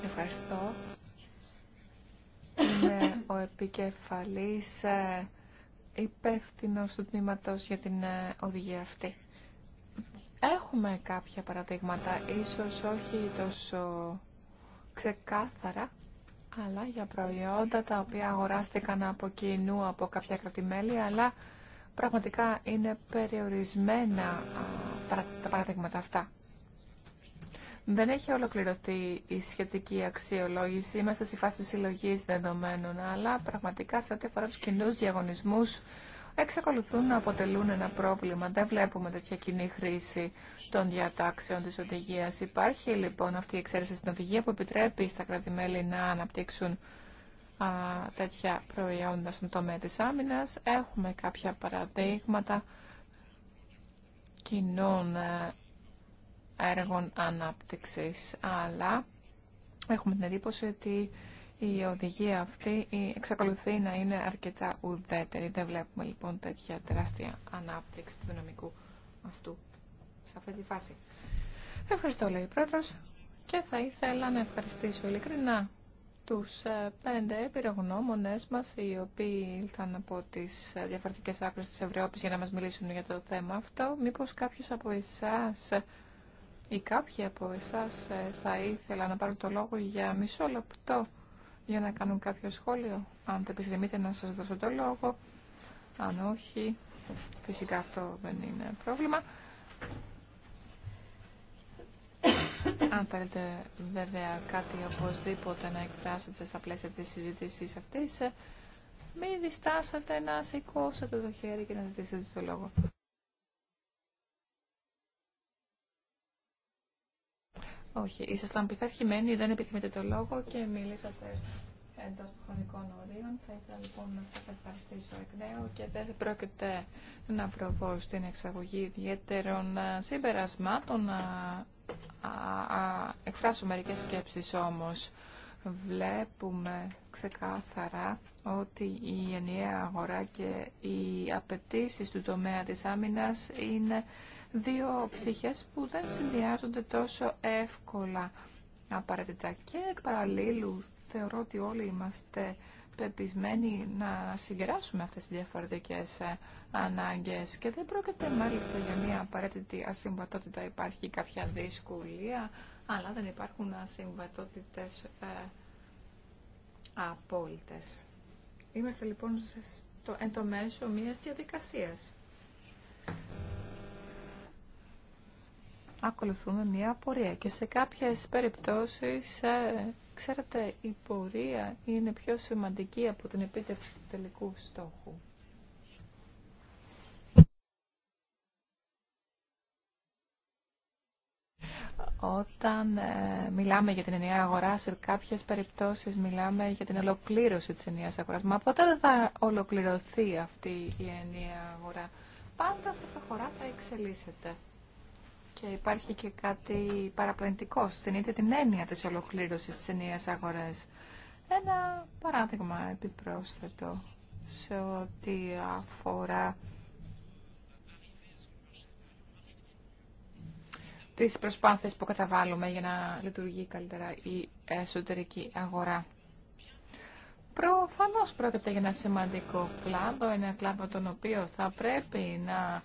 [SPEAKER 3] Ευχαριστώ. Είμαι ο επικεφαλής ε, υπεύθυνο του τμήματος για την ε, οδηγία αυτή. Έχουμε κάποια παραδείγματα, ίσως όχι τόσο ξεκάθαρα, αλλά για προϊόντα τα οποία αγοράστηκαν από κοινού από κάποια κρατημέλη, αλλά πραγματικά είναι περιορισμένα τα παραδείγματα αυτά. Δεν έχει ολοκληρωθεί η σχετική αξιολόγηση. Είμαστε στη φάση συλλογής δεδομένων, αλλά πραγματικά σε ό,τι αφορά του κοινού διαγωνισμού εξακολουθούν να αποτελούν ένα πρόβλημα. Δεν βλέπουμε τέτοια κοινή χρήση των διατάξεων της οδηγίας. Υπάρχει λοιπόν αυτή η εξαίρεση στην οδηγία που επιτρέπει στα κρατη να αναπτύξουν α, τέτοια προϊόντα στον τομέα της άμυνας. Έχουμε κάποια παραδείγματα κοινών ε, έργων ανάπτυξης, αλλά έχουμε την εντύπωση ότι η οδηγία αυτή εξακολουθεί να είναι αρκετά ουδέτερη. Δεν βλέπουμε λοιπόν τέτοια τεράστια ανάπτυξη του δυναμικού αυτού σε αυτή τη φάση. Ευχαριστώ, λέει ο Πρόεδρος, και θα ήθελα να ευχαριστήσω ειλικρινά του ε, πέντε επιρρογνώμονες μα, οι οποίοι ήλθαν από τι ε, διαφορετικέ άκρε τη Ευρώπη για να μα μιλήσουν για το θέμα αυτό. Μήπω κάποιο από εσά ή κάποιοι από εσά, ε, θα ήθελα να πάρουν το λόγο για μισό λεπτό για να κάνουν κάποιο σχόλιο. Αν το επιθυμείτε να σας δώσω το λόγο, αν όχι, φυσικά αυτό δεν είναι πρόβλημα. Αν θέλετε βέβαια κάτι οπωσδήποτε να εκφράσετε στα πλαίσια της συζήτησης αυτής, ε, μην διστάσετε να σηκώσετε το χέρι και να ζητήσετε το λόγο. Όχι, ήσασταν πειθαρχημένοι, δεν επιθυμείτε το λόγο και μιλήσατε εντό των χρονικών ορίων. Θα ήθελα λοιπόν να σα ευχαριστήσω εκ νέου και δεν πρόκειται να προβώ στην εξαγωγή ιδιαίτερων ε, συμπερασμάτων. Να εκφράσω μερικέ σκέψει όμω. Βλέπουμε ξεκάθαρα ότι η ενιαία αγορά και οι απαιτήσει του τομέα της άμυνας είναι δύο ψυχές που δεν συνδυάζονται τόσο εύκολα απαραίτητα και εκ παραλλήλου θεωρώ ότι όλοι είμαστε πεπισμένοι να συγκεράσουμε αυτές τις διαφορετικές ε, ανάγκες και δεν πρόκειται μάλιστα για μια απαραίτητη ασυμβατότητα υπάρχει κάποια δυσκολία αλλά δεν υπάρχουν ασυμβατότητες ε, απόλυτες. Είμαστε λοιπόν στο, εν το μέσο μιας διαδικασίας ακολουθούμε μια πορεία και σε κάποιες περιπτώσεις, ε, ξέρετε, η πορεία είναι πιο σημαντική από την επίτευξη του τελικού στόχου. Όταν ε, μιλάμε για την ενιαία αγορά, σε κάποιες περιπτώσεις μιλάμε για την ολοκλήρωση της ενιαίας αγοράς. Μα ποτέ δεν θα ολοκληρωθεί αυτή η ενιαία αγορά. Πάντα θα προχωρά, θα εξελίσσεται. Και υπάρχει και κάτι παραπλανητικό στην ίδια την έννοια της ολοκλήρωσης της ενίας αγορές. Ένα παράδειγμα επιπρόσθετο σε ό,τι αφορά τις προσπάθειες που καταβάλουμε για να λειτουργεί καλύτερα η εσωτερική αγορά. Προφανώς πρόκειται για ένα σημαντικό κλάδο, ένα κλάδο τον οποίο θα πρέπει να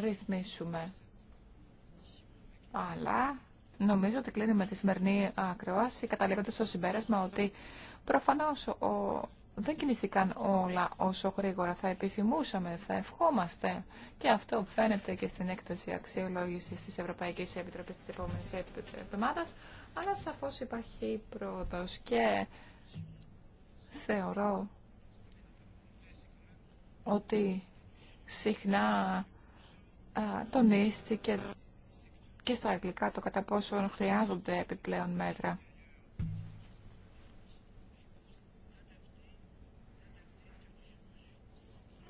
[SPEAKER 3] ρυθμίσουμε. Αλλά νομίζω ότι κλείνουμε τη σημερινή ακρόαση καταλήγοντας στο συμπέρασμα ότι προφανώς ο... δεν κινηθήκαν όλα όσο γρήγορα θα επιθυμούσαμε, θα ευχόμαστε και αυτό φαίνεται και στην έκταση αξιολόγηση τη Ευρωπαϊκή Επιτροπή τη Επόμενη εβδομάδα. αλλά σαφώ υπάρχει πρόοδο και θεωρώ ότι συχνά τονίστηκε και στα αγγλικά το κατά πόσο χρειάζονται επιπλέον μέτρα.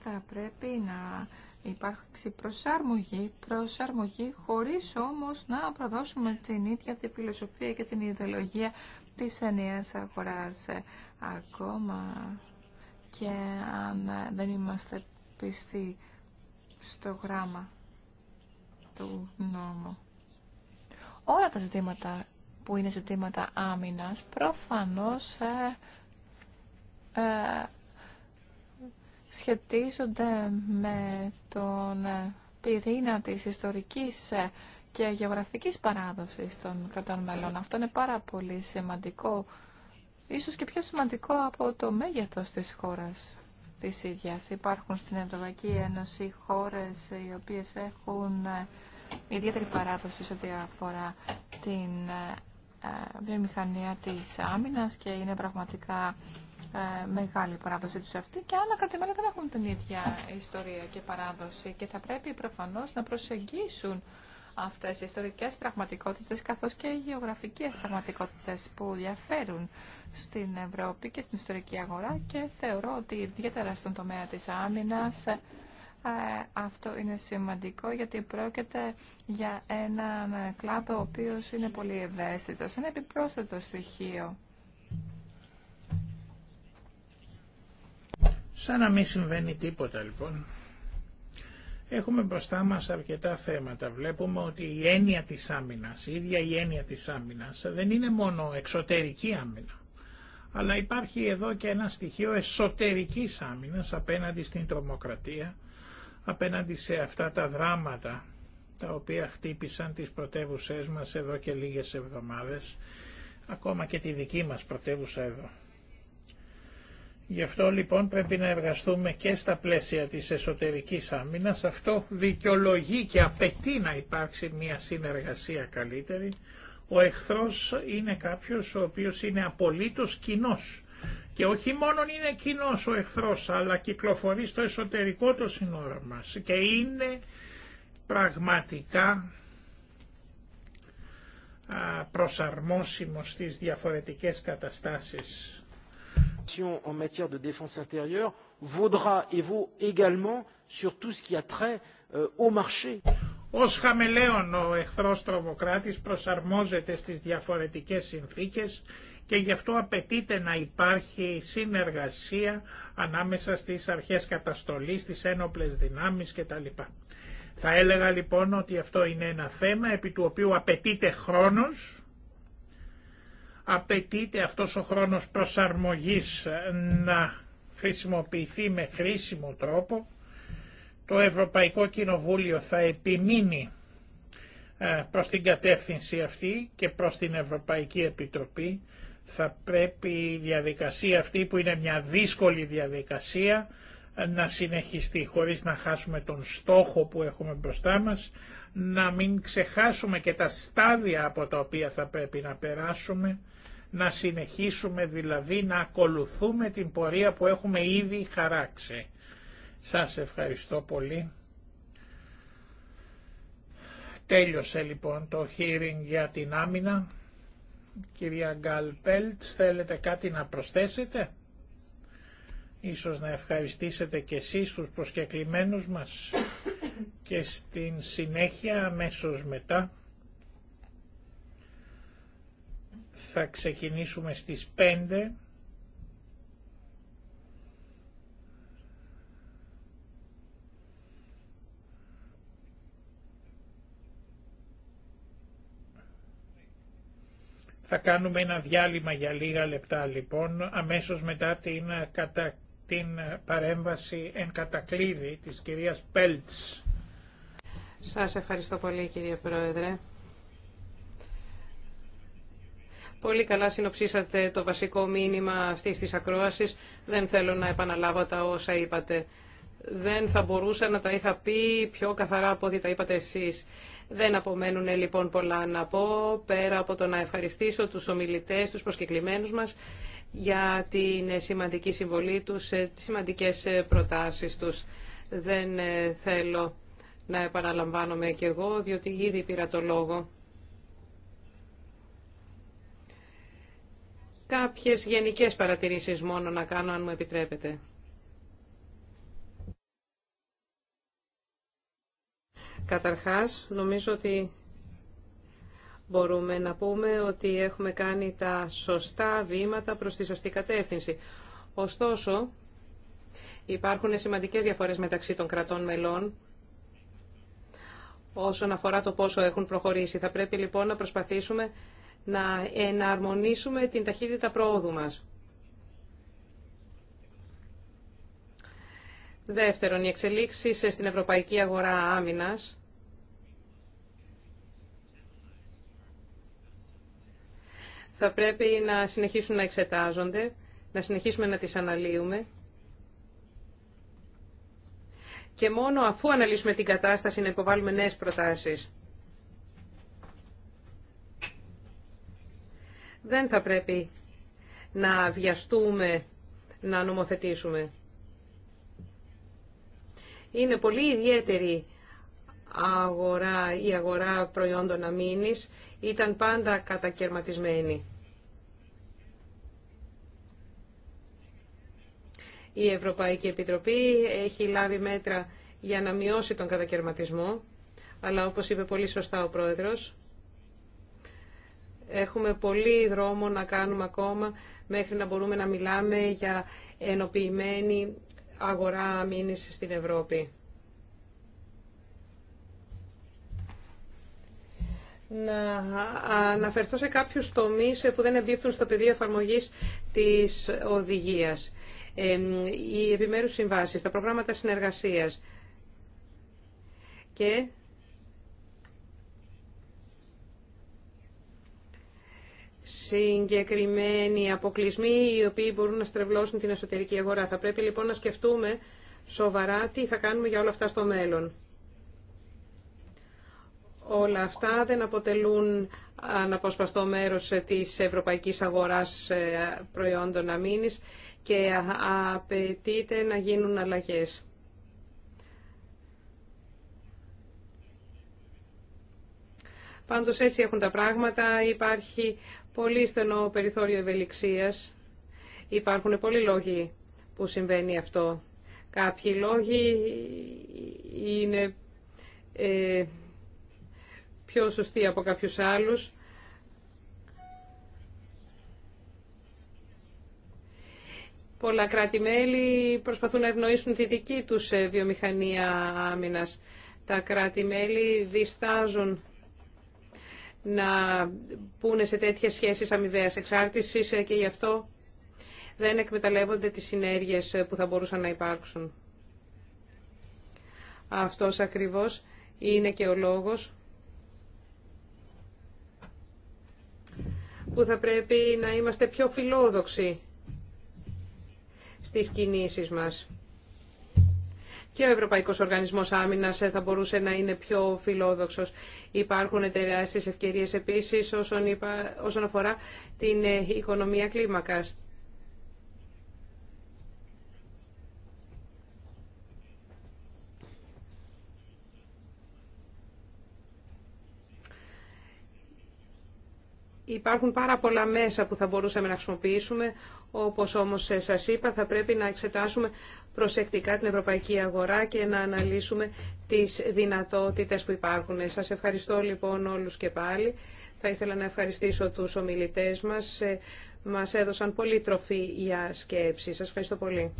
[SPEAKER 3] Θα πρέπει να υπάρξει προσαρμογή, προσαρμογή χωρίς όμως να προδώσουμε την ίδια τη φιλοσοφία και την ιδεολογία της ενιαίας αγοράς. Ακόμα και αν δεν είμαστε πιστοί στο γράμμα του νόμου. Όλα τα ζητήματα που είναι ζητήματα άμυνας προφανώς ε, ε σχετίζονται με τον πυρήνα της ιστορικής ε, και γεωγραφικής παράδοσης των κρατών μελών. Αυτό είναι πάρα πολύ σημαντικό, ίσως και πιο σημαντικό από το μέγεθος της χώρας της ίδιας. Υπάρχουν στην Ευρωπαϊκή Ένωση χώρες οι οποίες έχουν ε, ιδιαίτερη παράδοση σε ό,τι αφορά την ε, ε, βιομηχανία της άμυνας και είναι πραγματικά ε, μεγάλη η παράδοση τους αυτή και άλλα κρατημένα δεν έχουν την ίδια ιστορία και παράδοση και θα πρέπει προφανώς να προσεγγίσουν αυτές οι ιστορικές πραγματικότητες καθώς και οι γεωγραφικές πραγματικότητες που διαφέρουν στην Ευρώπη και στην ιστορική αγορά και θεωρώ ότι ιδιαίτερα στον τομέα της άμυνας ε, αυτό είναι σημαντικό γιατί πρόκειται για ένα κλάδο ο οποίος είναι πολύ ευαίσθητος. Ένα επιπρόσθετο στοιχείο.
[SPEAKER 1] Σαν να μην συμβαίνει τίποτα λοιπόν. Έχουμε μπροστά μας αρκετά θέματα. Βλέπουμε ότι η έννοια της άμυνας, η ίδια η έννοια της άμυνας, δεν είναι μόνο εξωτερική άμυνα, αλλά υπάρχει εδώ και ένα στοιχείο εσωτερικής άμυνας απέναντι στην τρομοκρατία, απέναντι σε αυτά τα δράματα τα οποία χτύπησαν τις πρωτεύουσές μας εδώ και λίγες εβδομάδες, ακόμα και τη δική μας πρωτεύουσα εδώ. Γι' αυτό λοιπόν πρέπει να εργαστούμε και στα πλαίσια της εσωτερικής άμυνας. Αυτό δικαιολογεί και απαιτεί να υπάρξει μια συνεργασία καλύτερη. Ο εχθρός είναι κάποιος ο οποίος είναι απολύτως κοινός και όχι μόνο είναι κοινό ο εχθρό, αλλά κυκλοφορεί στο εσωτερικό του σύνορων μα Και είναι πραγματικά προσαρμόσιμο στι διαφορετικέ καταστάσει. En de défense intérieure également sur euh, χαμελέον ο εχθρό τρομοκράτη προσαρμόζεται στι διαφορετικέ συνθήκε και γι' αυτό απαιτείται να υπάρχει συνεργασία ανάμεσα στις αρχές καταστολής, στις ένοπλες δυνάμεις κτλ. Θα έλεγα λοιπόν ότι αυτό είναι ένα θέμα επί του οποίου απαιτείται χρόνος, απαιτείται αυτός ο χρόνος προσαρμογής να χρησιμοποιηθεί με χρήσιμο τρόπο. Το Ευρωπαϊκό Κοινοβούλιο θα επιμείνει ε, προς την κατεύθυνση αυτή και προς την Ευρωπαϊκή Επιτροπή θα πρέπει η διαδικασία αυτή που είναι μια δύσκολη διαδικασία να συνεχιστεί χωρίς να χάσουμε τον στόχο που έχουμε μπροστά μας, να μην ξεχάσουμε και τα στάδια από τα οποία θα πρέπει να περάσουμε, να συνεχίσουμε δηλαδή να ακολουθούμε την πορεία που έχουμε ήδη χαράξει. Σας ευχαριστώ πολύ. Τέλειωσε λοιπόν το hearing για την άμυνα. Κυρία Γκαλπέλτ, θέλετε κάτι να προσθέσετε. Ίσως να ευχαριστήσετε και εσείς τους προσκεκλημένους μας και στην συνέχεια αμέσως μετά θα ξεκινήσουμε στις 5 Θα κάνουμε ένα διάλειμμα για λίγα λεπτά λοιπόν, αμέσως μετά την, κατα... την παρέμβαση εν κατακλείδη της κυρίας Πέλτς. Σας ευχαριστώ πολύ κύριε Πρόεδρε.
[SPEAKER 2] Πολύ καλά συνοψίσατε το βασικό μήνυμα αυτής της ακρόασης. Δεν θέλω να επαναλάβω τα όσα είπατε δεν θα μπορούσα να τα είχα πει πιο καθαρά από ό,τι τα είπατε εσείς. Δεν απομένουν λοιπόν πολλά να πω, πέρα από το να ευχαριστήσω τους ομιλητές, τους προσκεκλημένους μας, για την σημαντική συμβολή τους, τις σημαντικές προτάσεις τους. Δεν ε, θέλω να επαναλαμβάνομαι κι εγώ, διότι ήδη πήρα το λόγο. Κάποιες γενικές παρατηρήσεις μόνο να κάνω, αν μου επιτρέπετε. Καταρχάς, νομίζω ότι μπορούμε να πούμε ότι έχουμε κάνει τα σωστά βήματα προς τη σωστή κατεύθυνση. Ωστόσο, υπάρχουν σημαντικές διαφορές μεταξύ των κρατών μελών όσον αφορά το πόσο έχουν προχωρήσει. Θα πρέπει λοιπόν να προσπαθήσουμε να εναρμονίσουμε την ταχύτητα πρόοδου μας. Δεύτερον, οι εξελίξεις στην ευρωπαϊκή αγορά άμυνας θα πρέπει να συνεχίσουν να εξετάζονται, να συνεχίσουμε να τις αναλύουμε και μόνο αφού αναλύσουμε την κατάσταση να υποβάλουμε νέες προτάσεις. Δεν θα πρέπει να βιαστούμε να νομοθετήσουμε. Είναι πολύ ιδιαίτερη αγορά, η αγορά προϊόντων αμήνης. Ήταν πάντα κατακαιρματισμένη. Η Ευρωπαϊκή Επιτροπή έχει λάβει μέτρα για να μειώσει τον κατακαιρματισμό, αλλά όπως είπε πολύ σωστά ο Πρόεδρος, έχουμε πολύ δρόμο να κάνουμε ακόμα μέχρι να μπορούμε να μιλάμε για ενοποιημένη αγορά μείνεις στην Ευρώπη. να αναφερθώ σε κάποιους τομείς που δεν εμπίπτουν στο πεδίο εφαρμογής της οδηγίας. οι επιμέρους συμβάσεις, τα προγράμματα συνεργασίας και συγκεκριμένοι αποκλεισμοί οι οποίοι μπορούν να στρεβλώσουν την εσωτερική αγορά. Θα πρέπει λοιπόν να σκεφτούμε σοβαρά τι θα κάνουμε για όλα αυτά στο μέλλον. Όλα αυτά δεν αποτελούν αναποσπαστό μέρος της ευρωπαϊκής αγοράς ε, προϊόντων αμήνης και απαιτείται να γίνουν αλλαγές. Πάντως έτσι έχουν τα πράγματα. Υπάρχει πολύ στενό περιθώριο ευελιξίας. Υπάρχουν πολλοί λόγοι που συμβαίνει αυτό. Κάποιοι λόγοι είναι ε, πιο σωστοί από κάποιους άλλους. Πολλά κράτη-μέλη προσπαθούν να ευνοήσουν τη δική τους ε, βιομηχανία άμυνας. Τα κράτη-μέλη διστάζουν να πούνε σε τέτοιες σχέσεις αμοιβαίας εξάρτησης και γι' αυτό δεν εκμεταλλεύονται τις συνέργειες που θα μπορούσαν να υπάρξουν. Αυτός ακριβώς είναι και ο λόγος που θα πρέπει να είμαστε πιο φιλόδοξοι στις κινήσεις μας και ο Ευρωπαϊκό Οργανισμός Άμυνας ε, θα μπορούσε να είναι πιο φιλόδοξος. Υπάρχουν τεράστιες ευκαιρίες επίσης όσον, όσον αφορά την ε, οικονομία κλίμακας. Υπάρχουν πάρα πολλά μέσα που θα μπορούσαμε να χρησιμοποιήσουμε, όπως όμως ε, σας είπα θα πρέπει να εξετάσουμε προσεκτικά την ευρωπαϊκή αγορά και να αναλύσουμε τις δυνατότητες που υπάρχουν. Ε, σας ευχαριστώ λοιπόν όλους και πάλι. Θα ήθελα να ευχαριστήσω τους ομιλητές μας. Ε, μας έδωσαν πολύ τροφή για σκέψη. Σας ευχαριστώ πολύ.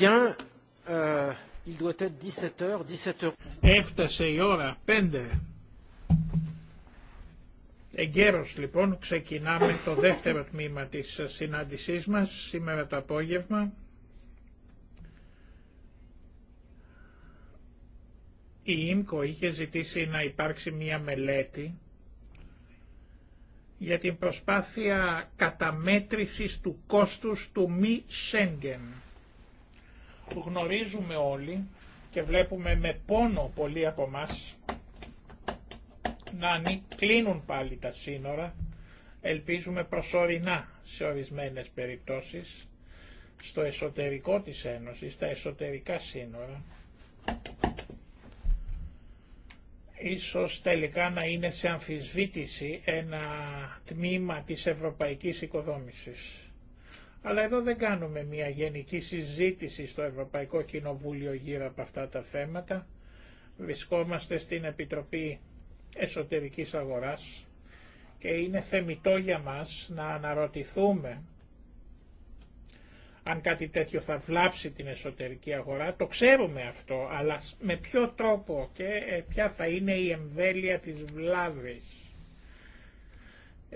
[SPEAKER 1] Euh, Έφτασε η ώρα Πέντε. Εγκαίρως λοιπόν ξεκινάμε το δεύτερο τμήμα της συνάντησής μας σήμερα το απόγευμα. Η ΙΜΚΟ είχε ζητήσει να υπάρξει μία μελέτη για την προσπάθεια καταμέτρησης του κόστους του μη Σέγγεν γνωρίζουμε όλοι και βλέπουμε με πόνο πολλοί από εμά να κλείνουν πάλι τα σύνορα, ελπίζουμε προσωρινά σε ορισμένες περιπτώσεις, στο εσωτερικό της Ένωσης, στα εσωτερικά σύνορα, ίσως τελικά να είναι σε αμφισβήτηση ένα τμήμα της ευρωπαϊκής οικοδόμησης. Αλλά εδώ δεν κάνουμε μια γενική συζήτηση στο Ευρωπαϊκό Κοινοβούλιο γύρω από αυτά τα θέματα. Βρισκόμαστε στην Επιτροπή Εσωτερικής Αγοράς και είναι θεμητό για μας να αναρωτηθούμε αν κάτι τέτοιο θα βλάψει την εσωτερική αγορά. Το ξέρουμε αυτό, αλλά με ποιο τρόπο και ποια θα είναι η εμβέλεια της βλάβης.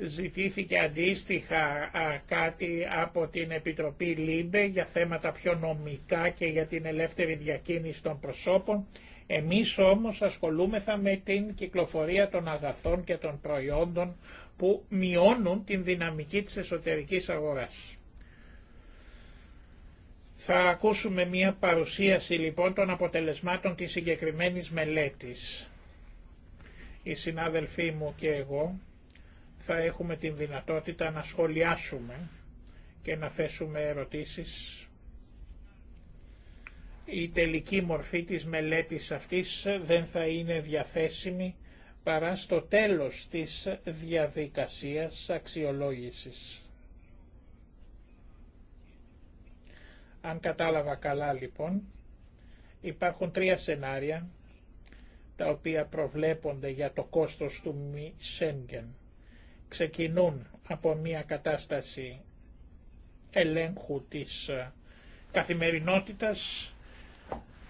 [SPEAKER 1] Ζητήθηκε αντίστοιχα κάτι από την Επιτροπή ΛΥΜΠΕ για θέματα πιο νομικά και για την ελεύθερη διακίνηση των προσώπων. Εμείς όμως ασχολούμεθα με την κυκλοφορία των αγαθών και των προϊόντων που μειώνουν την δυναμική της εσωτερικής αγοράς. Θα ακούσουμε μία παρουσίαση λοιπόν των αποτελεσμάτων της συγκεκριμένης μελέτης. Οι συνάδελφοί μου και εγώ θα έχουμε την δυνατότητα να σχολιάσουμε και να θέσουμε ερωτήσεις. Η τελική μορφή της μελέτης αυτής δεν θα είναι διαθέσιμη παρά στο τέλος της διαδικασίας αξιολόγησης. Αν κατάλαβα καλά λοιπόν, υπάρχουν τρία σενάρια τα οποία προβλέπονται για το κόστος του μη Σέγγεν ξεκινούν από μια κατάσταση ελέγχου της ε, καθημερινότητας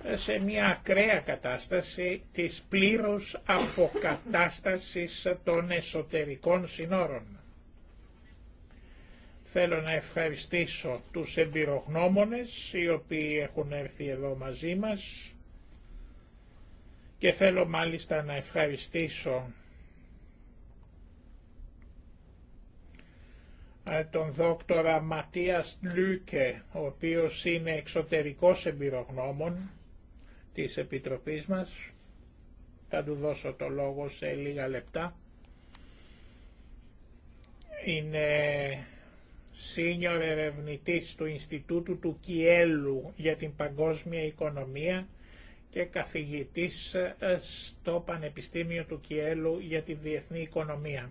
[SPEAKER 1] ε, σε μια ακραία κατάσταση της πλήρους αποκατάστασης των εσωτερικών συνόρων. Θέλω να ευχαριστήσω τους εμπειρογνώμονες οι οποίοι έχουν έρθει εδώ μαζί μας και θέλω μάλιστα να ευχαριστήσω Ε, τον δόκτορα Ματίας Λούκε, ο οποίος είναι εξωτερικός εμπειρογνώμων της Επιτροπής μας. Θα του δώσω το λόγο σε λίγα λεπτά. Είναι σύνιορ ερευνητής του Ινστιτούτου του Κιέλου για την Παγκόσμια Οικονομία και καθηγητής ε, στο Πανεπιστήμιο του Κιέλου για τη Διεθνή Οικονομία.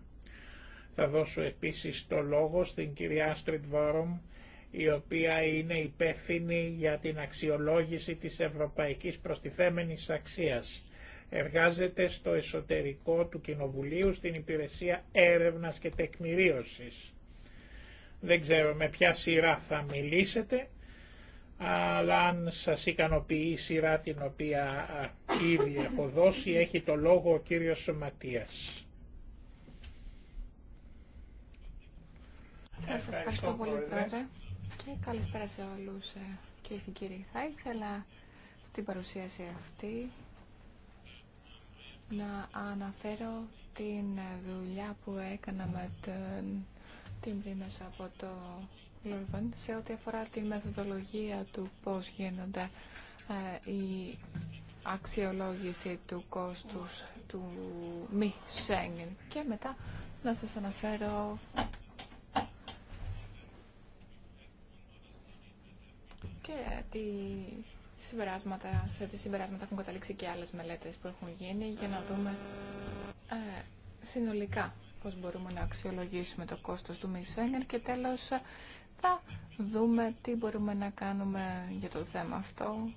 [SPEAKER 1] Θα δώσω επίσης το λόγο στην κυρία Στριτ Βόρομ, η οποία είναι υπεύθυνη για την αξιολόγηση της ευρωπαϊκής προστιθέμενης αξίας. Εργάζεται στο εσωτερικό του Κοινοβουλίου στην υπηρεσία έρευνας και τεκμηρίωσης. Δεν ξέρω με ποια σειρά θα μιλήσετε, αλλά αν σας ικανοποιεί η σειρά την οποία ε, ήδη έχω δώσει, έχει το λόγο ο κύριος Σωματίας. Σας ευχαριστώ πολύ, Πρόεδρε.
[SPEAKER 3] Και καλησπέρα σε όλους, κύριε και κύριοι. Θα ήθελα στην παρουσίαση αυτή να αναφέρω την δουλειά που έκανα με τον Τιμπρή από το Λόρβαν σε ό,τι αφορά τη μεθοδολογία του πώς γίνονται ε, η αξιολόγηση του κόστους του μη Σέγγεν και μετά να σας αναφέρω και τι συμπεράσματα, σε τι συμπεράσματα έχουν καταλήξει και άλλες μελέτες που έχουν γίνει για να δούμε ε, συνολικά πώς μπορούμε να αξιολογήσουμε το κόστος του Μισέγγερ και τέλος ε, θα δούμε τι μπορούμε να κάνουμε για το θέμα αυτό,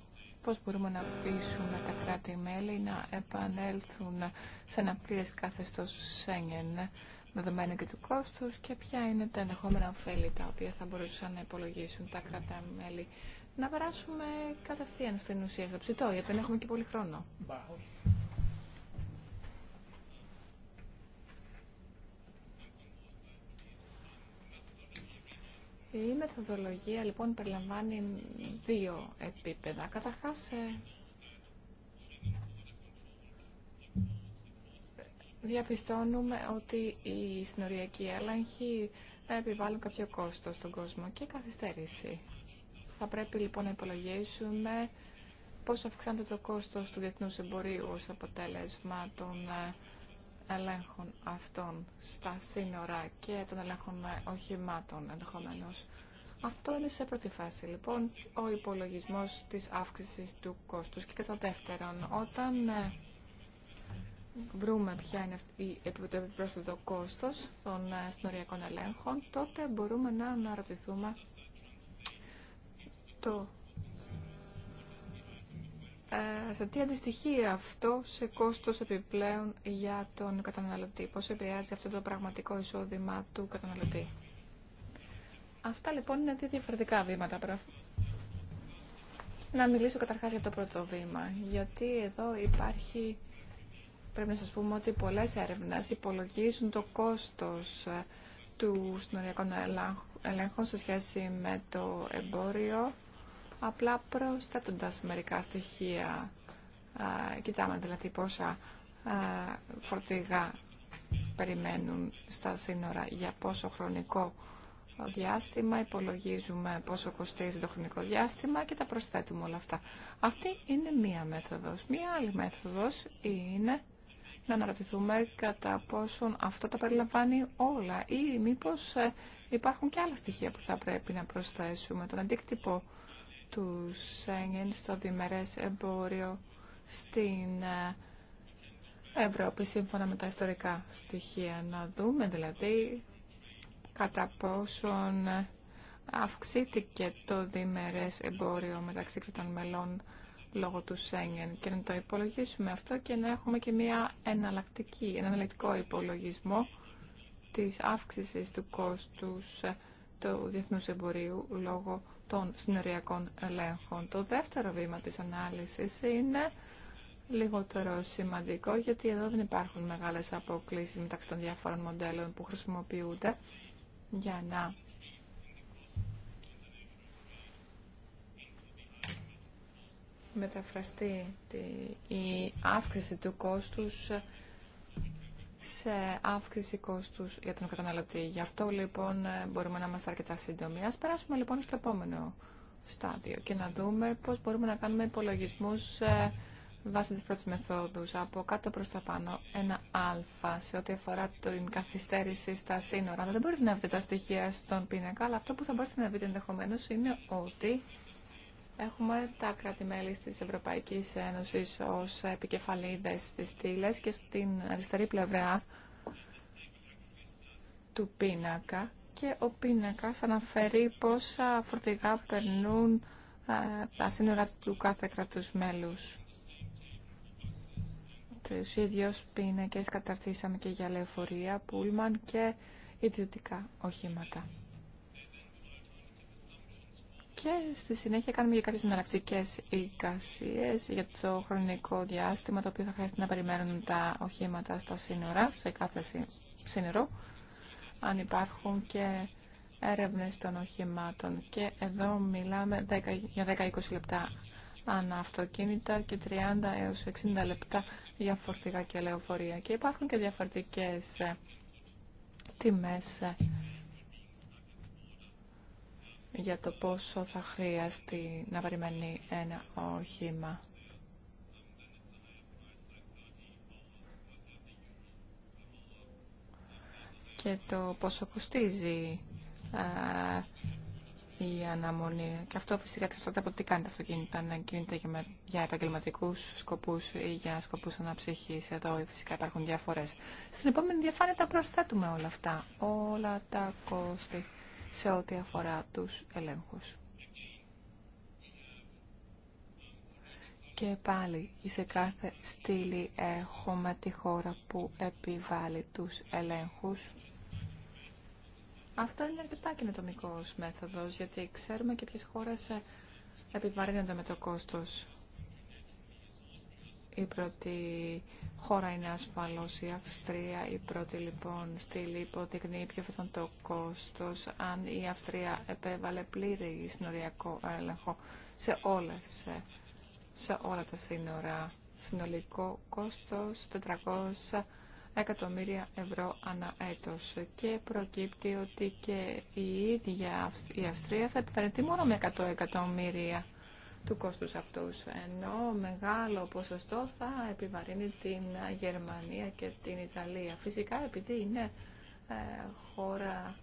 [SPEAKER 3] πώς μπορούμε να πείσουμε τα κράτη-μέλη να επανέλθουν σε ένα πλήρες καθεστώς Σέγγεν δεδομένου και του κόστους και ποια είναι τα ενδεχόμενα ωφέλη τα οποία θα μπορούσαν να υπολογίσουν τα κράτη-μέλη να περάσουμε κατευθείαν στην ουσία στο ψητό, γιατί δεν έχουμε και πολύ χρόνο. Η μεθοδολογία λοιπόν περιλαμβάνει δύο επίπεδα. Καταρχάς ε, διαπιστώνουμε ότι οι συνοριακοί έλεγχοι επιβάλλουν κάποιο κόστος στον κόσμο και καθυστέρηση. Θα πρέπει λοιπόν να υπολογίσουμε πώς αυξάνεται το κόστος του διεθνούς εμπορίου ως αποτέλεσμα των ε, ελέγχων αυτών στα σύνορα και των ελέγχων ε, οχημάτων ενδεχομένω. Αυτό είναι σε πρώτη φάση λοιπόν ο υπολογισμός της αύξησης του κόστους και κατά δεύτερον όταν ε, βρούμε ποια είναι το επιπρόσθετο κόστος των συνοριακών ελέγχων τότε μπορούμε να αναρωτηθούμε το ε, σε τι αντιστοιχεί αυτό σε κόστος επιπλέον για τον καταναλωτή. Πώς επηρεάζει αυτό το πραγματικό εισόδημα του καταναλωτή. Αυτά λοιπόν είναι δύο διαφορετικά βήματα. Να μιλήσω καταρχάς για το πρώτο βήμα, γιατί εδώ υπάρχει, πρέπει να σας πούμε ότι πολλές έρευνες υπολογίζουν το κόστος ε, του συνοριακών ελέγχων σε σχέση με το εμπόριο απλά προσθέτοντας μερικά στοιχεία. κοιτάμε δηλαδή πόσα φορτηγά περιμένουν στα σύνορα, για πόσο χρονικό διάστημα, υπολογίζουμε πόσο κοστίζει το χρονικό διάστημα και τα προσθέτουμε όλα αυτά. Αυτή είναι μία μέθοδος. Μία άλλη μέθοδος είναι να αναρωτηθούμε κατά πόσον αυτό τα περιλαμβάνει όλα ή μήπως ε, υπάρχουν και άλλα στοιχεία που θα πρέπει να προσθέσουμε, τον αντίκτυπο του Σέγγεν στο διμερές εμπόριο στην ε, Ευρώπη σύμφωνα με τα ιστορικά στοιχεία. Να δούμε δηλαδή κατά πόσον αυξήθηκε το διμερές εμπόριο μεταξύ των μελών λόγω του Σέγγεν και να το υπολογίσουμε αυτό και να έχουμε και μια εναλλακτική, εναλλακτικό υπολογισμό της αύξησης του κόστους ε, του διεθνούς εμπορίου λόγω των συνοριακών ελέγχων. Το δεύτερο βήμα της ανάλυσης είναι λιγότερο σημαντικό, γιατί εδώ δεν υπάρχουν μεγάλες αποκλήσεις μεταξύ των διάφορων μοντέλων που χρησιμοποιούνται για να μεταφραστεί η αύξηση του κόστους σε αύξηση κόστου για τον καταναλωτή. Γι' αυτό λοιπόν ε, μπορούμε να είμαστε αρκετά σύντομοι. Α περάσουμε λοιπόν στο επόμενο στάδιο και να δούμε πώ μπορούμε να κάνουμε υπολογισμού ε, βάσει τη πρώτη μεθόδου, από κάτω προ τα πάνω ένα α σε ό,τι αφορά την καθυστέρηση στα σύνορα. Δεν μπορείτε να βρείτε τα στοιχεία στον πίνακα, αλλά αυτό που θα μπορείτε να βρείτε ενδεχομένω είναι ότι Έχουμε τα κράτη-μέλη της Ευρωπαϊκής Ένωσης ως επικεφαλίδες στις στήλε και στην αριστερή πλευρά του πίνακα και ο πίνακας αναφέρει πόσα φορτηγά περνούν ε, τα σύνορα του κάθε κρατούς μέλους. Τους ίδιους πίνακες καταρτήσαμε και για λεωφορεία, πούλμαν και ιδιωτικά οχήματα και στη συνέχεια κάνουμε και κάποιες εναλλακτικές εικασίε για το χρονικό διάστημα το οποίο θα χρειάζεται να περιμένουν τα οχήματα στα σύνορα, σε κάθε σύνορο, αν υπάρχουν και έρευνες των οχημάτων. Και εδώ μιλάμε 10, για 10-20 λεπτά ανά αυτοκίνητα και 30 έως 60 λεπτά για φορτηγά και λεωφορεία. Και υπάρχουν και διαφορετικές τιμές για το πόσο θα χρειαστεί να περιμένει ένα όχημα. Και το πόσο κοστίζει η αναμονή. Και αυτό φυσικά εξαρτάται από τι κάνετε αυτοκίνητα, αν κινείται για επαγγελματικού σκοπού ή για σκοπού αναψυχή. Εδώ φυσικά υπάρχουν διαφορέ. Στην επόμενη διαφάνεια τα προσθέτουμε όλα αυτά, όλα τα κόστη σε ό,τι αφορά τους ελέγχους. Και πάλι σε κάθε στήλη έχουμε τη χώρα που επιβάλλει τους ελέγχους. Αυτό είναι αρκετά καινοτομικός μέθοδος, γιατί ξέρουμε και ποιες χώρες επιβαρύνονται με το κόστος η πρώτη χώρα είναι ασφαλώς η Αυστρία. Η πρώτη λοιπόν στήλη υποδεικνύει ποιο θα ήταν το κόστος αν η Αυστρία επέβαλε πλήρη συνοριακό έλεγχο σε, όλες, σε όλα τα σύνορα. Συνολικό κόστος 400 εκατομμύρια ευρώ ανά έτος και προκύπτει ότι και η ίδια η Αυστρία θα επιφανεθεί μόνο με 100 εκατομμύρια του κόστους αυτούς, ενώ μεγάλο ποσοστό θα επιβαρύνει την Γερμανία και την Ιταλία. Φυσικά επειδή είναι ε, χώρα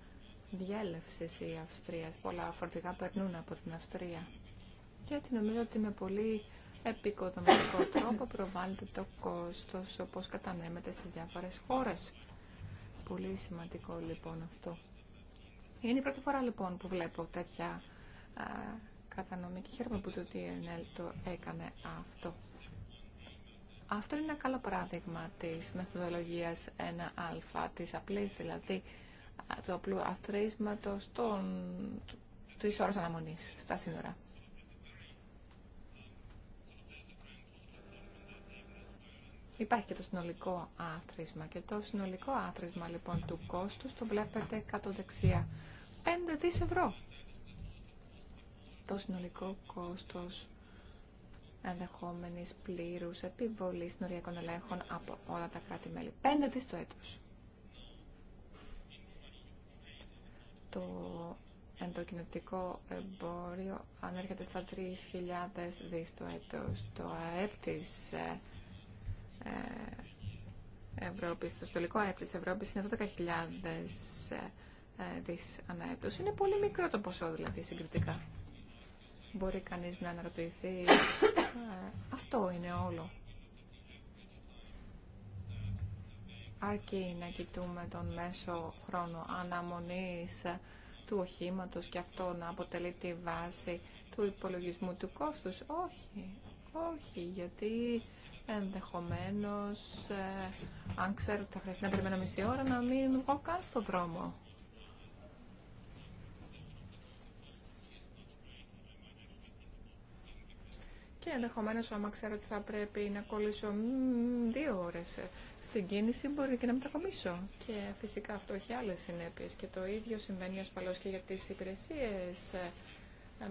[SPEAKER 3] διέλευσης η Αυστρία, πολλά φορτηγά περνούν από την Αυστρία. Και έτσι νομίζω ότι με πολύ επικοδομητικό τρόπο προβάλλεται το κόστος όπως κατανέμεται στις διάφορες χώρες. Πολύ σημαντικό λοιπόν αυτό. Είναι η πρώτη φορά λοιπόν που βλέπω τέτοια ε, κατανομή και χαίρομαι που το TNL το έκανε αυτό. Αυτό είναι ένα καλό παράδειγμα της μεθοδολογίας 1α, της απλής δηλαδή, του απλού αθροίσματος των, της ώρας αναμονής στα σύνορα. Υπάρχει και το συνολικό άθροισμα και το συνολικό άθροισμα λοιπόν του κόστους το βλέπετε κάτω δεξιά. 5 δις ευρώ το συνολικό κόστος ενδεχόμενης πλήρους επιβολής νοριακών ελέγχων από όλα τα κράτη-μέλη. Πέντε της το έτος. Το ενδοκινητικό εμπόριο ανέρχεται στα 3.000 δις το έτος. Το ΑΕΠ ε, ε, Ευρώπης, το στολικό ΑΕΠ της Ευρώπης είναι 12.000 ε, δις ανά Είναι πολύ μικρό το ποσό δηλαδή συγκριτικά. Μπορεί κανείς να αναρωτηθεί. Ε, αυτό είναι όλο. Αρκεί να κοιτούμε τον μέσο χρόνο αναμονής του οχήματος και αυτό να αποτελεί τη βάση του υπολογισμού του κόστους. Όχι, όχι, γιατί ενδεχομένως, ε, αν ξέρω ότι θα χρειαστεί να περιμένω μισή ώρα, να μην βγω καν στον δρόμο. και ενδεχομένω άμα ξέρω ότι θα πρέπει να κολλήσω δύο ώρες στην κίνηση μπορεί και να μετακομίσω. Και φυσικά αυτό έχει άλλε συνέπειε. και το ίδιο συμβαίνει ασφαλώ και για τι υπηρεσίε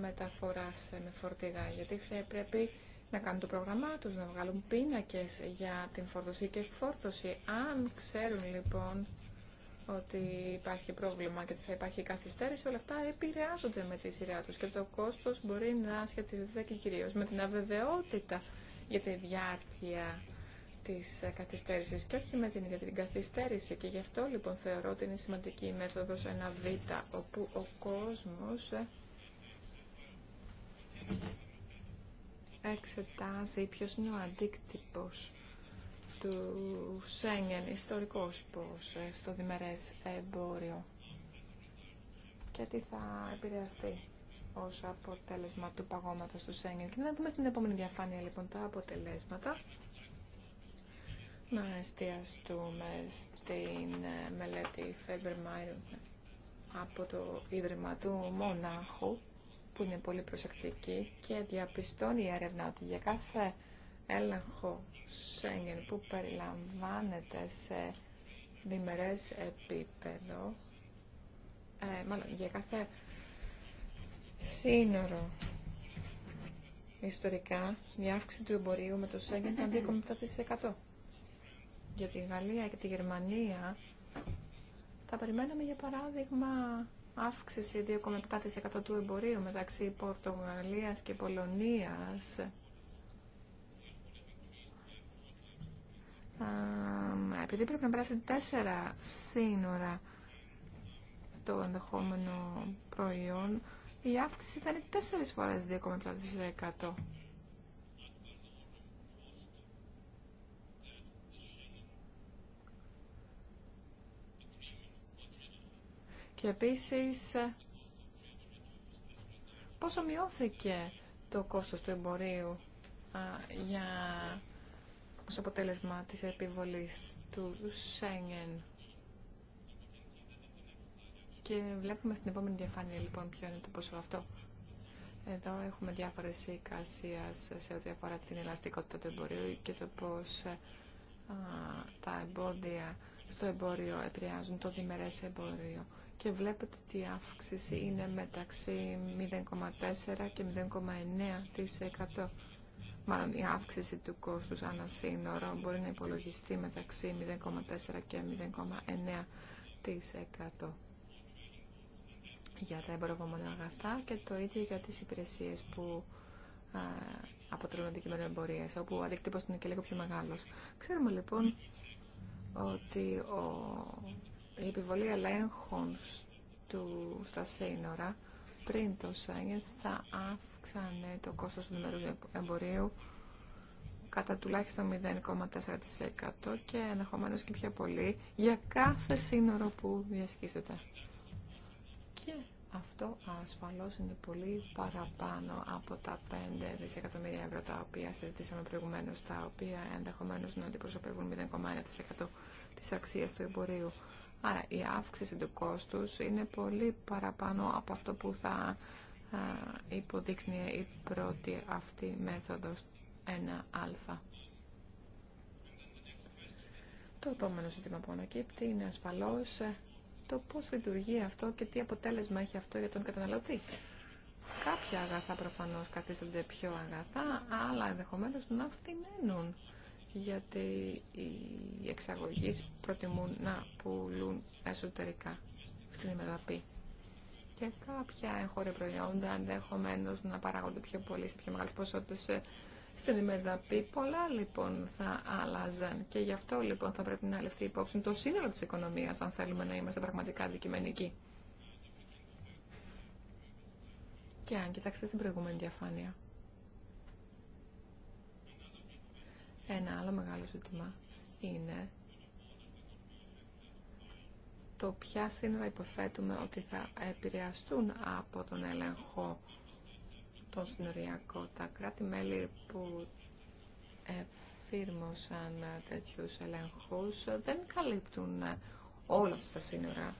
[SPEAKER 3] μεταφορά με φορτηγά γιατί πρέπει να κάνουν το πρόγραμμά τους, να βγάλουν πίνακε για την φορτωσή και εκφόρτωση. Αν ξέρουν λοιπόν ότι υπάρχει πρόβλημα και ότι θα υπάρχει καθυστέρηση, όλα αυτά επηρεάζονται με τη σειρά τους και το κόστος μπορεί να σχετίζεται και κυρίως με την αβεβαιότητα για τη διάρκεια της καθυστέρησης και όχι με την ίδια την καθυστέρηση και γι' αυτό λοιπόν θεωρώ ότι είναι σημαντική η μέθοδος 1β όπου ο κόσμος εξετάζει ποιος είναι ο αντίκτυπος του Σέγγεν, ιστορικός πώς ε, στο διμερές εμπόριο και τι θα επηρεαστεί ως αποτέλεσμα του παγώματος του Σέγγεν. Και να δούμε στην επόμενη διαφάνεια λοιπόν τα αποτελέσματα. Να εστιαστούμε στην ε, μελέτη Φέμπερ από το Ίδρυμα του Μονάχου που είναι πολύ προσεκτική και διαπιστώνει η έρευνα ότι για κάθε έλεγχο Σέγγεν που περιλαμβάνεται σε διμερές επίπεδο, ε, μάλλον για κάθε σύνορο ιστορικά, η αύξηση του εμπορίου με το Σέγγεν ήταν 2,7%. Για τη Γαλλία και τη Γερμανία θα περιμέναμε για παράδειγμα αύξηση 2,7% του εμπορίου μεταξύ Πορτογαλίας και Πολωνίας επειδή πρέπει να περάσει τέσσερα σύνορα το ενδεχόμενο προϊόν, η αύξηση ήταν τέσσερις φορές 2,7%. Και επίσης, πόσο μειώθηκε το κόστος του εμπορίου α, για ως αποτέλεσμα της επιβολής του Σέγγεν. Και βλέπουμε στην επόμενη διαφάνεια λοιπόν ποιο είναι το ποσό αυτό. Εδώ έχουμε διάφορες εικασίες σε ό,τι αφορά την ελαστικότητα του εμπορίου και το πώς τα εμπόδια στο εμπόριο επηρεάζουν το διμερές εμπόριο. Και βλέπετε ότι η αύξηση είναι μεταξύ 0,4 και 0,9% μάλλον η αύξηση του κόστους ανά σύνορο μπορεί να υπολογιστεί μεταξύ 0,4 και 0,9% για τα εμπορευόμενα αγαθά και το ίδιο για τις υπηρεσίες που α, ε, αποτελούν αντικείμενο εμπορίας, όπου ο αντίκτυπος είναι και λίγο πιο μεγάλος. Ξέρουμε λοιπόν ότι ο, η επιβολή ελέγχων του, στα σύνορα πριν το Σέγγεν θα αύξανε το κόστος του εμπορίου κατά τουλάχιστον 0,4% και ενδεχομένως και πιο πολύ για κάθε σύνορο που διασκίσετε. Και αυτό ασφαλώς είναι πολύ παραπάνω από τα 5 δισεκατομμύρια ευρώ τα οποία συζητήσαμε προηγουμένως, τα οποία ενδεχομένως να αντιπροσωπεύουν 0,1% της αξίας του εμπορίου. Άρα η αύξηση του κόστους είναι πολύ παραπάνω από αυτό που θα υποδείκνυε η πρώτη αυτή μέθοδος 1α. Το επόμενο ζήτημα που ανακύπτει είναι ασφαλώς ε, το πώς λειτουργεί αυτό και τι αποτέλεσμα έχει αυτό για τον καταναλωτή. Κάποια αγαθά προφανώς καθίστανται πιο αγαθά, άλλα ενδεχομένως να φθηναίνουν γιατί οι εξαγωγείς προτιμούν να πουλούν εσωτερικά στην Εμεδαπή. Και κάποια εγχώρια προϊόντα ενδεχομένω να παράγονται πιο πολύ σε πιο μεγάλε ποσότητε στην Ημεδαπή. Πολλά λοιπόν θα άλλαζαν και γι' αυτό λοιπόν θα πρέπει να ληφθεί υπόψη το σύνολο τη οικονομία, αν θέλουμε να είμαστε πραγματικά αντικειμενικοί. Και αν κοιτάξετε στην προηγούμενη διαφάνεια. Ένα άλλο μεγάλο ζήτημα είναι το ποια σύνορα υποθέτουμε ότι θα επηρεαστούν από τον έλεγχο των σύνοριακών. Τα κράτη-μέλη που εφήρμοσαν τέτοιους ελέγχους δεν καλύπτουν όλα τα σύνορα.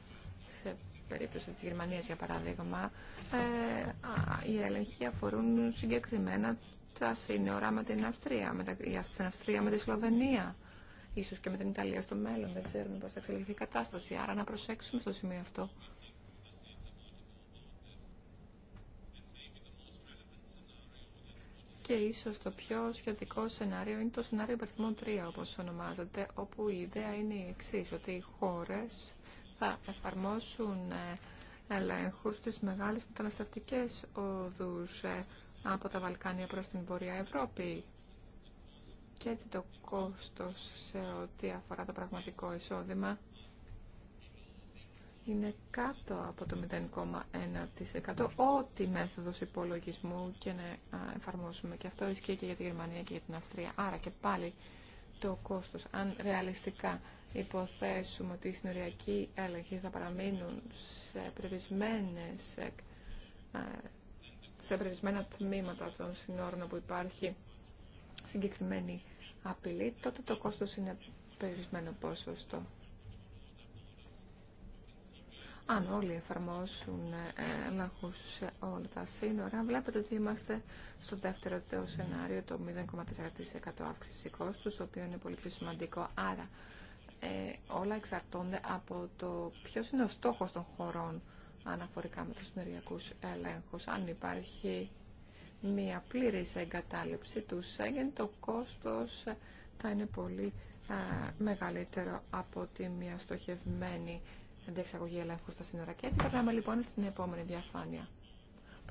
[SPEAKER 3] Σε περίπτωση της Γερμανίας, για παράδειγμα, ε, οι έλεγχοι αφορούν συγκεκριμένα τα σύνορα με την Αυστρία, με την Αυστρία με τη Σλοβενία, ίσως και με την Ιταλία στο μέλλον. Δεν ξέρουμε πώς θα εξελιχθεί η κατάσταση. Άρα να προσέξουμε στο σημείο αυτό. Και ίσω το πιο σχετικό σενάριο είναι το σενάριο υπαριθμών 3, όπω ονομάζεται, όπου η ιδέα είναι η εξή ότι οι χώρε θα εφαρμόσουν ε, ελέγχου στι μεγάλε μεταναστευτικέ οδού. Ε, από τα Βαλκάνια προς την Βορειά Ευρώπη. Και έτσι το κόστος σε ό,τι αφορά το πραγματικό εισόδημα είναι κάτω από το 0,1% ό,τι μέθοδος υπολογισμού και να εφαρμόσουμε. Και αυτό ισχύει και για τη Γερμανία και για την Αυστρία. Άρα και πάλι το κόστος, αν ρεαλιστικά υποθέσουμε ότι οι συνοριακοί έλεγχοι θα παραμείνουν σε περιορισμένες ε, σε περιορισμένα τμήματα των συνόρων που υπάρχει συγκεκριμένη απειλή, τότε το κόστος είναι περιορισμένο ποσοστό. Αν όλοι εφαρμόσουν ε, ελέγχου σε όλα τα σύνορα, βλέπετε ότι είμαστε στο δεύτερο τέο σενάριο, το 0,4% αύξηση κόστου, το οποίο είναι πολύ πιο σημαντικό. Άρα, ε, όλα εξαρτώνται από το ποιο είναι ο στόχο των χωρών αναφορικά με τους νεριακούς έλεγχους. Αν υπάρχει μια πλήρης εγκατάλειψη του ΣΕΓΕΝ, το κόστος θα είναι πολύ μεγαλύτερο από ότι μια στοχευμένη διεξαγωγή ελέγχου στα σύνορα. Και έτσι περνάμε λοιπόν στην επόμενη διαφάνεια.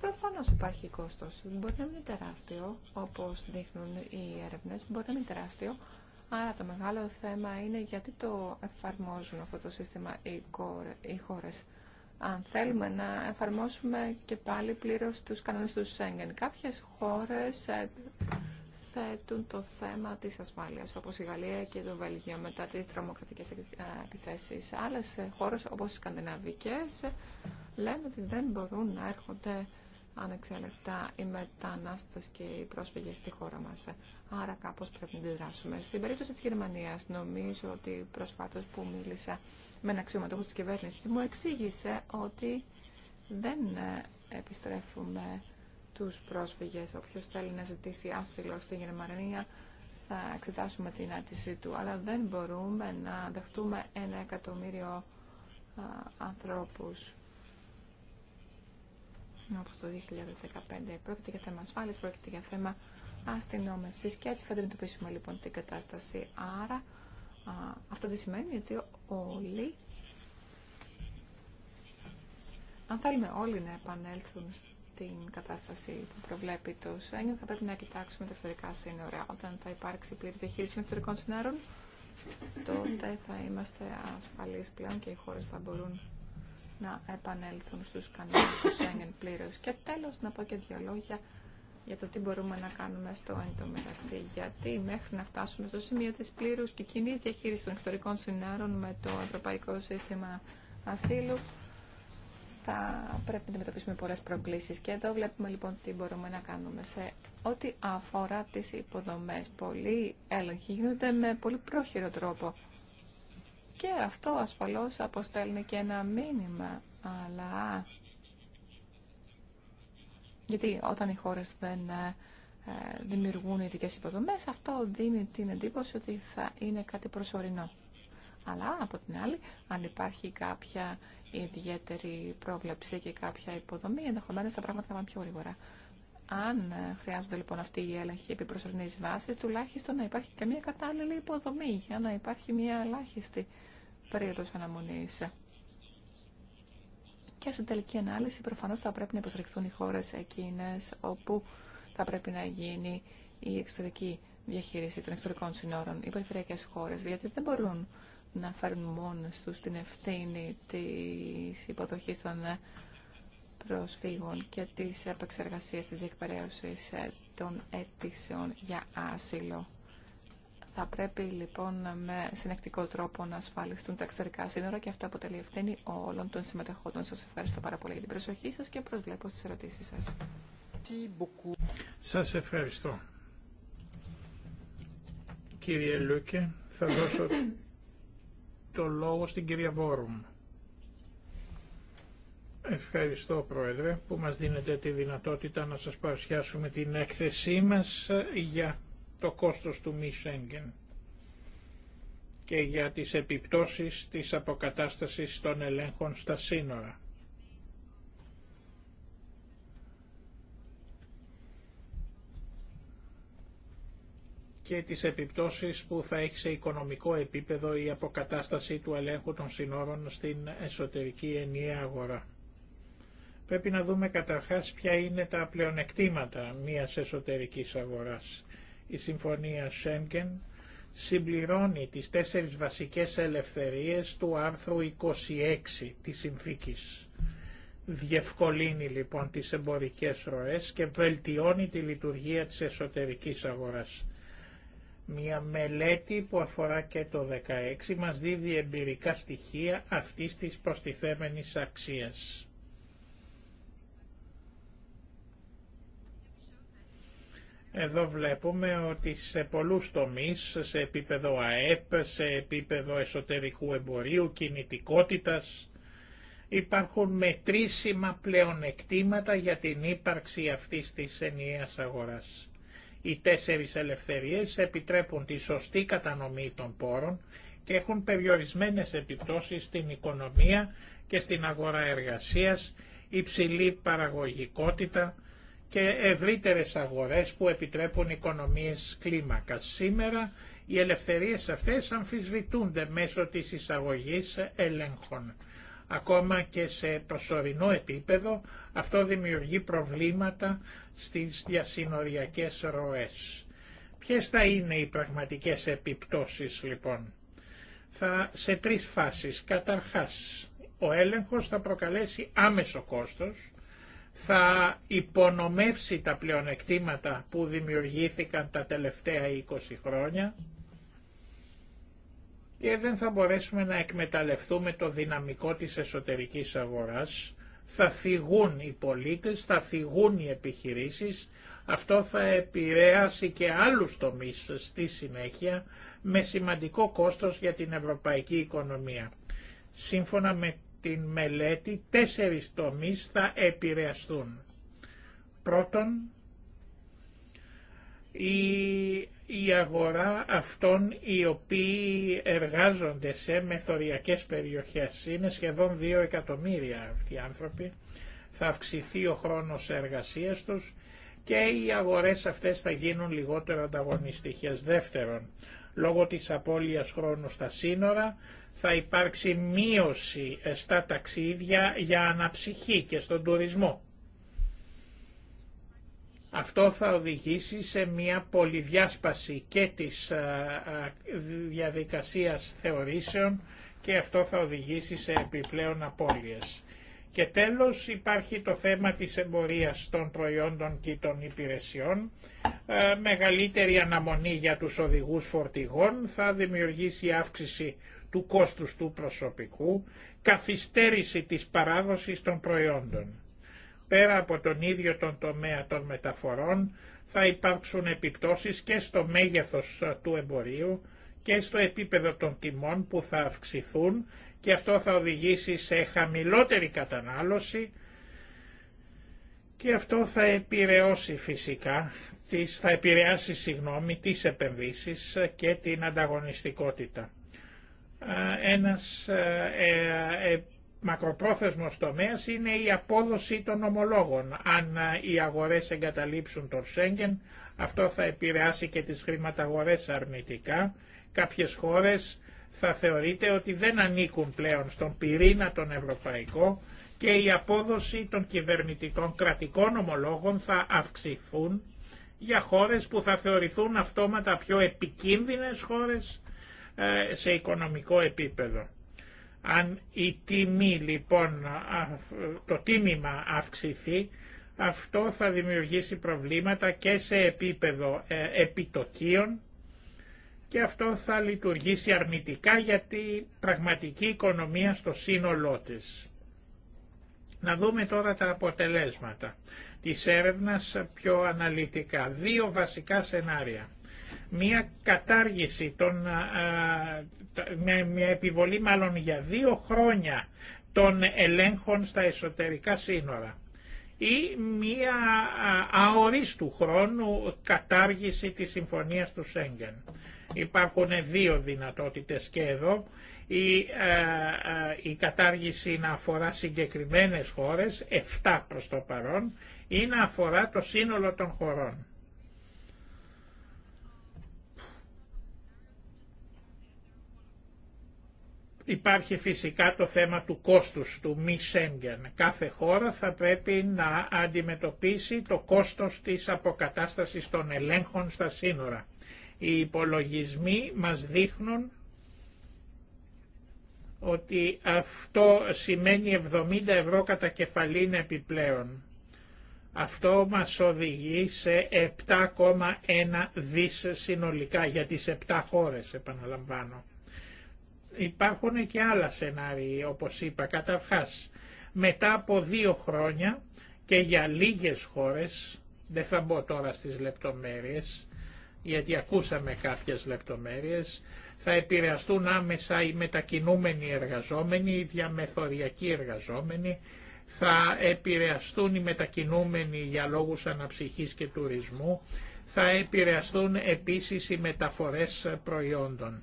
[SPEAKER 3] Προφανώ υπάρχει κόστο. Μπορεί να μην είναι τεράστιο, όπω δείχνουν οι έρευνε, μπορεί να μην είναι τεράστιο. Άρα το μεγάλο θέμα είναι γιατί το εφαρμόζουν αυτό το σύστημα οι χώρε αν θέλουμε να εφαρμόσουμε και πάλι πλήρως τους κανόνες του Σέγγεν. Κάποιες χώρες ε, θέτουν το θέμα της ασφάλειας, όπως η Γαλλία και το Βέλγιο μετά τις τρομοκρατικές ε, επιθέσεις. Άλλες ε, χώρες, όπως οι σκανδιναβικές, λένε ότι δεν μπορούν να έρχονται ανεξέλεκτα οι μετανάστες και οι πρόσφυγες στη χώρα μας. Άρα κάπως πρέπει να αντιδράσουμε. Στην περίπτωση της Γερμανίας, νομίζω ότι προσφάτως που μίλησα με ένα αξιωματούχο τη κυβέρνηση μου εξήγησε ότι δεν ε, επιστρέφουμε του πρόσφυγε όποιο θέλει να ζητήσει άσυλο στην Γερμανία θα εξετάσουμε την άτησή του. Αλλά δεν μπορούμε να δεχτούμε ένα εκατομμύριο ε, ανθρώπου όπω το 2015. Πρόκειται για θέμα ασφάλεια, πρόκειται για θέμα αστυνόμευση. και έτσι θα αντιμετωπίσουμε λοιπόν την κατάσταση. Άρα αυτό τι σημαίνει ότι όλοι, αν θέλουμε όλοι να επανέλθουν στην κατάσταση που προβλέπει το ΣΕΝΓΕΝ, θα πρέπει να κοιτάξουμε τα εξωτερικά σύνορα. Όταν θα υπάρξει πλήρη διαχείριση των εξωτερικών σύνορων, τότε θα είμαστε ασφαλείς πλέον και οι χώρες θα μπορούν να επανέλθουν στους κανόνες του Σένιον πλήρως. Και τέλος να πω και δύο λόγια για το τι μπορούμε να κάνουμε στο έντο μεταξύ. Γιατί μέχρι να φτάσουμε στο σημείο της πλήρους και κοινή διαχείριση των εξωτερικών συνάρων με το Ευρωπαϊκό Σύστημα Ασύλου, θα πρέπει να αντιμετωπίσουμε πολλές προκλήσεις. Και εδώ βλέπουμε λοιπόν τι μπορούμε να κάνουμε σε ό,τι αφορά τις υποδομές. Πολλοί έλεγχοι γίνονται με πολύ πρόχειρο τρόπο. Και αυτό ασφαλώς αποστέλνει και ένα μήνυμα, αλλά γιατί όταν οι χώρες δεν ε, δημιουργούν ειδικέ υποδομές, αυτό δίνει την εντύπωση ότι θα είναι κάτι προσωρινό. Αλλά από την άλλη, αν υπάρχει κάποια ιδιαίτερη πρόβλεψη και κάποια υποδομή, ενδεχομένω τα πράγματα θα πάνε πιο γρήγορα. Αν ε, χρειάζονται λοιπόν αυτή η έλεγχοι επί προσωρινή βάση, τουλάχιστον να υπάρχει και μια κατάλληλη υποδομή για να υπάρχει μια ελάχιστη περίοδο αναμονή. Και στην τελική ανάλυση προφανώς θα πρέπει να υποστηριχθούν οι χώρες εκείνες όπου θα πρέπει να γίνει η εξωτερική διαχείριση των εξωτερικών συνόρων, οι περιφερειακές χώρες, γιατί δεν μπορούν να φέρουν μόνες τους την ευθύνη της υποδοχής των προσφύγων και της επεξεργασίας της διεκπαιρέωσης των αιτήσεων για άσυλο. Θα πρέπει λοιπόν με συνεκτικό τρόπο να ασφαλιστούν τα εξωτερικά σύνορα και αυτό αποτελεί ευθύνη όλων των συμμετεχόντων. Σας ευχαριστώ πάρα πολύ για την προσοχή σας και προσβλέπω στις ερωτήσεις σας.
[SPEAKER 1] Σας ευχαριστώ. Κύριε Λούκε, θα δώσω το λόγο στην κυρία Βόρουμ. Ευχαριστώ Πρόεδρε που μας δίνετε τη δυνατότητα να σας παρουσιάσουμε την έκθεσή μας για το κόστος του μη Σέγγεν και για τις επιπτώσεις της αποκατάστασης των ελέγχων στα σύνορα. και τις επιπτώσεις που θα έχει σε οικονομικό επίπεδο η αποκατάσταση του ελέγχου των συνόρων στην εσωτερική ενιαία αγορά. Πρέπει να δούμε καταρχάς ποια είναι τα πλεονεκτήματα μιας εσωτερικής αγοράς η Συμφωνία Σέγγεν συμπληρώνει τις τέσσερις βασικές ελευθερίες του άρθρου 26 της Συνθήκης. Διευκολύνει λοιπόν τις εμπορικές ροές και βελτιώνει τη λειτουργία της εσωτερικής αγοράς. Μια μελέτη που αφορά και το 16 μας δίδει εμπειρικά στοιχεία αυτής της προστιθέμενης αξίας. Εδώ βλέπουμε ότι σε πολλούς τομείς, σε επίπεδο ΑΕΠ, σε επίπεδο εσωτερικού εμπορίου, κινητικότητας, υπάρχουν μετρήσιμα πλεονεκτήματα για την ύπαρξη αυτής της ενιαίας αγοράς. Οι τέσσερις ελευθερίες επιτρέπουν τη σωστή κατανομή των πόρων και έχουν περιορισμένες επιπτώσεις στην οικονομία και στην αγορά εργασίας, υψηλή παραγωγικότητα, και ευρύτερες αγορές που επιτρέπουν οικονομίες κλίμακας. Σήμερα οι ελευθερίες αυτές αμφισβητούνται μέσω της εισαγωγής ελέγχων. Ακόμα και σε προσωρινό επίπεδο αυτό δημιουργεί προβλήματα στις διασυνοριακές ροές. Ποιες θα είναι οι πραγματικές επιπτώσεις λοιπόν. Θα σε τρεις φάσεις. Καταρχάς, ο έλεγχος θα προκαλέσει άμεσο κόστος, θα υπονομεύσει τα πλεονεκτήματα που δημιουργήθηκαν τα τελευταία 20 χρόνια και δεν θα μπορέσουμε να εκμεταλλευτούμε το δυναμικό της εσωτερικής αγοράς. Θα φυγούν οι πολίτες, θα φυγούν οι επιχειρήσεις. Αυτό θα επηρέασει και άλλους τομείς στη συνέχεια με σημαντικό κόστος για την ευρωπαϊκή οικονομία. Σύμφωνα με την μελέτη τέσσερις τομείς θα επηρεαστούν. Πρώτον, η, αγορά αυτών οι οποίοι εργάζονται σε μεθοριακές περιοχές, είναι σχεδόν 2 εκατομμύρια αυτοί οι άνθρωποι, θα αυξηθεί ο χρόνος εργασίας τους και οι αγορές αυτές θα γίνουν λιγότερο ανταγωνιστικές. Δεύτερον, λόγω της απώλειας χρόνου στα σύνορα θα υπάρξει μείωση στα ταξίδια για αναψυχή και στον τουρισμό. Αυτό θα οδηγήσει σε μια πολυδιάσπαση και της διαδικασίας θεωρήσεων και αυτό θα οδηγήσει σε επιπλέον απώλειες. Και τέλος υπάρχει το θέμα της εμπορίας των προϊόντων και των υπηρεσιών. Ε, μεγαλύτερη αναμονή για τους οδηγούς φορτηγών θα δημιουργήσει αύξηση του κόστους του προσωπικού, καθυστέρηση της παράδοσης των προϊόντων. Πέρα από τον ίδιο τον τομέα των μεταφορών, θα υπάρξουν επιπτώσεις και στο μέγεθος του εμπορίου και στο επίπεδο των τιμών που θα αυξηθούν και αυτό θα οδηγήσει σε χαμηλότερη κατανάλωση και αυτό θα επηρεώσει φυσικά, θα επηρεάσει συγγνώμη, τις επενδύσεις και την ανταγωνιστικότητα. Ε, ένας ε, ε, μακροπρόθεσμος τομέας είναι η απόδοση των ομολόγων. Αν οι αγορές εγκαταλείψουν τον Σέγγεν, αυτό θα επηρεάσει και τις χρηματαγορές αρνητικά. Κάποιες χώρες θα θεωρείται ότι δεν ανήκουν πλέον στον πυρήνα τον ευρωπαϊκό και η απόδοση των κυβερνητικών κρατικών ομολόγων θα αυξηθούν για χώρες που θα θεωρηθούν αυτόματα πιο επικίνδυνες χώρες ε, σε οικονομικό επίπεδο. Αν η τιμή λοιπόν, το τίμημα αυξηθεί, αυτό θα δημιουργήσει προβλήματα και σε επίπεδο ε, επιτοκίων και αυτό θα λειτουργήσει αρνητικά για την πραγματική οικονομία στο σύνολό της. Να δούμε τώρα τα αποτελέσματα της έρευνας πιο αναλυτικά. Δύο βασικά σενάρια μια κατάργηση, μια επιβολή μάλλον για δύο χρόνια των ελέγχων στα εσωτερικά σύνορα ή μία αορίστου χρόνου κατάργηση της συμφωνίας του Σέγγεν. Υπάρχουν δύο δυνατότητες και εδώ. Η, κατάργηση να αφορά συγκεκριμένες χώρες, 7 προς το παρόν, ή να αφορά το σύνολο των χωρών. Υπάρχει φυσικά το θέμα του κόστους του μη Σέγγεν. Κάθε χώρα θα πρέπει να αντιμετωπίσει το κόστος της αποκατάστασης των ελέγχων στα σύνορα. Οι υπολογισμοί μας δείχνουν ότι αυτό σημαίνει 70 ευρώ κατά κεφαλήν επιπλέον. Αυτό μας οδηγεί σε 7,1 δις συνολικά για τις 7 χώρες επαναλαμβάνω. Υπάρχουν και άλλα σενάρια, όπως είπα, καταρχάς μετά από δύο χρόνια και για λίγες χώρες, δεν θα μπω τώρα στις λεπτομέρειες, γιατί ακούσαμε κάποιες λεπτομέρειες, θα επηρεαστούν άμεσα οι μετακινούμενοι εργαζόμενοι, οι διαμεθοριακοί εργαζόμενοι, θα επηρεαστούν οι μετακινούμενοι για λόγους αναψυχής και τουρισμού, θα επηρεαστούν επίσης οι μεταφορές προϊόντων.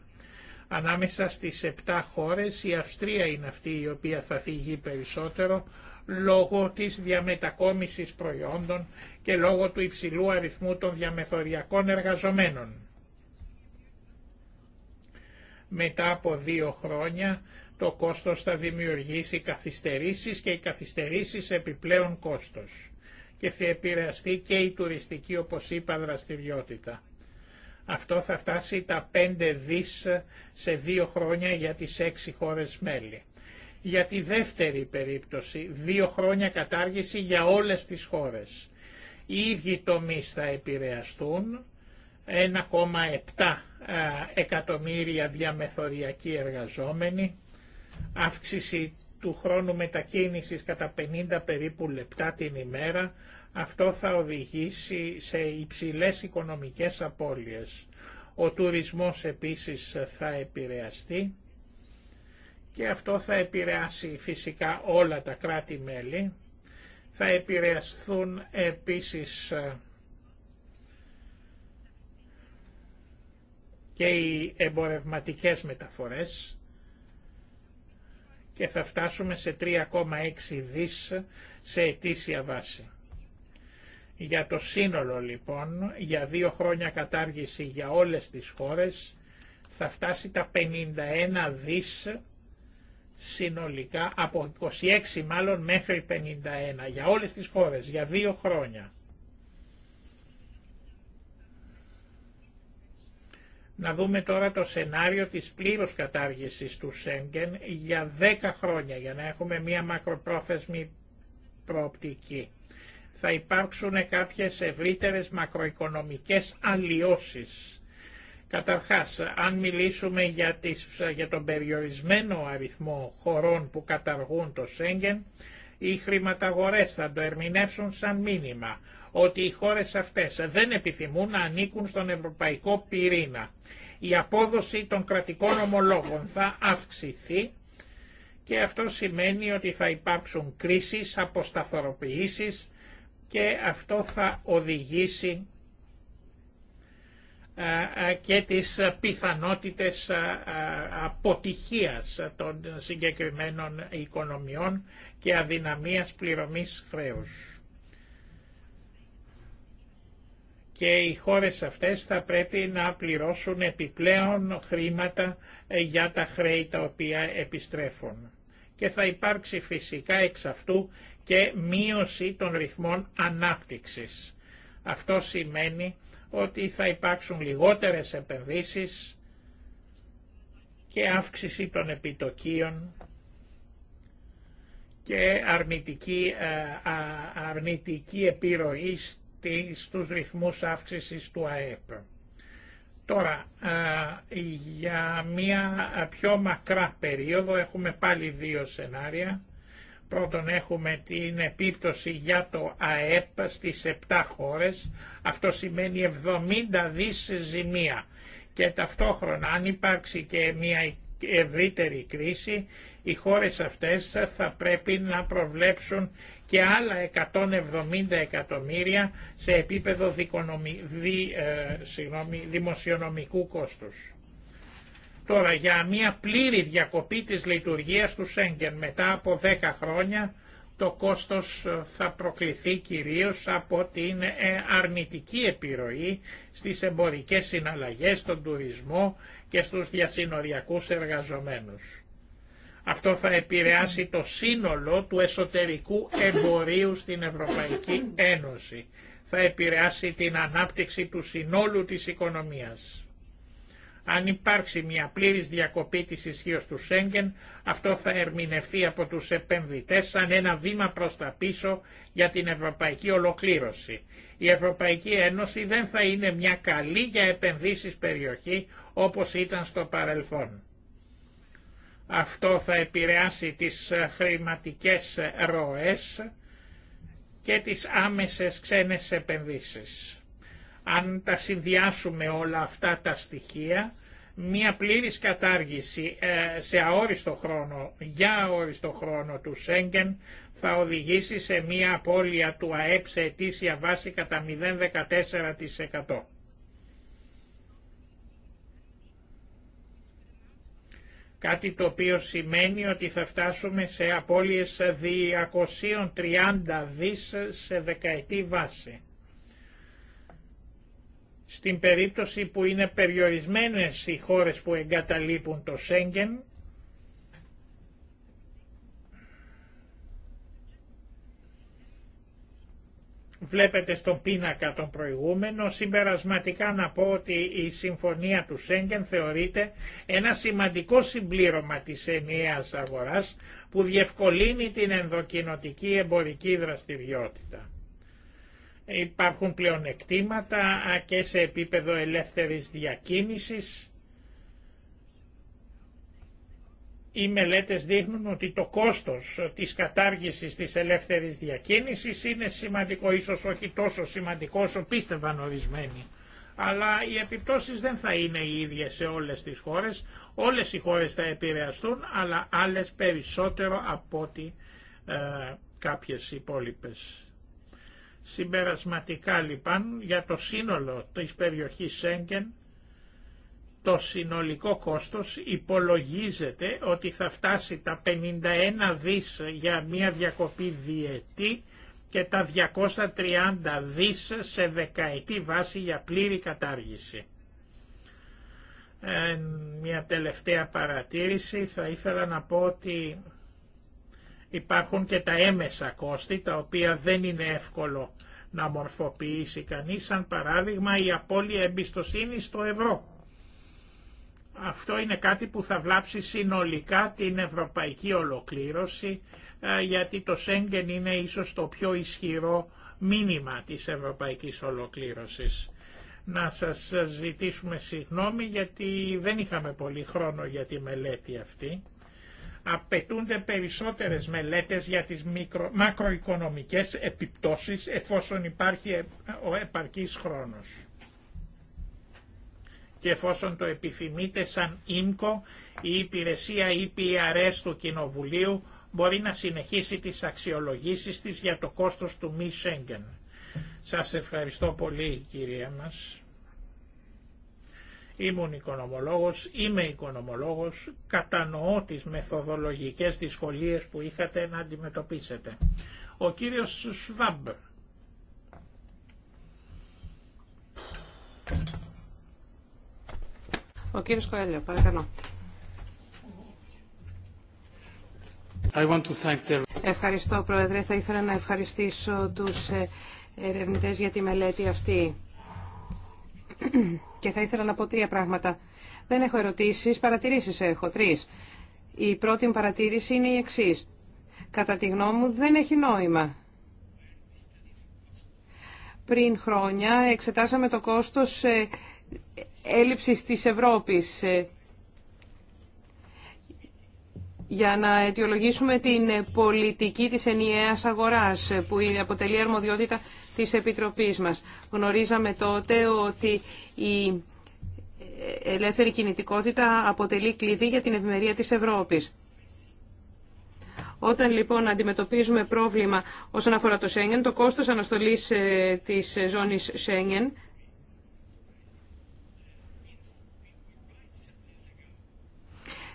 [SPEAKER 1] Ανάμεσα στις 7 χώρες η Αυστρία είναι αυτή η οποία θα φύγει περισσότερο λόγω της διαμετακόμισης προϊόντων και λόγω του υψηλού αριθμού των διαμεθοριακών εργαζομένων. Μετά από δύο χρόνια το κόστος θα δημιουργήσει καθυστερήσεις και οι καθυστερήσεις επιπλέον κόστος και θα επηρεαστεί και η τουριστική όπως είπα δραστηριότητα. Αυτό θα φτάσει τα 5 δις σε δύο χρόνια για τις έξι χώρες μέλη. Για τη δεύτερη περίπτωση, δύο χρόνια κατάργηση για όλες τις χώρες. Οι ίδιοι τομείς θα επηρεαστούν, 1,7 ε, εκατομμύρια διαμεθοριακοί εργαζόμενοι, αύξηση του χρόνου μετακίνησης κατά 50 περίπου λεπτά την ημέρα, αυτό θα οδηγήσει σε υψηλές οικονομικές απώλειες. Ο τουρισμός επίσης θα επηρεαστεί και αυτό θα επηρεάσει φυσικά όλα τα κράτη-μέλη. Θα επηρεαστούν επίσης ε, και οι εμπορευματικές μεταφορές και θα φτάσουμε σε 3,6 δις σε ετήσια βάση. Για το σύνολο λοιπόν, για δύο χρόνια κατάργηση για όλες τις χώρες, θα φτάσει τα 51 δις συνολικά, από 26 μάλλον μέχρι 51, για όλες τις χώρες, για δύο χρόνια. Να δούμε τώρα το σενάριο της πλήρους κατάργησης του Σέγγεν για 10 χρόνια, για να έχουμε μία μακροπρόθεσμη προοπτική θα υπάρξουν κάποιες ευρύτερες μακροοικονομικές αλλοιώσεις. Καταρχάς, αν μιλήσουμε για, τον περιορισμένο αριθμό χωρών που καταργούν το Σέγγεν, οι χρηματαγορές θα το ερμηνεύσουν σαν μήνυμα ότι οι χώρες αυτές δεν επιθυμούν να ανήκουν στον ευρωπαϊκό πυρήνα. Η απόδοση των κρατικών ομολόγων θα αυξηθεί και αυτό σημαίνει ότι θα υπάρξουν κρίσεις, αποσταθεροποιήσεις και αυτό θα οδηγήσει ε, ε, και τις πιθανότητες ε, αποτυχίας των συγκεκριμένων οικονομιών και αδυναμίας πληρωμής χρέους. και οι χώρες αυτές θα πρέπει να πληρώσουν επιπλέον χρήματα για τα χρέη τα οποία επιστρέφουν. Και θα υπάρξει φυσικά εξ αυτού και μείωση των ρυθμών ανάπτυξης. Αυτό σημαίνει ότι θα υπάρξουν λιγότερες επενδύσεις και αύξηση των επιτοκίων και αρνητική, ε, αρνητική επιρροή στους ρυθμούς αύξησης του ΑΕΠ. Τώρα, ε, για μια πιο μακρά περίοδο έχουμε πάλι δύο σενάρια. Πρώτον έχουμε την επίπτωση για το ΑΕΠ στις 7 χώρες, αυτό σημαίνει 70 δις ζημία. Και ταυτόχρονα αν υπάρξει και μια ευρύτερη κρίση, οι χώρες αυτές θα πρέπει να προβλέψουν και άλλα 170 εκατομμύρια σε επίπεδο ε, δημοσιονομικού κόστους. Τώρα για μια πλήρη διακοπή της λειτουργίας του Σέγγεν μετά από 10 χρόνια το κόστος ε, θα προκληθεί κυρίως από την ε, αρνητική επιρροή στις εμπορικές συναλλαγές, στον τουρισμό και στους διασυνοριακούς εργαζομένους. Αυτό θα επηρεάσει το σύνολο του εσωτερικού εμπορίου στην Ευρωπαϊκή Ένωση. Θα επηρεάσει την ανάπτυξη του συνόλου της οικονομίας. Αν υπάρξει μια πλήρης διακοπή της ισχύω του Σέγγεν, αυτό θα ερμηνευθεί από τους επενδυτές σαν ένα βήμα προς τα πίσω για την ευρωπαϊκή ολοκλήρωση. Η Ευρωπαϊκή Ένωση δεν θα είναι μια καλή για επενδύσεις περιοχή όπως ήταν στο παρελθόν. Αυτό θα επηρεάσει τις χρηματικές ροές και τις άμεσες ξένες επενδύσεις. Αν τα συνδυάσουμε όλα αυτά τα στοιχεία, μία πλήρης κατάργηση ε, σε αόριστο χρόνο, για αόριστο χρόνο του Σέγγεν, θα οδηγήσει σε μία απώλεια του ΑΕΠ σε ετήσια βάση κατά 0,14%. Κάτι το οποίο σημαίνει ότι θα φτάσουμε σε απώλειες 230 δις σε δεκαετή βάση στην περίπτωση που είναι περιορισμένες οι χώρες που εγκαταλείπουν το Σέγγεν, βλέπετε στον πίνακα τον προηγούμενο, συμπερασματικά να πω ότι η συμφωνία του Σέγγεν θεωρείται ένα σημαντικό συμπλήρωμα της ενιαίας αγοράς που διευκολύνει την ενδοκινοτική εμπορική δραστηριότητα. Υπάρχουν πλεονεκτήματα και σε επίπεδο ελεύθερης διακίνησης. Οι μελέτες δείχνουν ότι το κόστος της κατάργησης της ελεύθερης διακίνησης είναι σημαντικό, ίσως όχι τόσο σημαντικό όσο πίστευαν ορισμένοι. Αλλά οι επιπτώσεις δεν θα είναι οι ίδιες σε όλες τις χώρες. Όλες οι χώρες θα επηρεαστούν, αλλά άλλες περισσότερο από ότι ε, κάποιες υπόλοιπες. Συμπερασματικά λοιπόν για το σύνολο της περιοχής Σέγγεν το συνολικό κόστος υπολογίζεται ότι θα φτάσει τα 51 δις για μια διακοπή διετή και τα 230 δις σε δεκαετή βάση για πλήρη κατάργηση. Ε, μια τελευταία παρατήρηση θα ήθελα να πω ότι Υπάρχουν και τα έμεσα κόστη τα οποία δεν είναι εύκολο να μορφοποιήσει κανείς, σαν παράδειγμα η απώλεια εμπιστοσύνη στο ευρώ. Αυτό είναι κάτι που θα βλάψει συνολικά την ευρωπαϊκή ολοκλήρωση, ε, γιατί το Σέγγεν είναι ίσως το πιο ισχυρό μήνυμα της ευρωπαϊκής ολοκλήρωσης. Να σας ζητήσουμε συγγνώμη γιατί δεν είχαμε πολύ χρόνο για τη μελέτη αυτή απαιτούνται περισσότερες μελέτες για τις μακροοικονομικές επιπτώσεις εφόσον υπάρχει ο επαρκής χρόνος. Και εφόσον το επιθυμείτε σαν ΙΜΚΟ, η υπηρεσία EPRS του Κοινοβουλίου μπορεί να συνεχίσει τις αξιολογήσεις της για το κόστος του μη Σέγγεν. Σας ευχαριστώ πολύ κυρία μας. Ήμουν οικονομολόγος, είμαι οικονομολόγος, κατανοώ τις μεθοδολογικές δυσκολίες που είχατε να αντιμετωπίσετε. Ο κύριος Σβάμπ.
[SPEAKER 2] Ο κύριος Κοέλιο, παρακαλώ.
[SPEAKER 1] I want to thank the...
[SPEAKER 2] Ευχαριστώ, Πρόεδρε. Θα ήθελα να ευχαριστήσω τους ε, ερευνητές για τη μελέτη αυτή. Και θα ήθελα να πω τρία πράγματα. Δεν έχω ερωτήσεις, παρατηρήσεις έχω, τρεις. Η πρώτη παρατήρηση είναι η εξής. Κατά τη γνώμη μου δεν έχει νόημα. Πριν χρόνια εξετάσαμε το κόστος ε, έλλειψης της Ευρώπης ε, για να αιτιολογήσουμε την πολιτική της ενιαίας αγοράς που αποτελεί αρμοδιότητα της Επιτροπής μας. Γνωρίζαμε τότε ότι η ελεύθερη κινητικότητα αποτελεί κλειδί για την ευημερία της Ευρώπης. Όταν λοιπόν αντιμετωπίζουμε πρόβλημα όσον αφορά το Σέγγεν, το κόστος αναστολής ε, της ζώνης Σέγγεν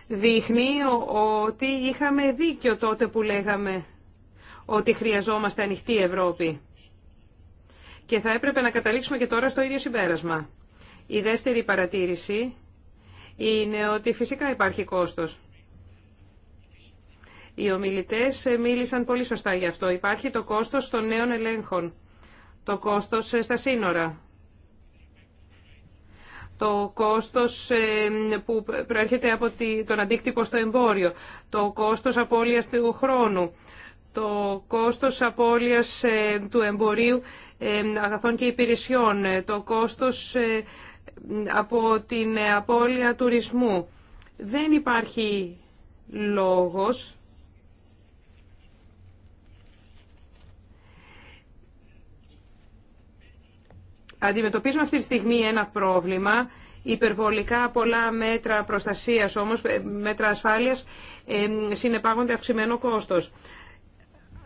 [SPEAKER 2] δείχνει ότι είχαμε δίκιο τότε που λέγαμε ότι χρειαζόμαστε ανοιχτή Ευρώπη. Και θα έπρεπε να καταλήξουμε και τώρα στο ίδιο συμπέρασμα. Η δεύτερη παρατήρηση είναι ότι φυσικά υπάρχει κόστος. Οι ομιλητές μίλησαν πολύ σωστά γι' αυτό. Υπάρχει το κόστος των νέων ελέγχων, το κόστος στα σύνορα, το κόστος που προέρχεται από τον αντίκτυπο στο εμπόριο, το κόστος απώλειας του χρόνου, το κόστος απώλειας του εμπορίου αγαθών και υπηρεσιών, το κόστος από την απώλεια τουρισμού. Δεν υπάρχει λόγος Αντιμετωπίζουμε αυτή τη στιγμή ένα πρόβλημα, υπερβολικά πολλά μέτρα προστασίας όμως, ε, μέτρα ασφάλειας, ε, συνεπάγονται αυξημένο κόστος.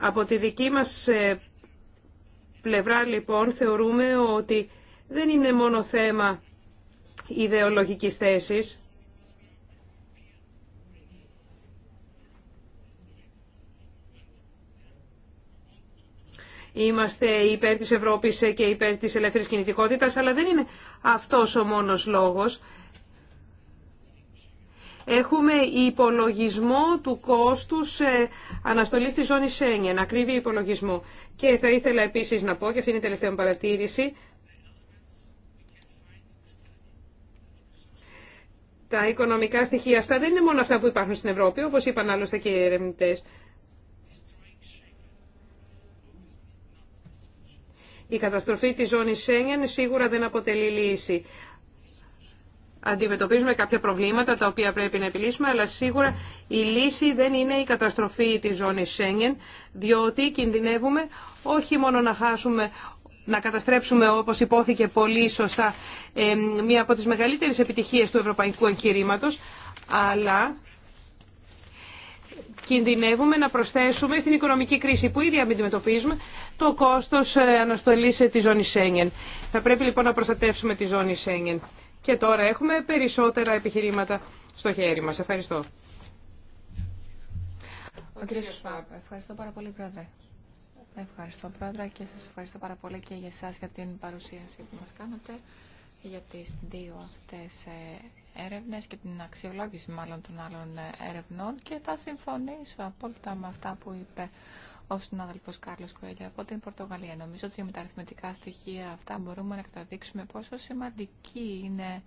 [SPEAKER 2] Από τη δική μας ε, πλευρά λοιπόν θεωρούμε ότι δεν είναι μόνο θέμα ιδεολογικής θέσης, είμαστε υπέρ της Ευρώπης και υπέρ της ελεύθερης κινητικότητας, αλλά δεν είναι αυτός ο μόνος λόγος. Έχουμε υπολογισμό του κόστους ε, αναστολής της ζώνης Σένιεν, ακρίβει υπολογισμό. Και θα ήθελα επίσης να πω, και αυτή είναι η τελευταία μου παρατήρηση, τα οικονομικά στοιχεία αυτά δεν είναι μόνο αυτά που υπάρχουν στην Ευρώπη, όπως είπαν άλλωστε και οι ερευνητές. Η καταστροφή της ζώνης Σέγγεν σίγουρα δεν αποτελεί λύση. Αντιμετωπίζουμε κάποια προβλήματα τα οποία πρέπει να επιλύσουμε, αλλά σίγουρα η λύση δεν είναι η καταστροφή της ζώνης Σέγγεν, διότι κινδυνεύουμε όχι μόνο να χάσουμε να καταστρέψουμε, όπως υπόθηκε πολύ σωστά, μία από τις μεγαλύτερες επιτυχίες του ευρωπαϊκού εγχειρήματο, αλλά κινδυνεύουμε να προσθέσουμε στην οικονομική κρίση που ήδη αντιμετωπίζουμε το κόστος ε, αναστολής ε, τη ζώνη Σέγγεν. Θα πρέπει λοιπόν να προστατεύσουμε τη ζώνη Σέγγεν. Και τώρα έχουμε περισσότερα επιχειρήματα στο χέρι μας. Ευχαριστώ.
[SPEAKER 3] Ο κύριος Σουάπ, ευχαριστώ πάρα πολύ πρόεδρε. Ευχαριστώ πρόεδρε και σας ευχαριστώ πάρα πολύ και για εσάς για την παρουσίαση που μας κάνατε για τις δύο αυτές ε, έρευνες και την αξιολόγηση μάλλον των άλλων ε, ερευνών και θα συμφωνήσω απόλυτα με αυτά που είπε ο συνάδελφος Κάρλος Κουέλια από την Πορτογαλία. Νομίζω ότι με τα αριθμητικά στοιχεία αυτά μπορούμε να καταδείξουμε πόσο σημαντική είναι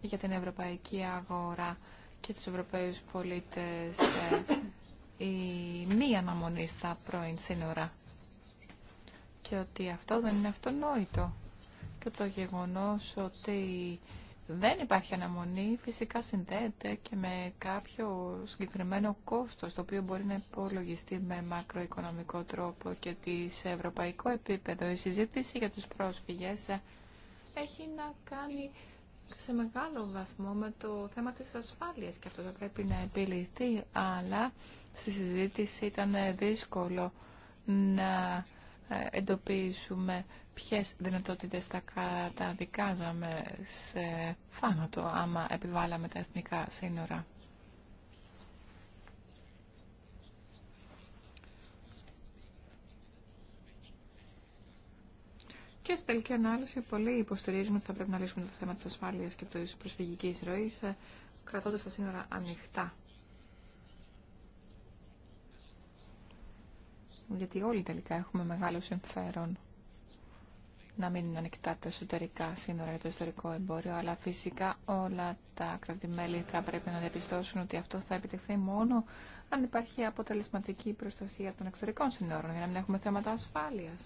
[SPEAKER 3] για την ευρωπαϊκή αγορά και τους ευρωπαίους πολίτες ε, η μη αναμονή στα πρώην σύνορα και ότι αυτό δεν είναι αυτονόητο και το γεγονός ότι δεν υπάρχει αναμονή, φυσικά συνδέεται και με κάποιο συγκεκριμένο κόστος, το οποίο μπορεί να υπολογιστεί με μακροοικονομικό τρόπο και τη σε ευρωπαϊκό επίπεδο η συζήτηση για τους πρόσφυγες έχει να κάνει σε μεγάλο βαθμό με το θέμα της ασφάλειας και αυτό θα πρέπει να επιληθεί, αλλά στη συζήτηση ήταν δύσκολο να ε, εντοπίσουμε ποιες δυνατότητες θα καταδικάζαμε σε θάνατο άμα επιβάλαμε τα εθνικά σύνορα. Και στην τελική ανάλυση πολλοί υποστηρίζουν ότι θα πρέπει να λύσουμε το θέμα της ασφάλειας και της προσφυγικής ροής ε, κρατώντας τα σύνορα ανοιχτά. Γιατί όλοι τελικά έχουμε μεγάλο συμφέρον να μην είναι ανοιχτά τα εσωτερικά σύνορα για το εσωτερικό εμπόριο, αλλά φυσικά όλα τα κρατημέλη θα πρέπει να διαπιστώσουν ότι αυτό θα επιτευχθεί μόνο αν υπάρχει αποτελεσματική προστασία των εξωτερικών σύνορων, για να μην έχουμε θέματα ασφάλειας.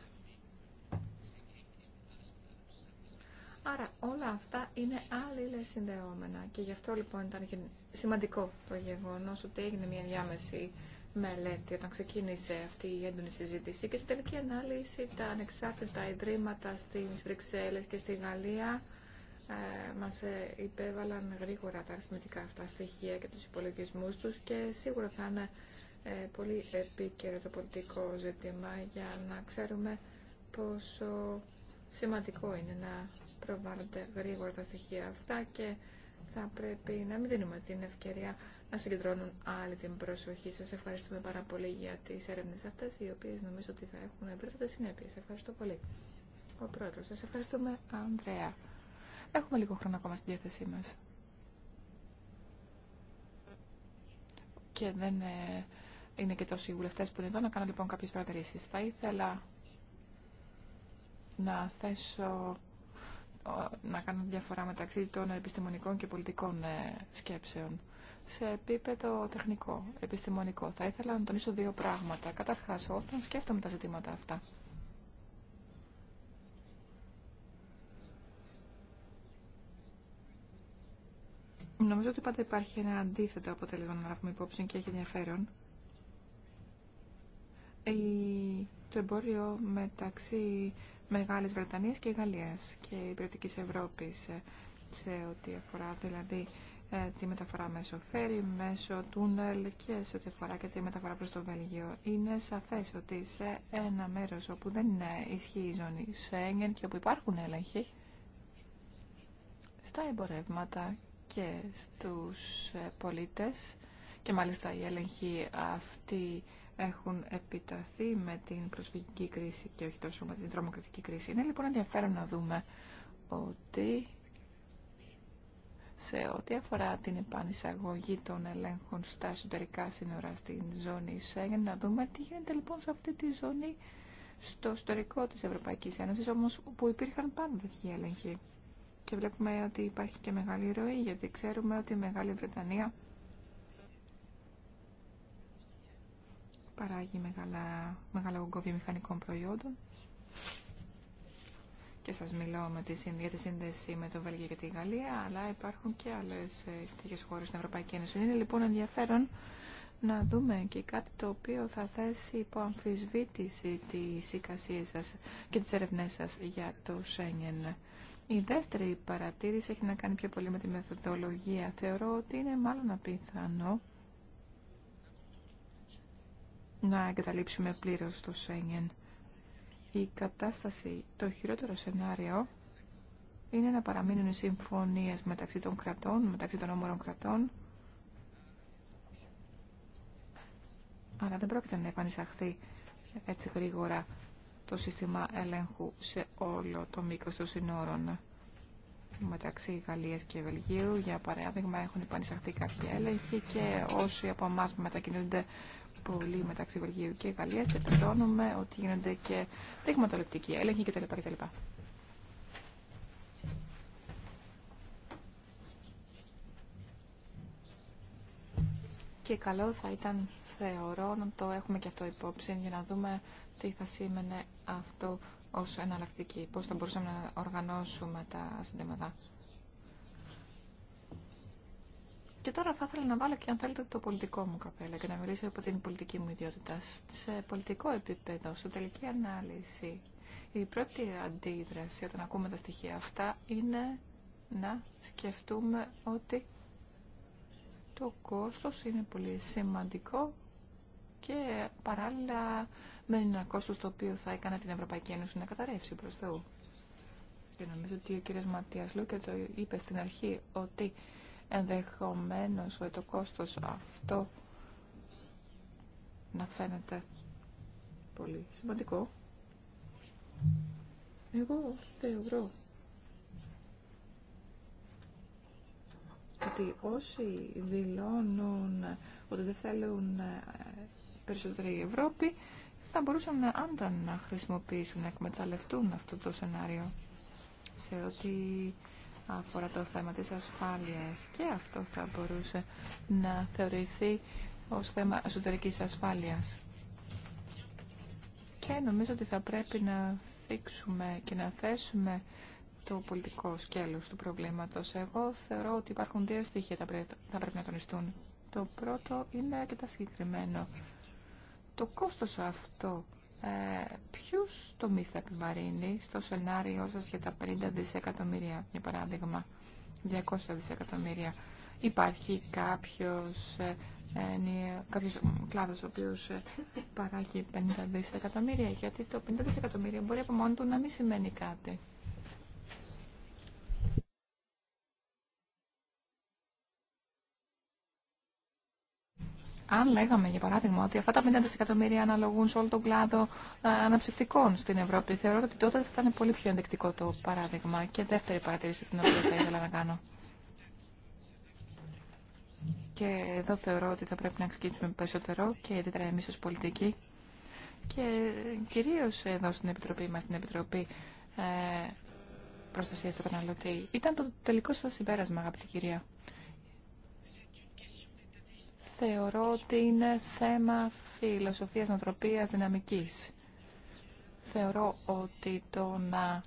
[SPEAKER 3] Άρα όλα αυτά είναι αλληλεσυνδεόμενα συνδεόμενα και γι' αυτό λοιπόν ήταν σημαντικό το γεγονός ότι έγινε μια διάμεση μελέτη όταν ξεκίνησε αυτή η έντονη συζήτηση και στην τελική ανάλυση τα ανεξάρτητα ιδρύματα στις Βρυξέλλες και στη Γαλλία ε, μας ε, υπέβαλαν γρήγορα τα αριθμητικά αυτά στοιχεία και τους υπολογισμούς τους και σίγουρα θα είναι ε, πολύ επίκαιρο το πολιτικό ζήτημα για να ξέρουμε πόσο σημαντικό είναι να προβάλλονται γρήγορα τα στοιχεία αυτά και θα πρέπει να μην δίνουμε την ευκαιρία να συγκεντρώνουν άλλη την προσοχή. Σας ευχαριστούμε πάρα πολύ για τις έρευνες αυτές, οι οποίες νομίζω ότι θα έχουν εμπρέπτες συνέπειες. Ευχαριστώ πολύ. Ο πρόεδρος, σας ευχαριστούμε, Ανδρέα. Έχουμε λίγο χρόνο ακόμα στη διάθεσή μας. Και δεν ε, είναι και τόσοι βουλευτές που είναι εδώ να κάνω λοιπόν κάποιες παρατηρήσεις. Θα ήθελα να θέσω ε, να κάνω διαφορά μεταξύ των επιστημονικών και πολιτικών ε, σκέψεων σε επίπεδο τεχνικό, επιστημονικό. Θα ήθελα να τονίσω δύο πράγματα. Καταρχάς, όταν σκέφτομαι τα ζητήματα αυτά, Νομίζω ότι πάντα υπάρχει ένα αντίθετο αποτέλεσμα να λάβουμε υπόψη και έχει ενδιαφέρον. Το εμπόριο μεταξύ Μεγάλης Βρετανίας και Γαλλίας και η Ευρώπης σε ό,τι αφορά δηλαδή ε, τη μεταφορά μέσω φέρι, μέσω τούνελ και σε ό,τι αφορά και τη μεταφορά προς το Βέλγιο. Είναι σαφές ότι σε ένα μέρος όπου δεν ισχύει η ζώνη Σέγγεν και όπου υπάρχουν έλεγχοι, στα εμπορεύματα και στους ε, πολίτες και μάλιστα οι έλεγχοι αυτοί έχουν επιταθεί με την προσφυγική κρίση και όχι τόσο με την τρομοκρατική κρίση. Είναι λοιπόν ενδιαφέρον να δούμε ότι σε ό,τι αφορά την επανεισαγωγή των ελέγχων στα εσωτερικά σύνορα στην ζώνη Σέγγεν, να δούμε τι γίνεται λοιπόν σε αυτή τη ζώνη στο εσωτερικό της Ευρωπαϊκής Ένωσης, όμως που υπήρχαν πάντα τέτοιοι έλεγχοι. Και βλέπουμε ότι υπάρχει και μεγάλη ροή, γιατί ξέρουμε ότι η Μεγάλη Βρετανία παράγει μεγάλα, μεγάλα μηχανικών προϊόντων και σας μιλώ με τη, για τη σύνδεση με το Βέλγιο και τη Γαλλία, αλλά υπάρχουν και άλλες ε, τέτοιες χώρες στην Ευρωπαϊκή Ένωση. Είναι λοιπόν ενδιαφέρον να δούμε και κάτι το οποίο θα θέσει υπό αμφισβήτηση τις εικασίες σας και τις ερευνές σας για το Σένιεν. Η δεύτερη παρατήρηση έχει να κάνει πιο πολύ με τη μεθοδολογία. Θεωρώ ότι είναι μάλλον απίθανο να εγκαταλείψουμε πλήρως το Σένιεν η κατάσταση, το χειρότερο σενάριο είναι να παραμείνουν οι συμφωνίες μεταξύ των κρατών, μεταξύ των όμορων κρατών, αλλά δεν πρόκειται να επανεισαχθεί έτσι γρήγορα το σύστημα ελέγχου σε όλο το μήκος των συνόρων μεταξύ Γαλλίας και Βελγίου. Για παράδειγμα έχουν επανεισαχθεί κάποιοι έλεγχοι και όσοι από εμά μετακινούνται πολύ μεταξύ Βελγίου και Γαλλίας και τελειώνουμε ότι γίνονται και δειγματοληπτικοί έλεγχοι κτλ. κτλ. Και καλό θα ήταν, θεωρώ, να το έχουμε και αυτό υπόψη για να δούμε τι θα σήμαινε αυτό ως εναλλακτική, πώς θα μπορούσαμε να οργανώσουμε τα συντήματα. Και τώρα θα ήθελα να βάλω και αν θέλετε το πολιτικό μου καπέλα και να μιλήσω από την πολιτική μου ιδιότητα. Σε πολιτικό επίπεδο, στο τελική ανάλυση, η πρώτη αντίδραση όταν ακούμε τα στοιχεία αυτά είναι να σκεφτούμε ότι το κόστος είναι πολύ σημαντικό και παράλληλα με ένα κόστος το οποίο θα έκανε την Ευρωπαϊκή Ένωση να καταρρεύσει προς Θεού. Και νομίζω ότι ο κύριος Ματίας Λούκε το είπε στην αρχή ότι ενδεχομένως με το κόστος αυτό να φαίνεται πολύ σημαντικό. Εγώ θεωρώ ότι όσοι δηλώνουν ότι δεν θέλουν περισσότερη Ευρώπη θα μπορούσαν άντα να χρησιμοποιήσουν, να εκμεταλλευτούν αυτό το σενάριο σε ό,τι αφορά το θέμα της ασφάλειας και αυτό θα μπορούσε να θεωρηθεί ως θέμα εσωτερικής ασφάλειας. Και νομίζω ότι θα πρέπει να θίξουμε και να θέσουμε το πολιτικό σκέλος του προβλήματος. Εγώ θεωρώ ότι υπάρχουν δύο στοιχεία που θα πρέπει να τονιστούν. Το πρώτο είναι αρκετά συγκεκριμένο. Το κόστος αυτό ε, ποιους τομείς θα επιβαρύνει στο σενάριό σας για τα 50 δισεκατομμύρια, για παράδειγμα, 200 δισεκατομμύρια. Υπάρχει κάποιος, ε, κάποιος κλάδος ο οποίος ε, παράγει 50 δισεκατομμύρια, γιατί το 50 δισεκατομμύρια μπορεί από μόνο του να μην σημαίνει κάτι. Αν λέγαμε, για παράδειγμα, ότι αυτά τα 50 δισεκατομμύρια αναλογούν σε όλο τον κλάδο ε, αναψυκτικών στην Ευρώπη, θεωρώ ότι τότε θα ήταν πολύ πιο ενδεικτικό το παράδειγμα. Και δεύτερη παρατήρηση την οποία θα ήθελα να κάνω. Και εδώ θεωρώ ότι θα πρέπει να ξεκινήσουμε περισσότερο και ιδιαίτερα εμεί ω πολιτικοί και κυρίω εδώ στην Επιτροπή μα, στην Επιτροπή ε, Προστασία του Καταναλωτή. Ήταν το τελικό σα συμπέρασμα, αγαπητή κυρία θεωρώ ότι είναι θέμα φιλοσοφίας, νοοτροπίας, δυναμικής. Θεωρώ ότι το να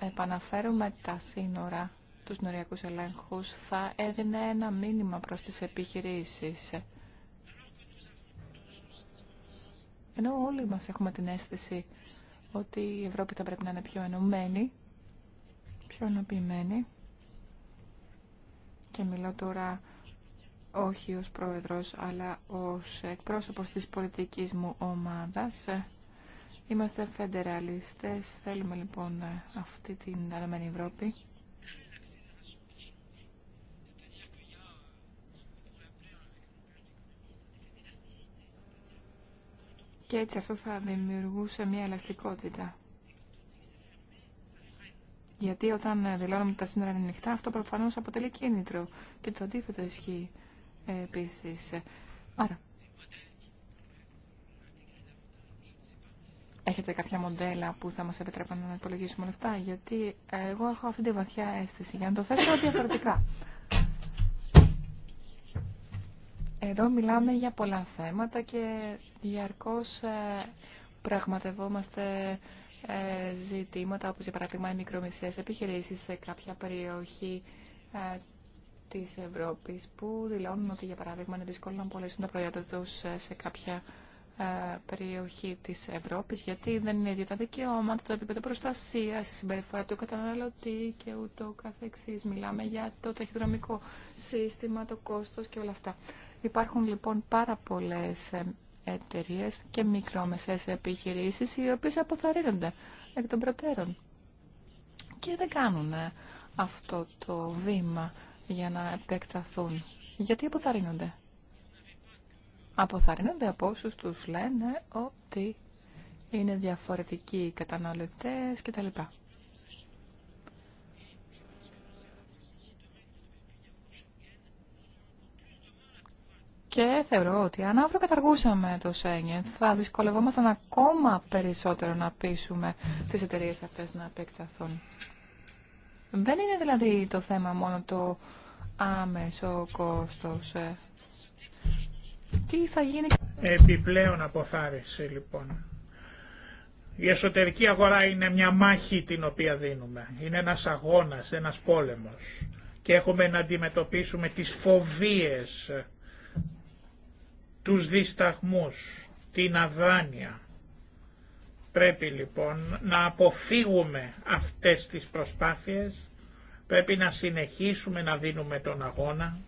[SPEAKER 3] επαναφέρουμε τα σύνορα, τους νοριακούς ελέγχους, θα έδινε ένα μήνυμα προς τις επιχειρήσεις. Ενώ όλοι μας έχουμε την αίσθηση ότι η Ευρώπη θα πρέπει να είναι πιο ενωμένη, πιο ενοποιημένη, και μιλώ τώρα όχι ως πρόεδρος αλλά ως εκπρόσωπος της πολιτικής μου ομάδας. Είμαστε φεντεραλιστές, θέλουμε λοιπόν αυτή την αναμενή Ευρώπη. Και έτσι αυτό θα δημιουργούσε μια ελαστικότητα. Γιατί όταν δηλώνουμε τα σύνορα αυτό προφανώς αποτελεί κίνητρο και το αντίθετο ισχύει επίσης. Άρα, έχετε κάποια μοντέλα που θα μας επιτρέπουν να υπολογίσουμε όλα αυτά, γιατί εγώ έχω αυτή τη βαθιά αίσθηση για να το θέσω διαφορετικά. Εδώ μιλάμε για πολλά θέματα και διαρκώς ε, πραγματευόμαστε ε, ζητήματα όπως για παράδειγμα οι μικρομεσαίες επιχειρήσεις σε κάποια περιοχή ε, Τη Ευρώπη που δηλώνουν ότι για παράδειγμα είναι δύσκολο να πωλήσουν τα προϊόντα του ε, σε κάποια ε, περιοχή τη Ευρώπη, γιατί δεν είναι ίδια τα δικαιώματα, το επίπεδο προστασία η συμπεριφορά του καταναλωτή και ούτω καθεξής. Μιλάμε για το ταχυδρομικό σύστημα, το κόστο και όλα αυτά. Υπάρχουν λοιπόν πάρα πολλέ ε, εταιρείε και μικρόμεσες επιχειρήσεις οι οποίες αποθαρρύνονται εκ των προτέρων και δεν κάνουν αυτό το βήμα για να επεκταθούν. Γιατί αποθαρρύνονται. Αποθαρρύνονται από όσους τους λένε ότι είναι διαφορετικοί οι καταναλωτές κτλ. Και θεωρώ ότι αν αύριο καταργούσαμε το Σέγγεν, θα δυσκολευόμασταν ακόμα περισσότερο να πείσουμε τις εταιρείες αυτές να επεκταθούν. Δεν είναι δηλαδή το θέμα μόνο το άμεσο κόστος.
[SPEAKER 1] Τι θα γίνει... Επιπλέον αποθάρρυνση λοιπόν. Η εσωτερική αγορά είναι μια μάχη την οποία δίνουμε. Είναι ένας αγώνας, ένας πόλεμος. Και έχουμε να αντιμετωπίσουμε τις φοβίες, τους δισταγμούς, την αδάνεια. Πρέπει λοιπόν να αποφύγουμε αυτές τις προσπάθειες, πρέπει να συνεχίσουμε να δίνουμε τον αγώνα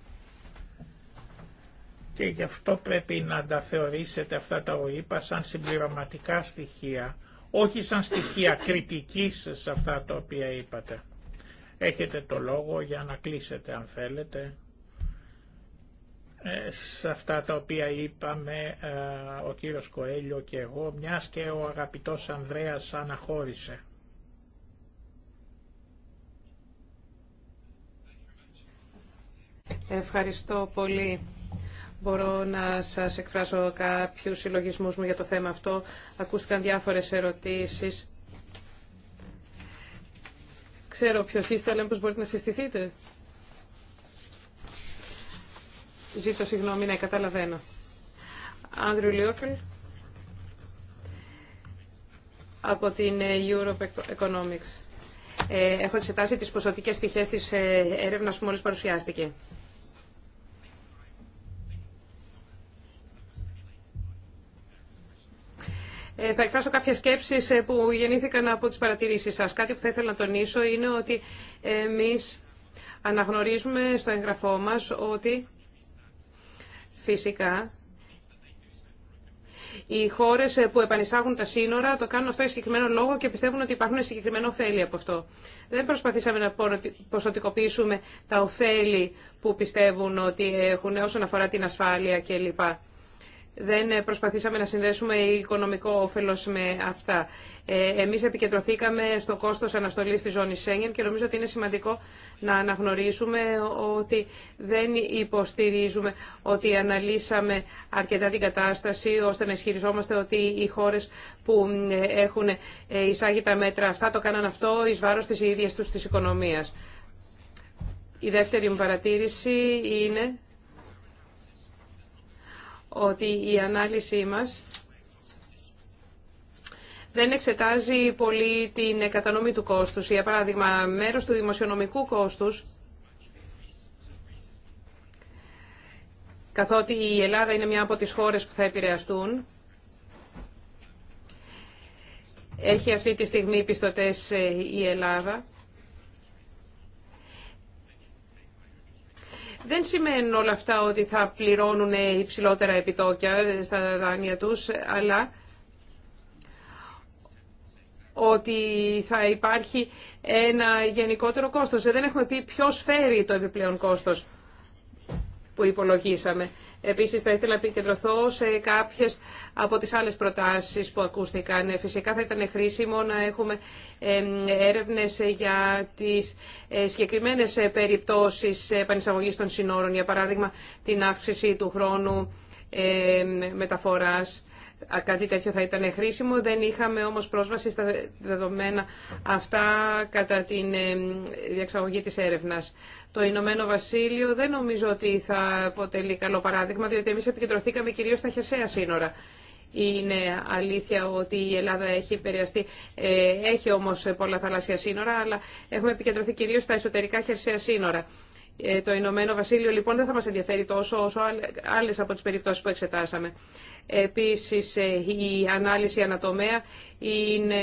[SPEAKER 1] και γι' αυτό πρέπει να τα θεωρήσετε αυτά τα ΟΗΠΑ σαν συμπληρωματικά στοιχεία, όχι σαν στοιχεία κριτικής σε αυτά τα οποία είπατε. Έχετε το λόγο για να κλείσετε αν θέλετε σε αυτά τα οποία είπαμε ε, ο κύριος Κοέλιο και εγώ, μιας και ο αγαπητός Ανδρέας αναχώρησε.
[SPEAKER 2] Ευχαριστώ πολύ. Μπορώ να σας εκφράσω κάποιους συλλογισμούς μου για το θέμα αυτό. Ακούστηκαν διάφορες ερωτήσεις. Ξέρω ποιος είστε, αλλά μπορείτε να συστηθείτε. Ζήτω συγγνώμη, ναι, καταλαβαίνω. Άνδρου Λιόκελ από την ε, Europe Economics. Ε, έχω εξετάσει τις ποσοτικές στοιχείες της ε, έρευνας που μόλις παρουσιάστηκε. Θα εκφράσω κάποιες σκέψεις που γεννήθηκαν από τις παρατηρήσεις σας. Κάτι που θα ήθελα να τονίσω είναι ότι εμείς αναγνωρίζουμε στο εγγραφό μας ότι Φυσικά, οι χώρε ε, που επανεισάγουν τα σύνορα το κάνουν αυτό για συγκεκριμένο λόγο και πιστεύουν ότι υπάρχουν συγκεκριμένα ωφέλη από αυτό. Δεν προσπαθήσαμε να ποσοτικοποιήσουμε τα ωφέλη που πιστεύουν ότι έχουν όσον αφορά την ασφάλεια κλπ δεν προσπαθήσαμε να συνδέσουμε οικονομικό όφελος με αυτά. Ε, εμείς επικεντρωθήκαμε στο κόστος αναστολής της ζώνης Σέγγεν και νομίζω ότι είναι σημαντικό να αναγνωρίσουμε ότι δεν υποστηρίζουμε ότι αναλύσαμε αρκετά την κατάσταση ώστε να ισχυριζόμαστε ότι οι χώρες που ε, έχουν ε, εισάγει τα μέτρα αυτά το κάναν αυτό εις βάρος της ίδιας τους της οικονομίας. Η δεύτερη μου παρατήρηση είναι ότι η ανάλυση μας δεν εξετάζει πολύ την κατανομή του κόστους. Για παράδειγμα, μέρος του δημοσιονομικού κόστους, καθότι η Ελλάδα είναι μια από τις χώρες που θα επηρεαστούν, έχει αυτή τη στιγμή πιστωτές ε, η Ελλάδα Δεν σημαίνουν όλα αυτά ότι θα πληρώνουν υψηλότερα επιτόκια στα δάνεια τους, αλλά ότι θα υπάρχει ένα γενικότερο κόστος. Δεν έχουμε πει ποιος φέρει το επιπλέον κόστος που υπολογίσαμε. Επίσης θα ήθελα να επικεντρωθώ σε κάποιες από τις άλλες προτάσεις που ακούστηκαν. Φυσικά θα ήταν χρήσιμο να έχουμε έρευνε για τι ε, συγκεκριμένες ε, περιπτώσεις επανεισαγωγή των συνόρων, για παράδειγμα την αύξηση του χρόνου μεταφοράς κάτι τέτοιο θα ήταν χρήσιμο. Δεν είχαμε όμως πρόσβαση στα δεδομένα αυτά κατά τη ε, διαξαγωγή της έρευνας. Το Ηνωμένο Βασίλειο δεν νομίζω ότι θα αποτελεί καλό παράδειγμα, διότι εμείς επικεντρωθήκαμε κυρίως στα χερσαία σύνορα. Είναι αλήθεια ότι η Ελλάδα έχει επηρεαστεί, ε, έχει όμως πολλά θαλάσσια σύνορα, αλλά έχουμε επικεντρωθεί κυρίως στα εσωτερικά χερσαία σύνορα. Ε, το Ηνωμένο Βασίλειο λοιπόν δεν θα μας ενδιαφέρει τόσο όσο άλλες από τις περιπτώσεις που εξετάσαμε. Επίσης ε, η ανάλυση ανατομέα είναι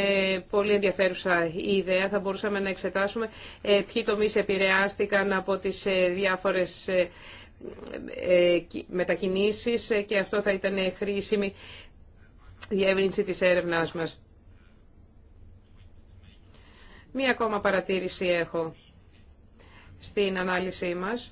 [SPEAKER 2] πολύ ενδιαφέρουσα ιδέα. Θα μπορούσαμε να εξετάσουμε ε, ποιοι τομείς επηρεάστηκαν από τις διάφορες μετακινήσεις και αυτό θα ήταν χρήσιμη διεύρυνση της έρευνάς μας. Μία ακόμα παρατήρηση έχω στην ανάλυση μας.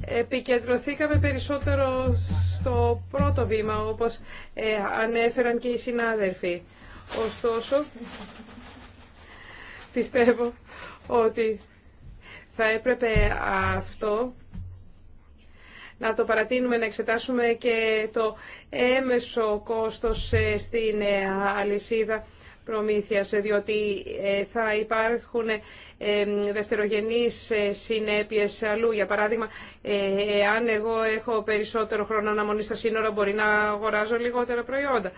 [SPEAKER 2] Επικεντρωθήκαμε περισσότερο στο πρώτο βήμα, όπως ε, ανέφεραν και οι συνάδελφοι. Ωστόσο, πιστεύω ότι θα έπρεπε αυτό να το παρατείνουμε, να εξετάσουμε και το έμεσο κόστος ε, στην ε, αλυσίδα προμήθειας, ε, διότι θα υπάρχουν δευτερογενείς συνέπειες αλλού. Για παράδειγμα, αν εγώ έχω περισσότερο χρόνο αναμονή στα σύνορα, μπορεί να αγοράζω λιγότερα προϊόντα.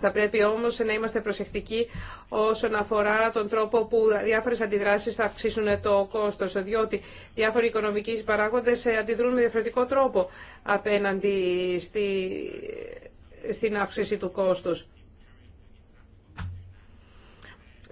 [SPEAKER 2] Θα πρέπει όμως να είμαστε προσεκτικοί όσον αφορά τον τρόπο που διάφορες αντιδράσεις θα αυξήσουν το κόστος, διότι διάφοροι οικονομικοί παράγοντες ε, αντιδρούν με διαφορετικό τρόπο απέναντι στη, στην αύξηση του κόστους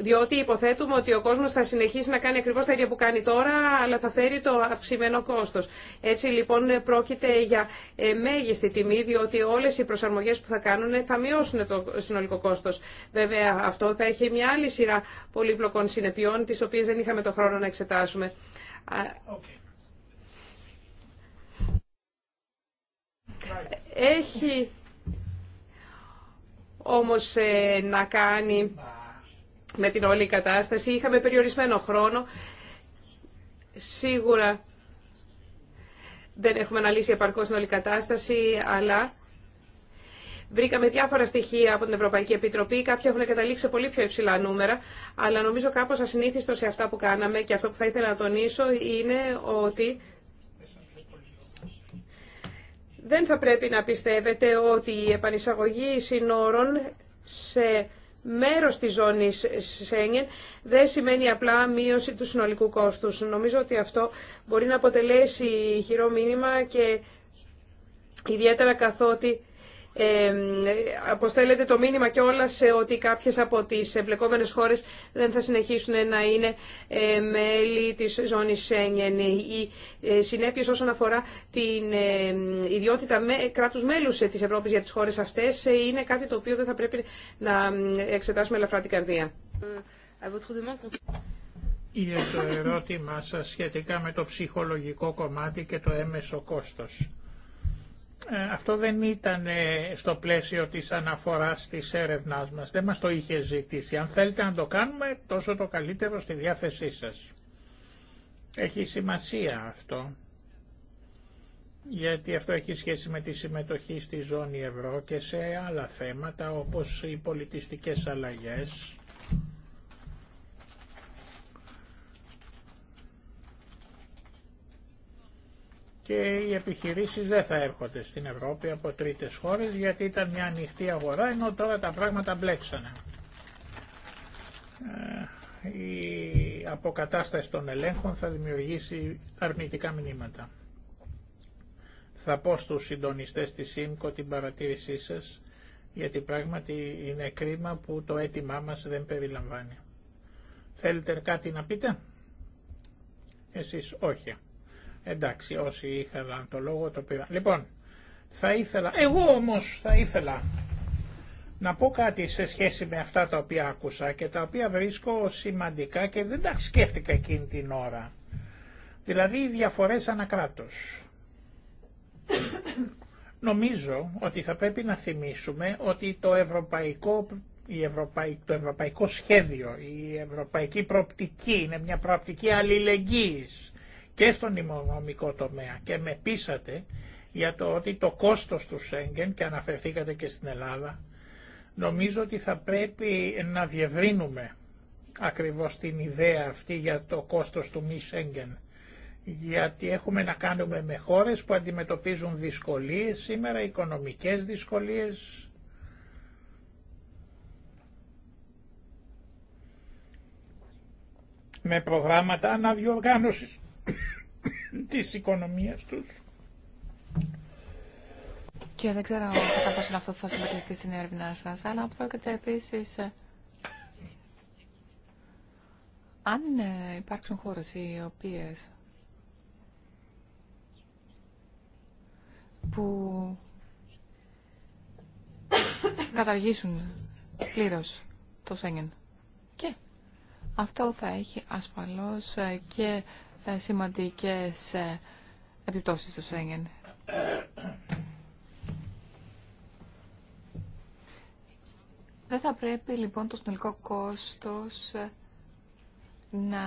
[SPEAKER 2] διότι υποθέτουμε ότι ο κόσμο θα συνεχίσει να κάνει ακριβώ τα ίδια που κάνει τώρα, αλλά θα φέρει το αυξημένο κόστο. Έτσι λοιπόν πρόκειται για ε, μέγιστη τιμή, διότι όλε οι προσαρμογέ που θα κάνουν θα μειώσουν το συνολικό κόστο. Βέβαια αυτό θα έχει μια άλλη σειρά πολύπλοκων συνεπειών, τις οποίε δεν είχαμε το χρόνο να εξετάσουμε. Έχει όμως ε, να κάνει με την όλη κατάσταση. Είχαμε περιορισμένο χρόνο. Σίγουρα δεν έχουμε αναλύσει επαρκώς την όλη κατάσταση, αλλά βρήκαμε διάφορα στοιχεία από την Ευρωπαϊκή Επιτροπή. Κάποια έχουν καταλήξει σε πολύ πιο υψηλά νούμερα, αλλά νομίζω κάπως ασυνήθιστο σε αυτά που κάναμε και αυτό που θα ήθελα να τονίσω είναι ότι δεν θα πρέπει να πιστεύετε ότι η επανεισαγωγή συνόρων σε μέρος της ζώνης Σέγγεν δεν σημαίνει απλά μείωση του συνολικού κόστους. Νομίζω ότι αυτό μπορεί να αποτελέσει χειρό μήνυμα και ιδιαίτερα καθότι ε, αποστέλλεται το μήνυμα και όλα σε ότι κάποιες από τις εμπλεκόμενες χώρες δεν θα συνεχίσουν να είναι ε, μέλη της ζώνης Σέγγεν. Οι ε, συνέπειες όσον αφορά την ε, ιδιότητα με, κράτους μέλους της Ευρώπης για τις χώρες αυτές είναι κάτι το οποίο δεν θα πρέπει να εξετάσουμε ελαφρά την καρδία.
[SPEAKER 1] Είναι το ερώτημά σας σχετικά με το ψυχολογικό κομμάτι και το έμεσο κόστος. Ε, αυτό δεν ήταν ε, στο πλαίσιο της αναφοράς της έρευνάς μας. Δεν μας το είχε ζητήσει. Αν θέλετε να το κάνουμε, τόσο το καλύτερο στη διάθεσή σας. Έχει σημασία αυτό, γιατί αυτό έχει σχέση με τη συμμετοχή στη ζώνη ευρώ και σε άλλα θέματα όπως οι πολιτιστικές αλλαγές και οι επιχειρήσεις δεν θα έρχονται στην Ευρώπη από τρίτες χώρες γιατί ήταν μια ανοιχτή αγορά ενώ τώρα τα πράγματα μπλέξανε. Ε, η αποκατάσταση των ελέγχων θα δημιουργήσει αρνητικά μηνύματα. Θα πω στους συντονιστές της ΣΥΜΚΟ την παρατήρησή σας γιατί πράγματι είναι κρίμα που το αίτημά μας δεν περιλαμβάνει. Θέλετε κάτι να πείτε? Εσείς όχι. Εντάξει, όσοι ήθελαν το λόγο το πήραν. Λοιπόν, θα ήθελα, εγώ όμως θα ήθελα να πω κάτι σε σχέση με αυτά τα οποία άκουσα και τα οποία βρίσκω σημαντικά και δεν τα σκέφτηκα εκείνη την ώρα. Δηλαδή οι διαφορές ανακράτως. Νομίζω ότι θα πρέπει να θυμίσουμε ότι το ευρωπαϊκό, η το ευρωπαϊκό σχέδιο, η ευρωπαϊκή προοπτική είναι μια προοπτική αλληλεγγύης και στον οικονομικό τομέα και με πείσατε για το ότι το κόστος του Σέγγεν και αναφερθήκατε και στην Ελλάδα νομίζω ότι θα πρέπει να διευρύνουμε ακριβώς την ιδέα αυτή για το κόστος του μη Σέγγεν γιατί έχουμε να κάνουμε με χώρες που αντιμετωπίζουν δυσκολίες σήμερα, οικονομικές δυσκολίες, με προγράμματα αναδιοργάνωσης της οικονομίας τους. Και δεν ξέρω κατά πόσο
[SPEAKER 3] αυτό θα συμπεριληφθεί στην έρευνά σας, αλλά πρόκειται επίσης... Ε, αν υπάρξουν χώρες οι οποίες που καταργήσουν πλήρως το Σέγγεν. Και αυτό θα έχει ασφαλώς ε, και ε, σημαντικές ε, επιπτώσεις στο Σέγγεν. Δεν θα πρέπει λοιπόν το συνολικό κόστος ε, να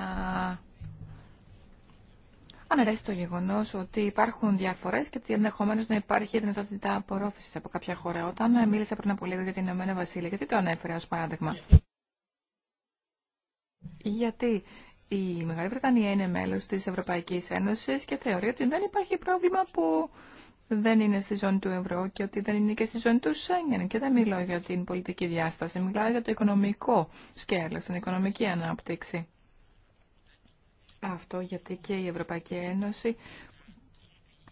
[SPEAKER 3] αναιρέσει το γεγονός ότι υπάρχουν διαφορές και ότι ενδεχομένω να υπάρχει δυνατότητα απορρόφησης από κάποια χώρα. Όταν μίλησα πριν από λίγο για την Ηνωμένη Βασίλεια, γιατί το ανέφερα ως παράδειγμα. Γιατί η Μεγάλη Βρετανία είναι μέλος της Ευρωπαϊκής Ένωσης και θεωρεί ότι δεν υπάρχει πρόβλημα που δεν είναι στη ζώνη του ευρώ και ότι δεν είναι και στη ζώνη του Σέγγεν. Και δεν μιλάω για την πολιτική διάσταση, μιλάω για το οικονομικό σκέλος, την οικονομική ανάπτυξη. Αυτό γιατί και η Ευρωπαϊκή Ένωση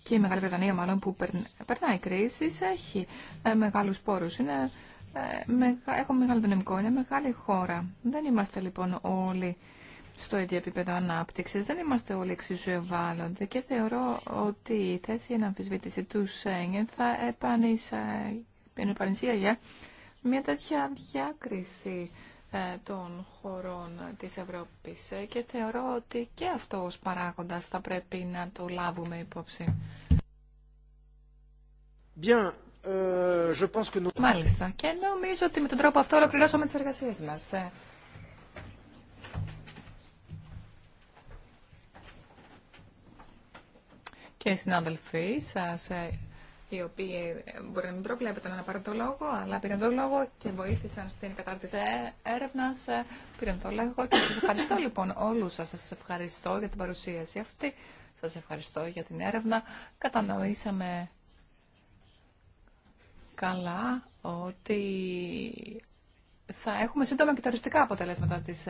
[SPEAKER 3] και η Μεγάλη Βρετανία μάλλον που περνάει κρίση έχει ε, μεγάλους πόρους. Είναι, ε, έχουμε μεγάλο δυναμικό, είναι μεγάλη χώρα. Δεν είμαστε λοιπόν όλοι στο ίδιο επίπεδο ανάπτυξη. Δεν είμαστε όλοι εξίσου ευάλωτοι και θεωρώ ότι η θέση αναμφισβήτηση του Σέγγεν θα για μια τέτοια διάκριση ε, των χωρών της Ευρώπης ε, και θεωρώ ότι και αυτό ως παράγοντας θα πρέπει να το λάβουμε υπόψη.
[SPEAKER 1] Bien. Euh, je pense que... Μάλιστα.
[SPEAKER 3] Και νομίζω ότι με τον τρόπο αυτό ολοκληρώσαμε τις εργασίες μας. Ε, και συνάδελφοί σα, ε, οι οποίοι ε, μπορεί να μην προβλέπετε να πάρουν το λόγο, αλλά πήραν το λόγο και βοήθησαν στην κατάρτιση ε, έρευνα, πήραν το λόγο και σα ευχαριστώ λοιπόν όλου σα Σα ευχαριστώ για την παρουσίαση αυτή, Σα ευχαριστώ για την έρευνα, κατανοήσαμε καλά ότι θα έχουμε σύντομα και τα οριστικά αποτελέσματα της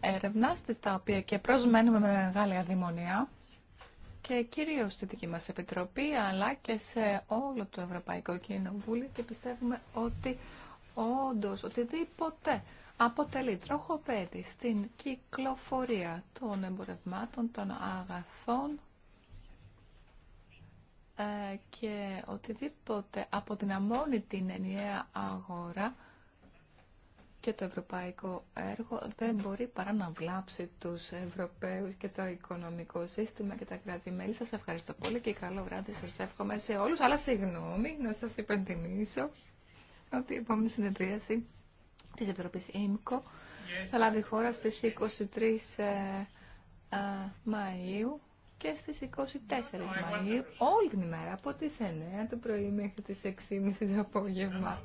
[SPEAKER 3] έρευνας, τα οποία και προσμένουμε με μεγάλη αδημονία και κυρίως στη δική μας Επιτροπή αλλά και σε όλο το Ευρωπαϊκό Κοινοβούλιο και πιστεύουμε ότι όντως οτιδήποτε αποτελεί τροχοπέδι στην κυκλοφορία των εμπορευμάτων, των αγαθών ε, και οτιδήποτε αποδυναμώνει την ενιαία αγορά και το ευρωπαϊκό έργο δεν ναι. μπορεί παρά να βλάψει τους Ευρωπαίους και το οικονομικό σύστημα και τα κράτη-μέλη. Σας ευχαριστώ πολύ και καλό βράδυ σας εύχομαι σε όλους. Αλλά συγγνώμη να σας υπενθυμίσω ότι η επόμενη συνεδρίαση της Επιτροπής ΕΜΚΟ θα λάβει χώρα στις 23 ε, ε, Μαΐου και στις 24 Μαΐου όλη την ημέρα από τις 9 το πρωί μέχρι τις 6.30 το απόγευμα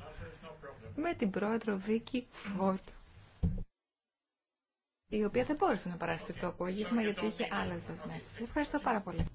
[SPEAKER 3] με την πρόεδρο Βίκη Φόρτ, η οποία δεν μπόρεσε να παραστεί το απόγευμα γιατί είχε άλλε δοσμέ. Ευχαριστώ πάρα πολύ.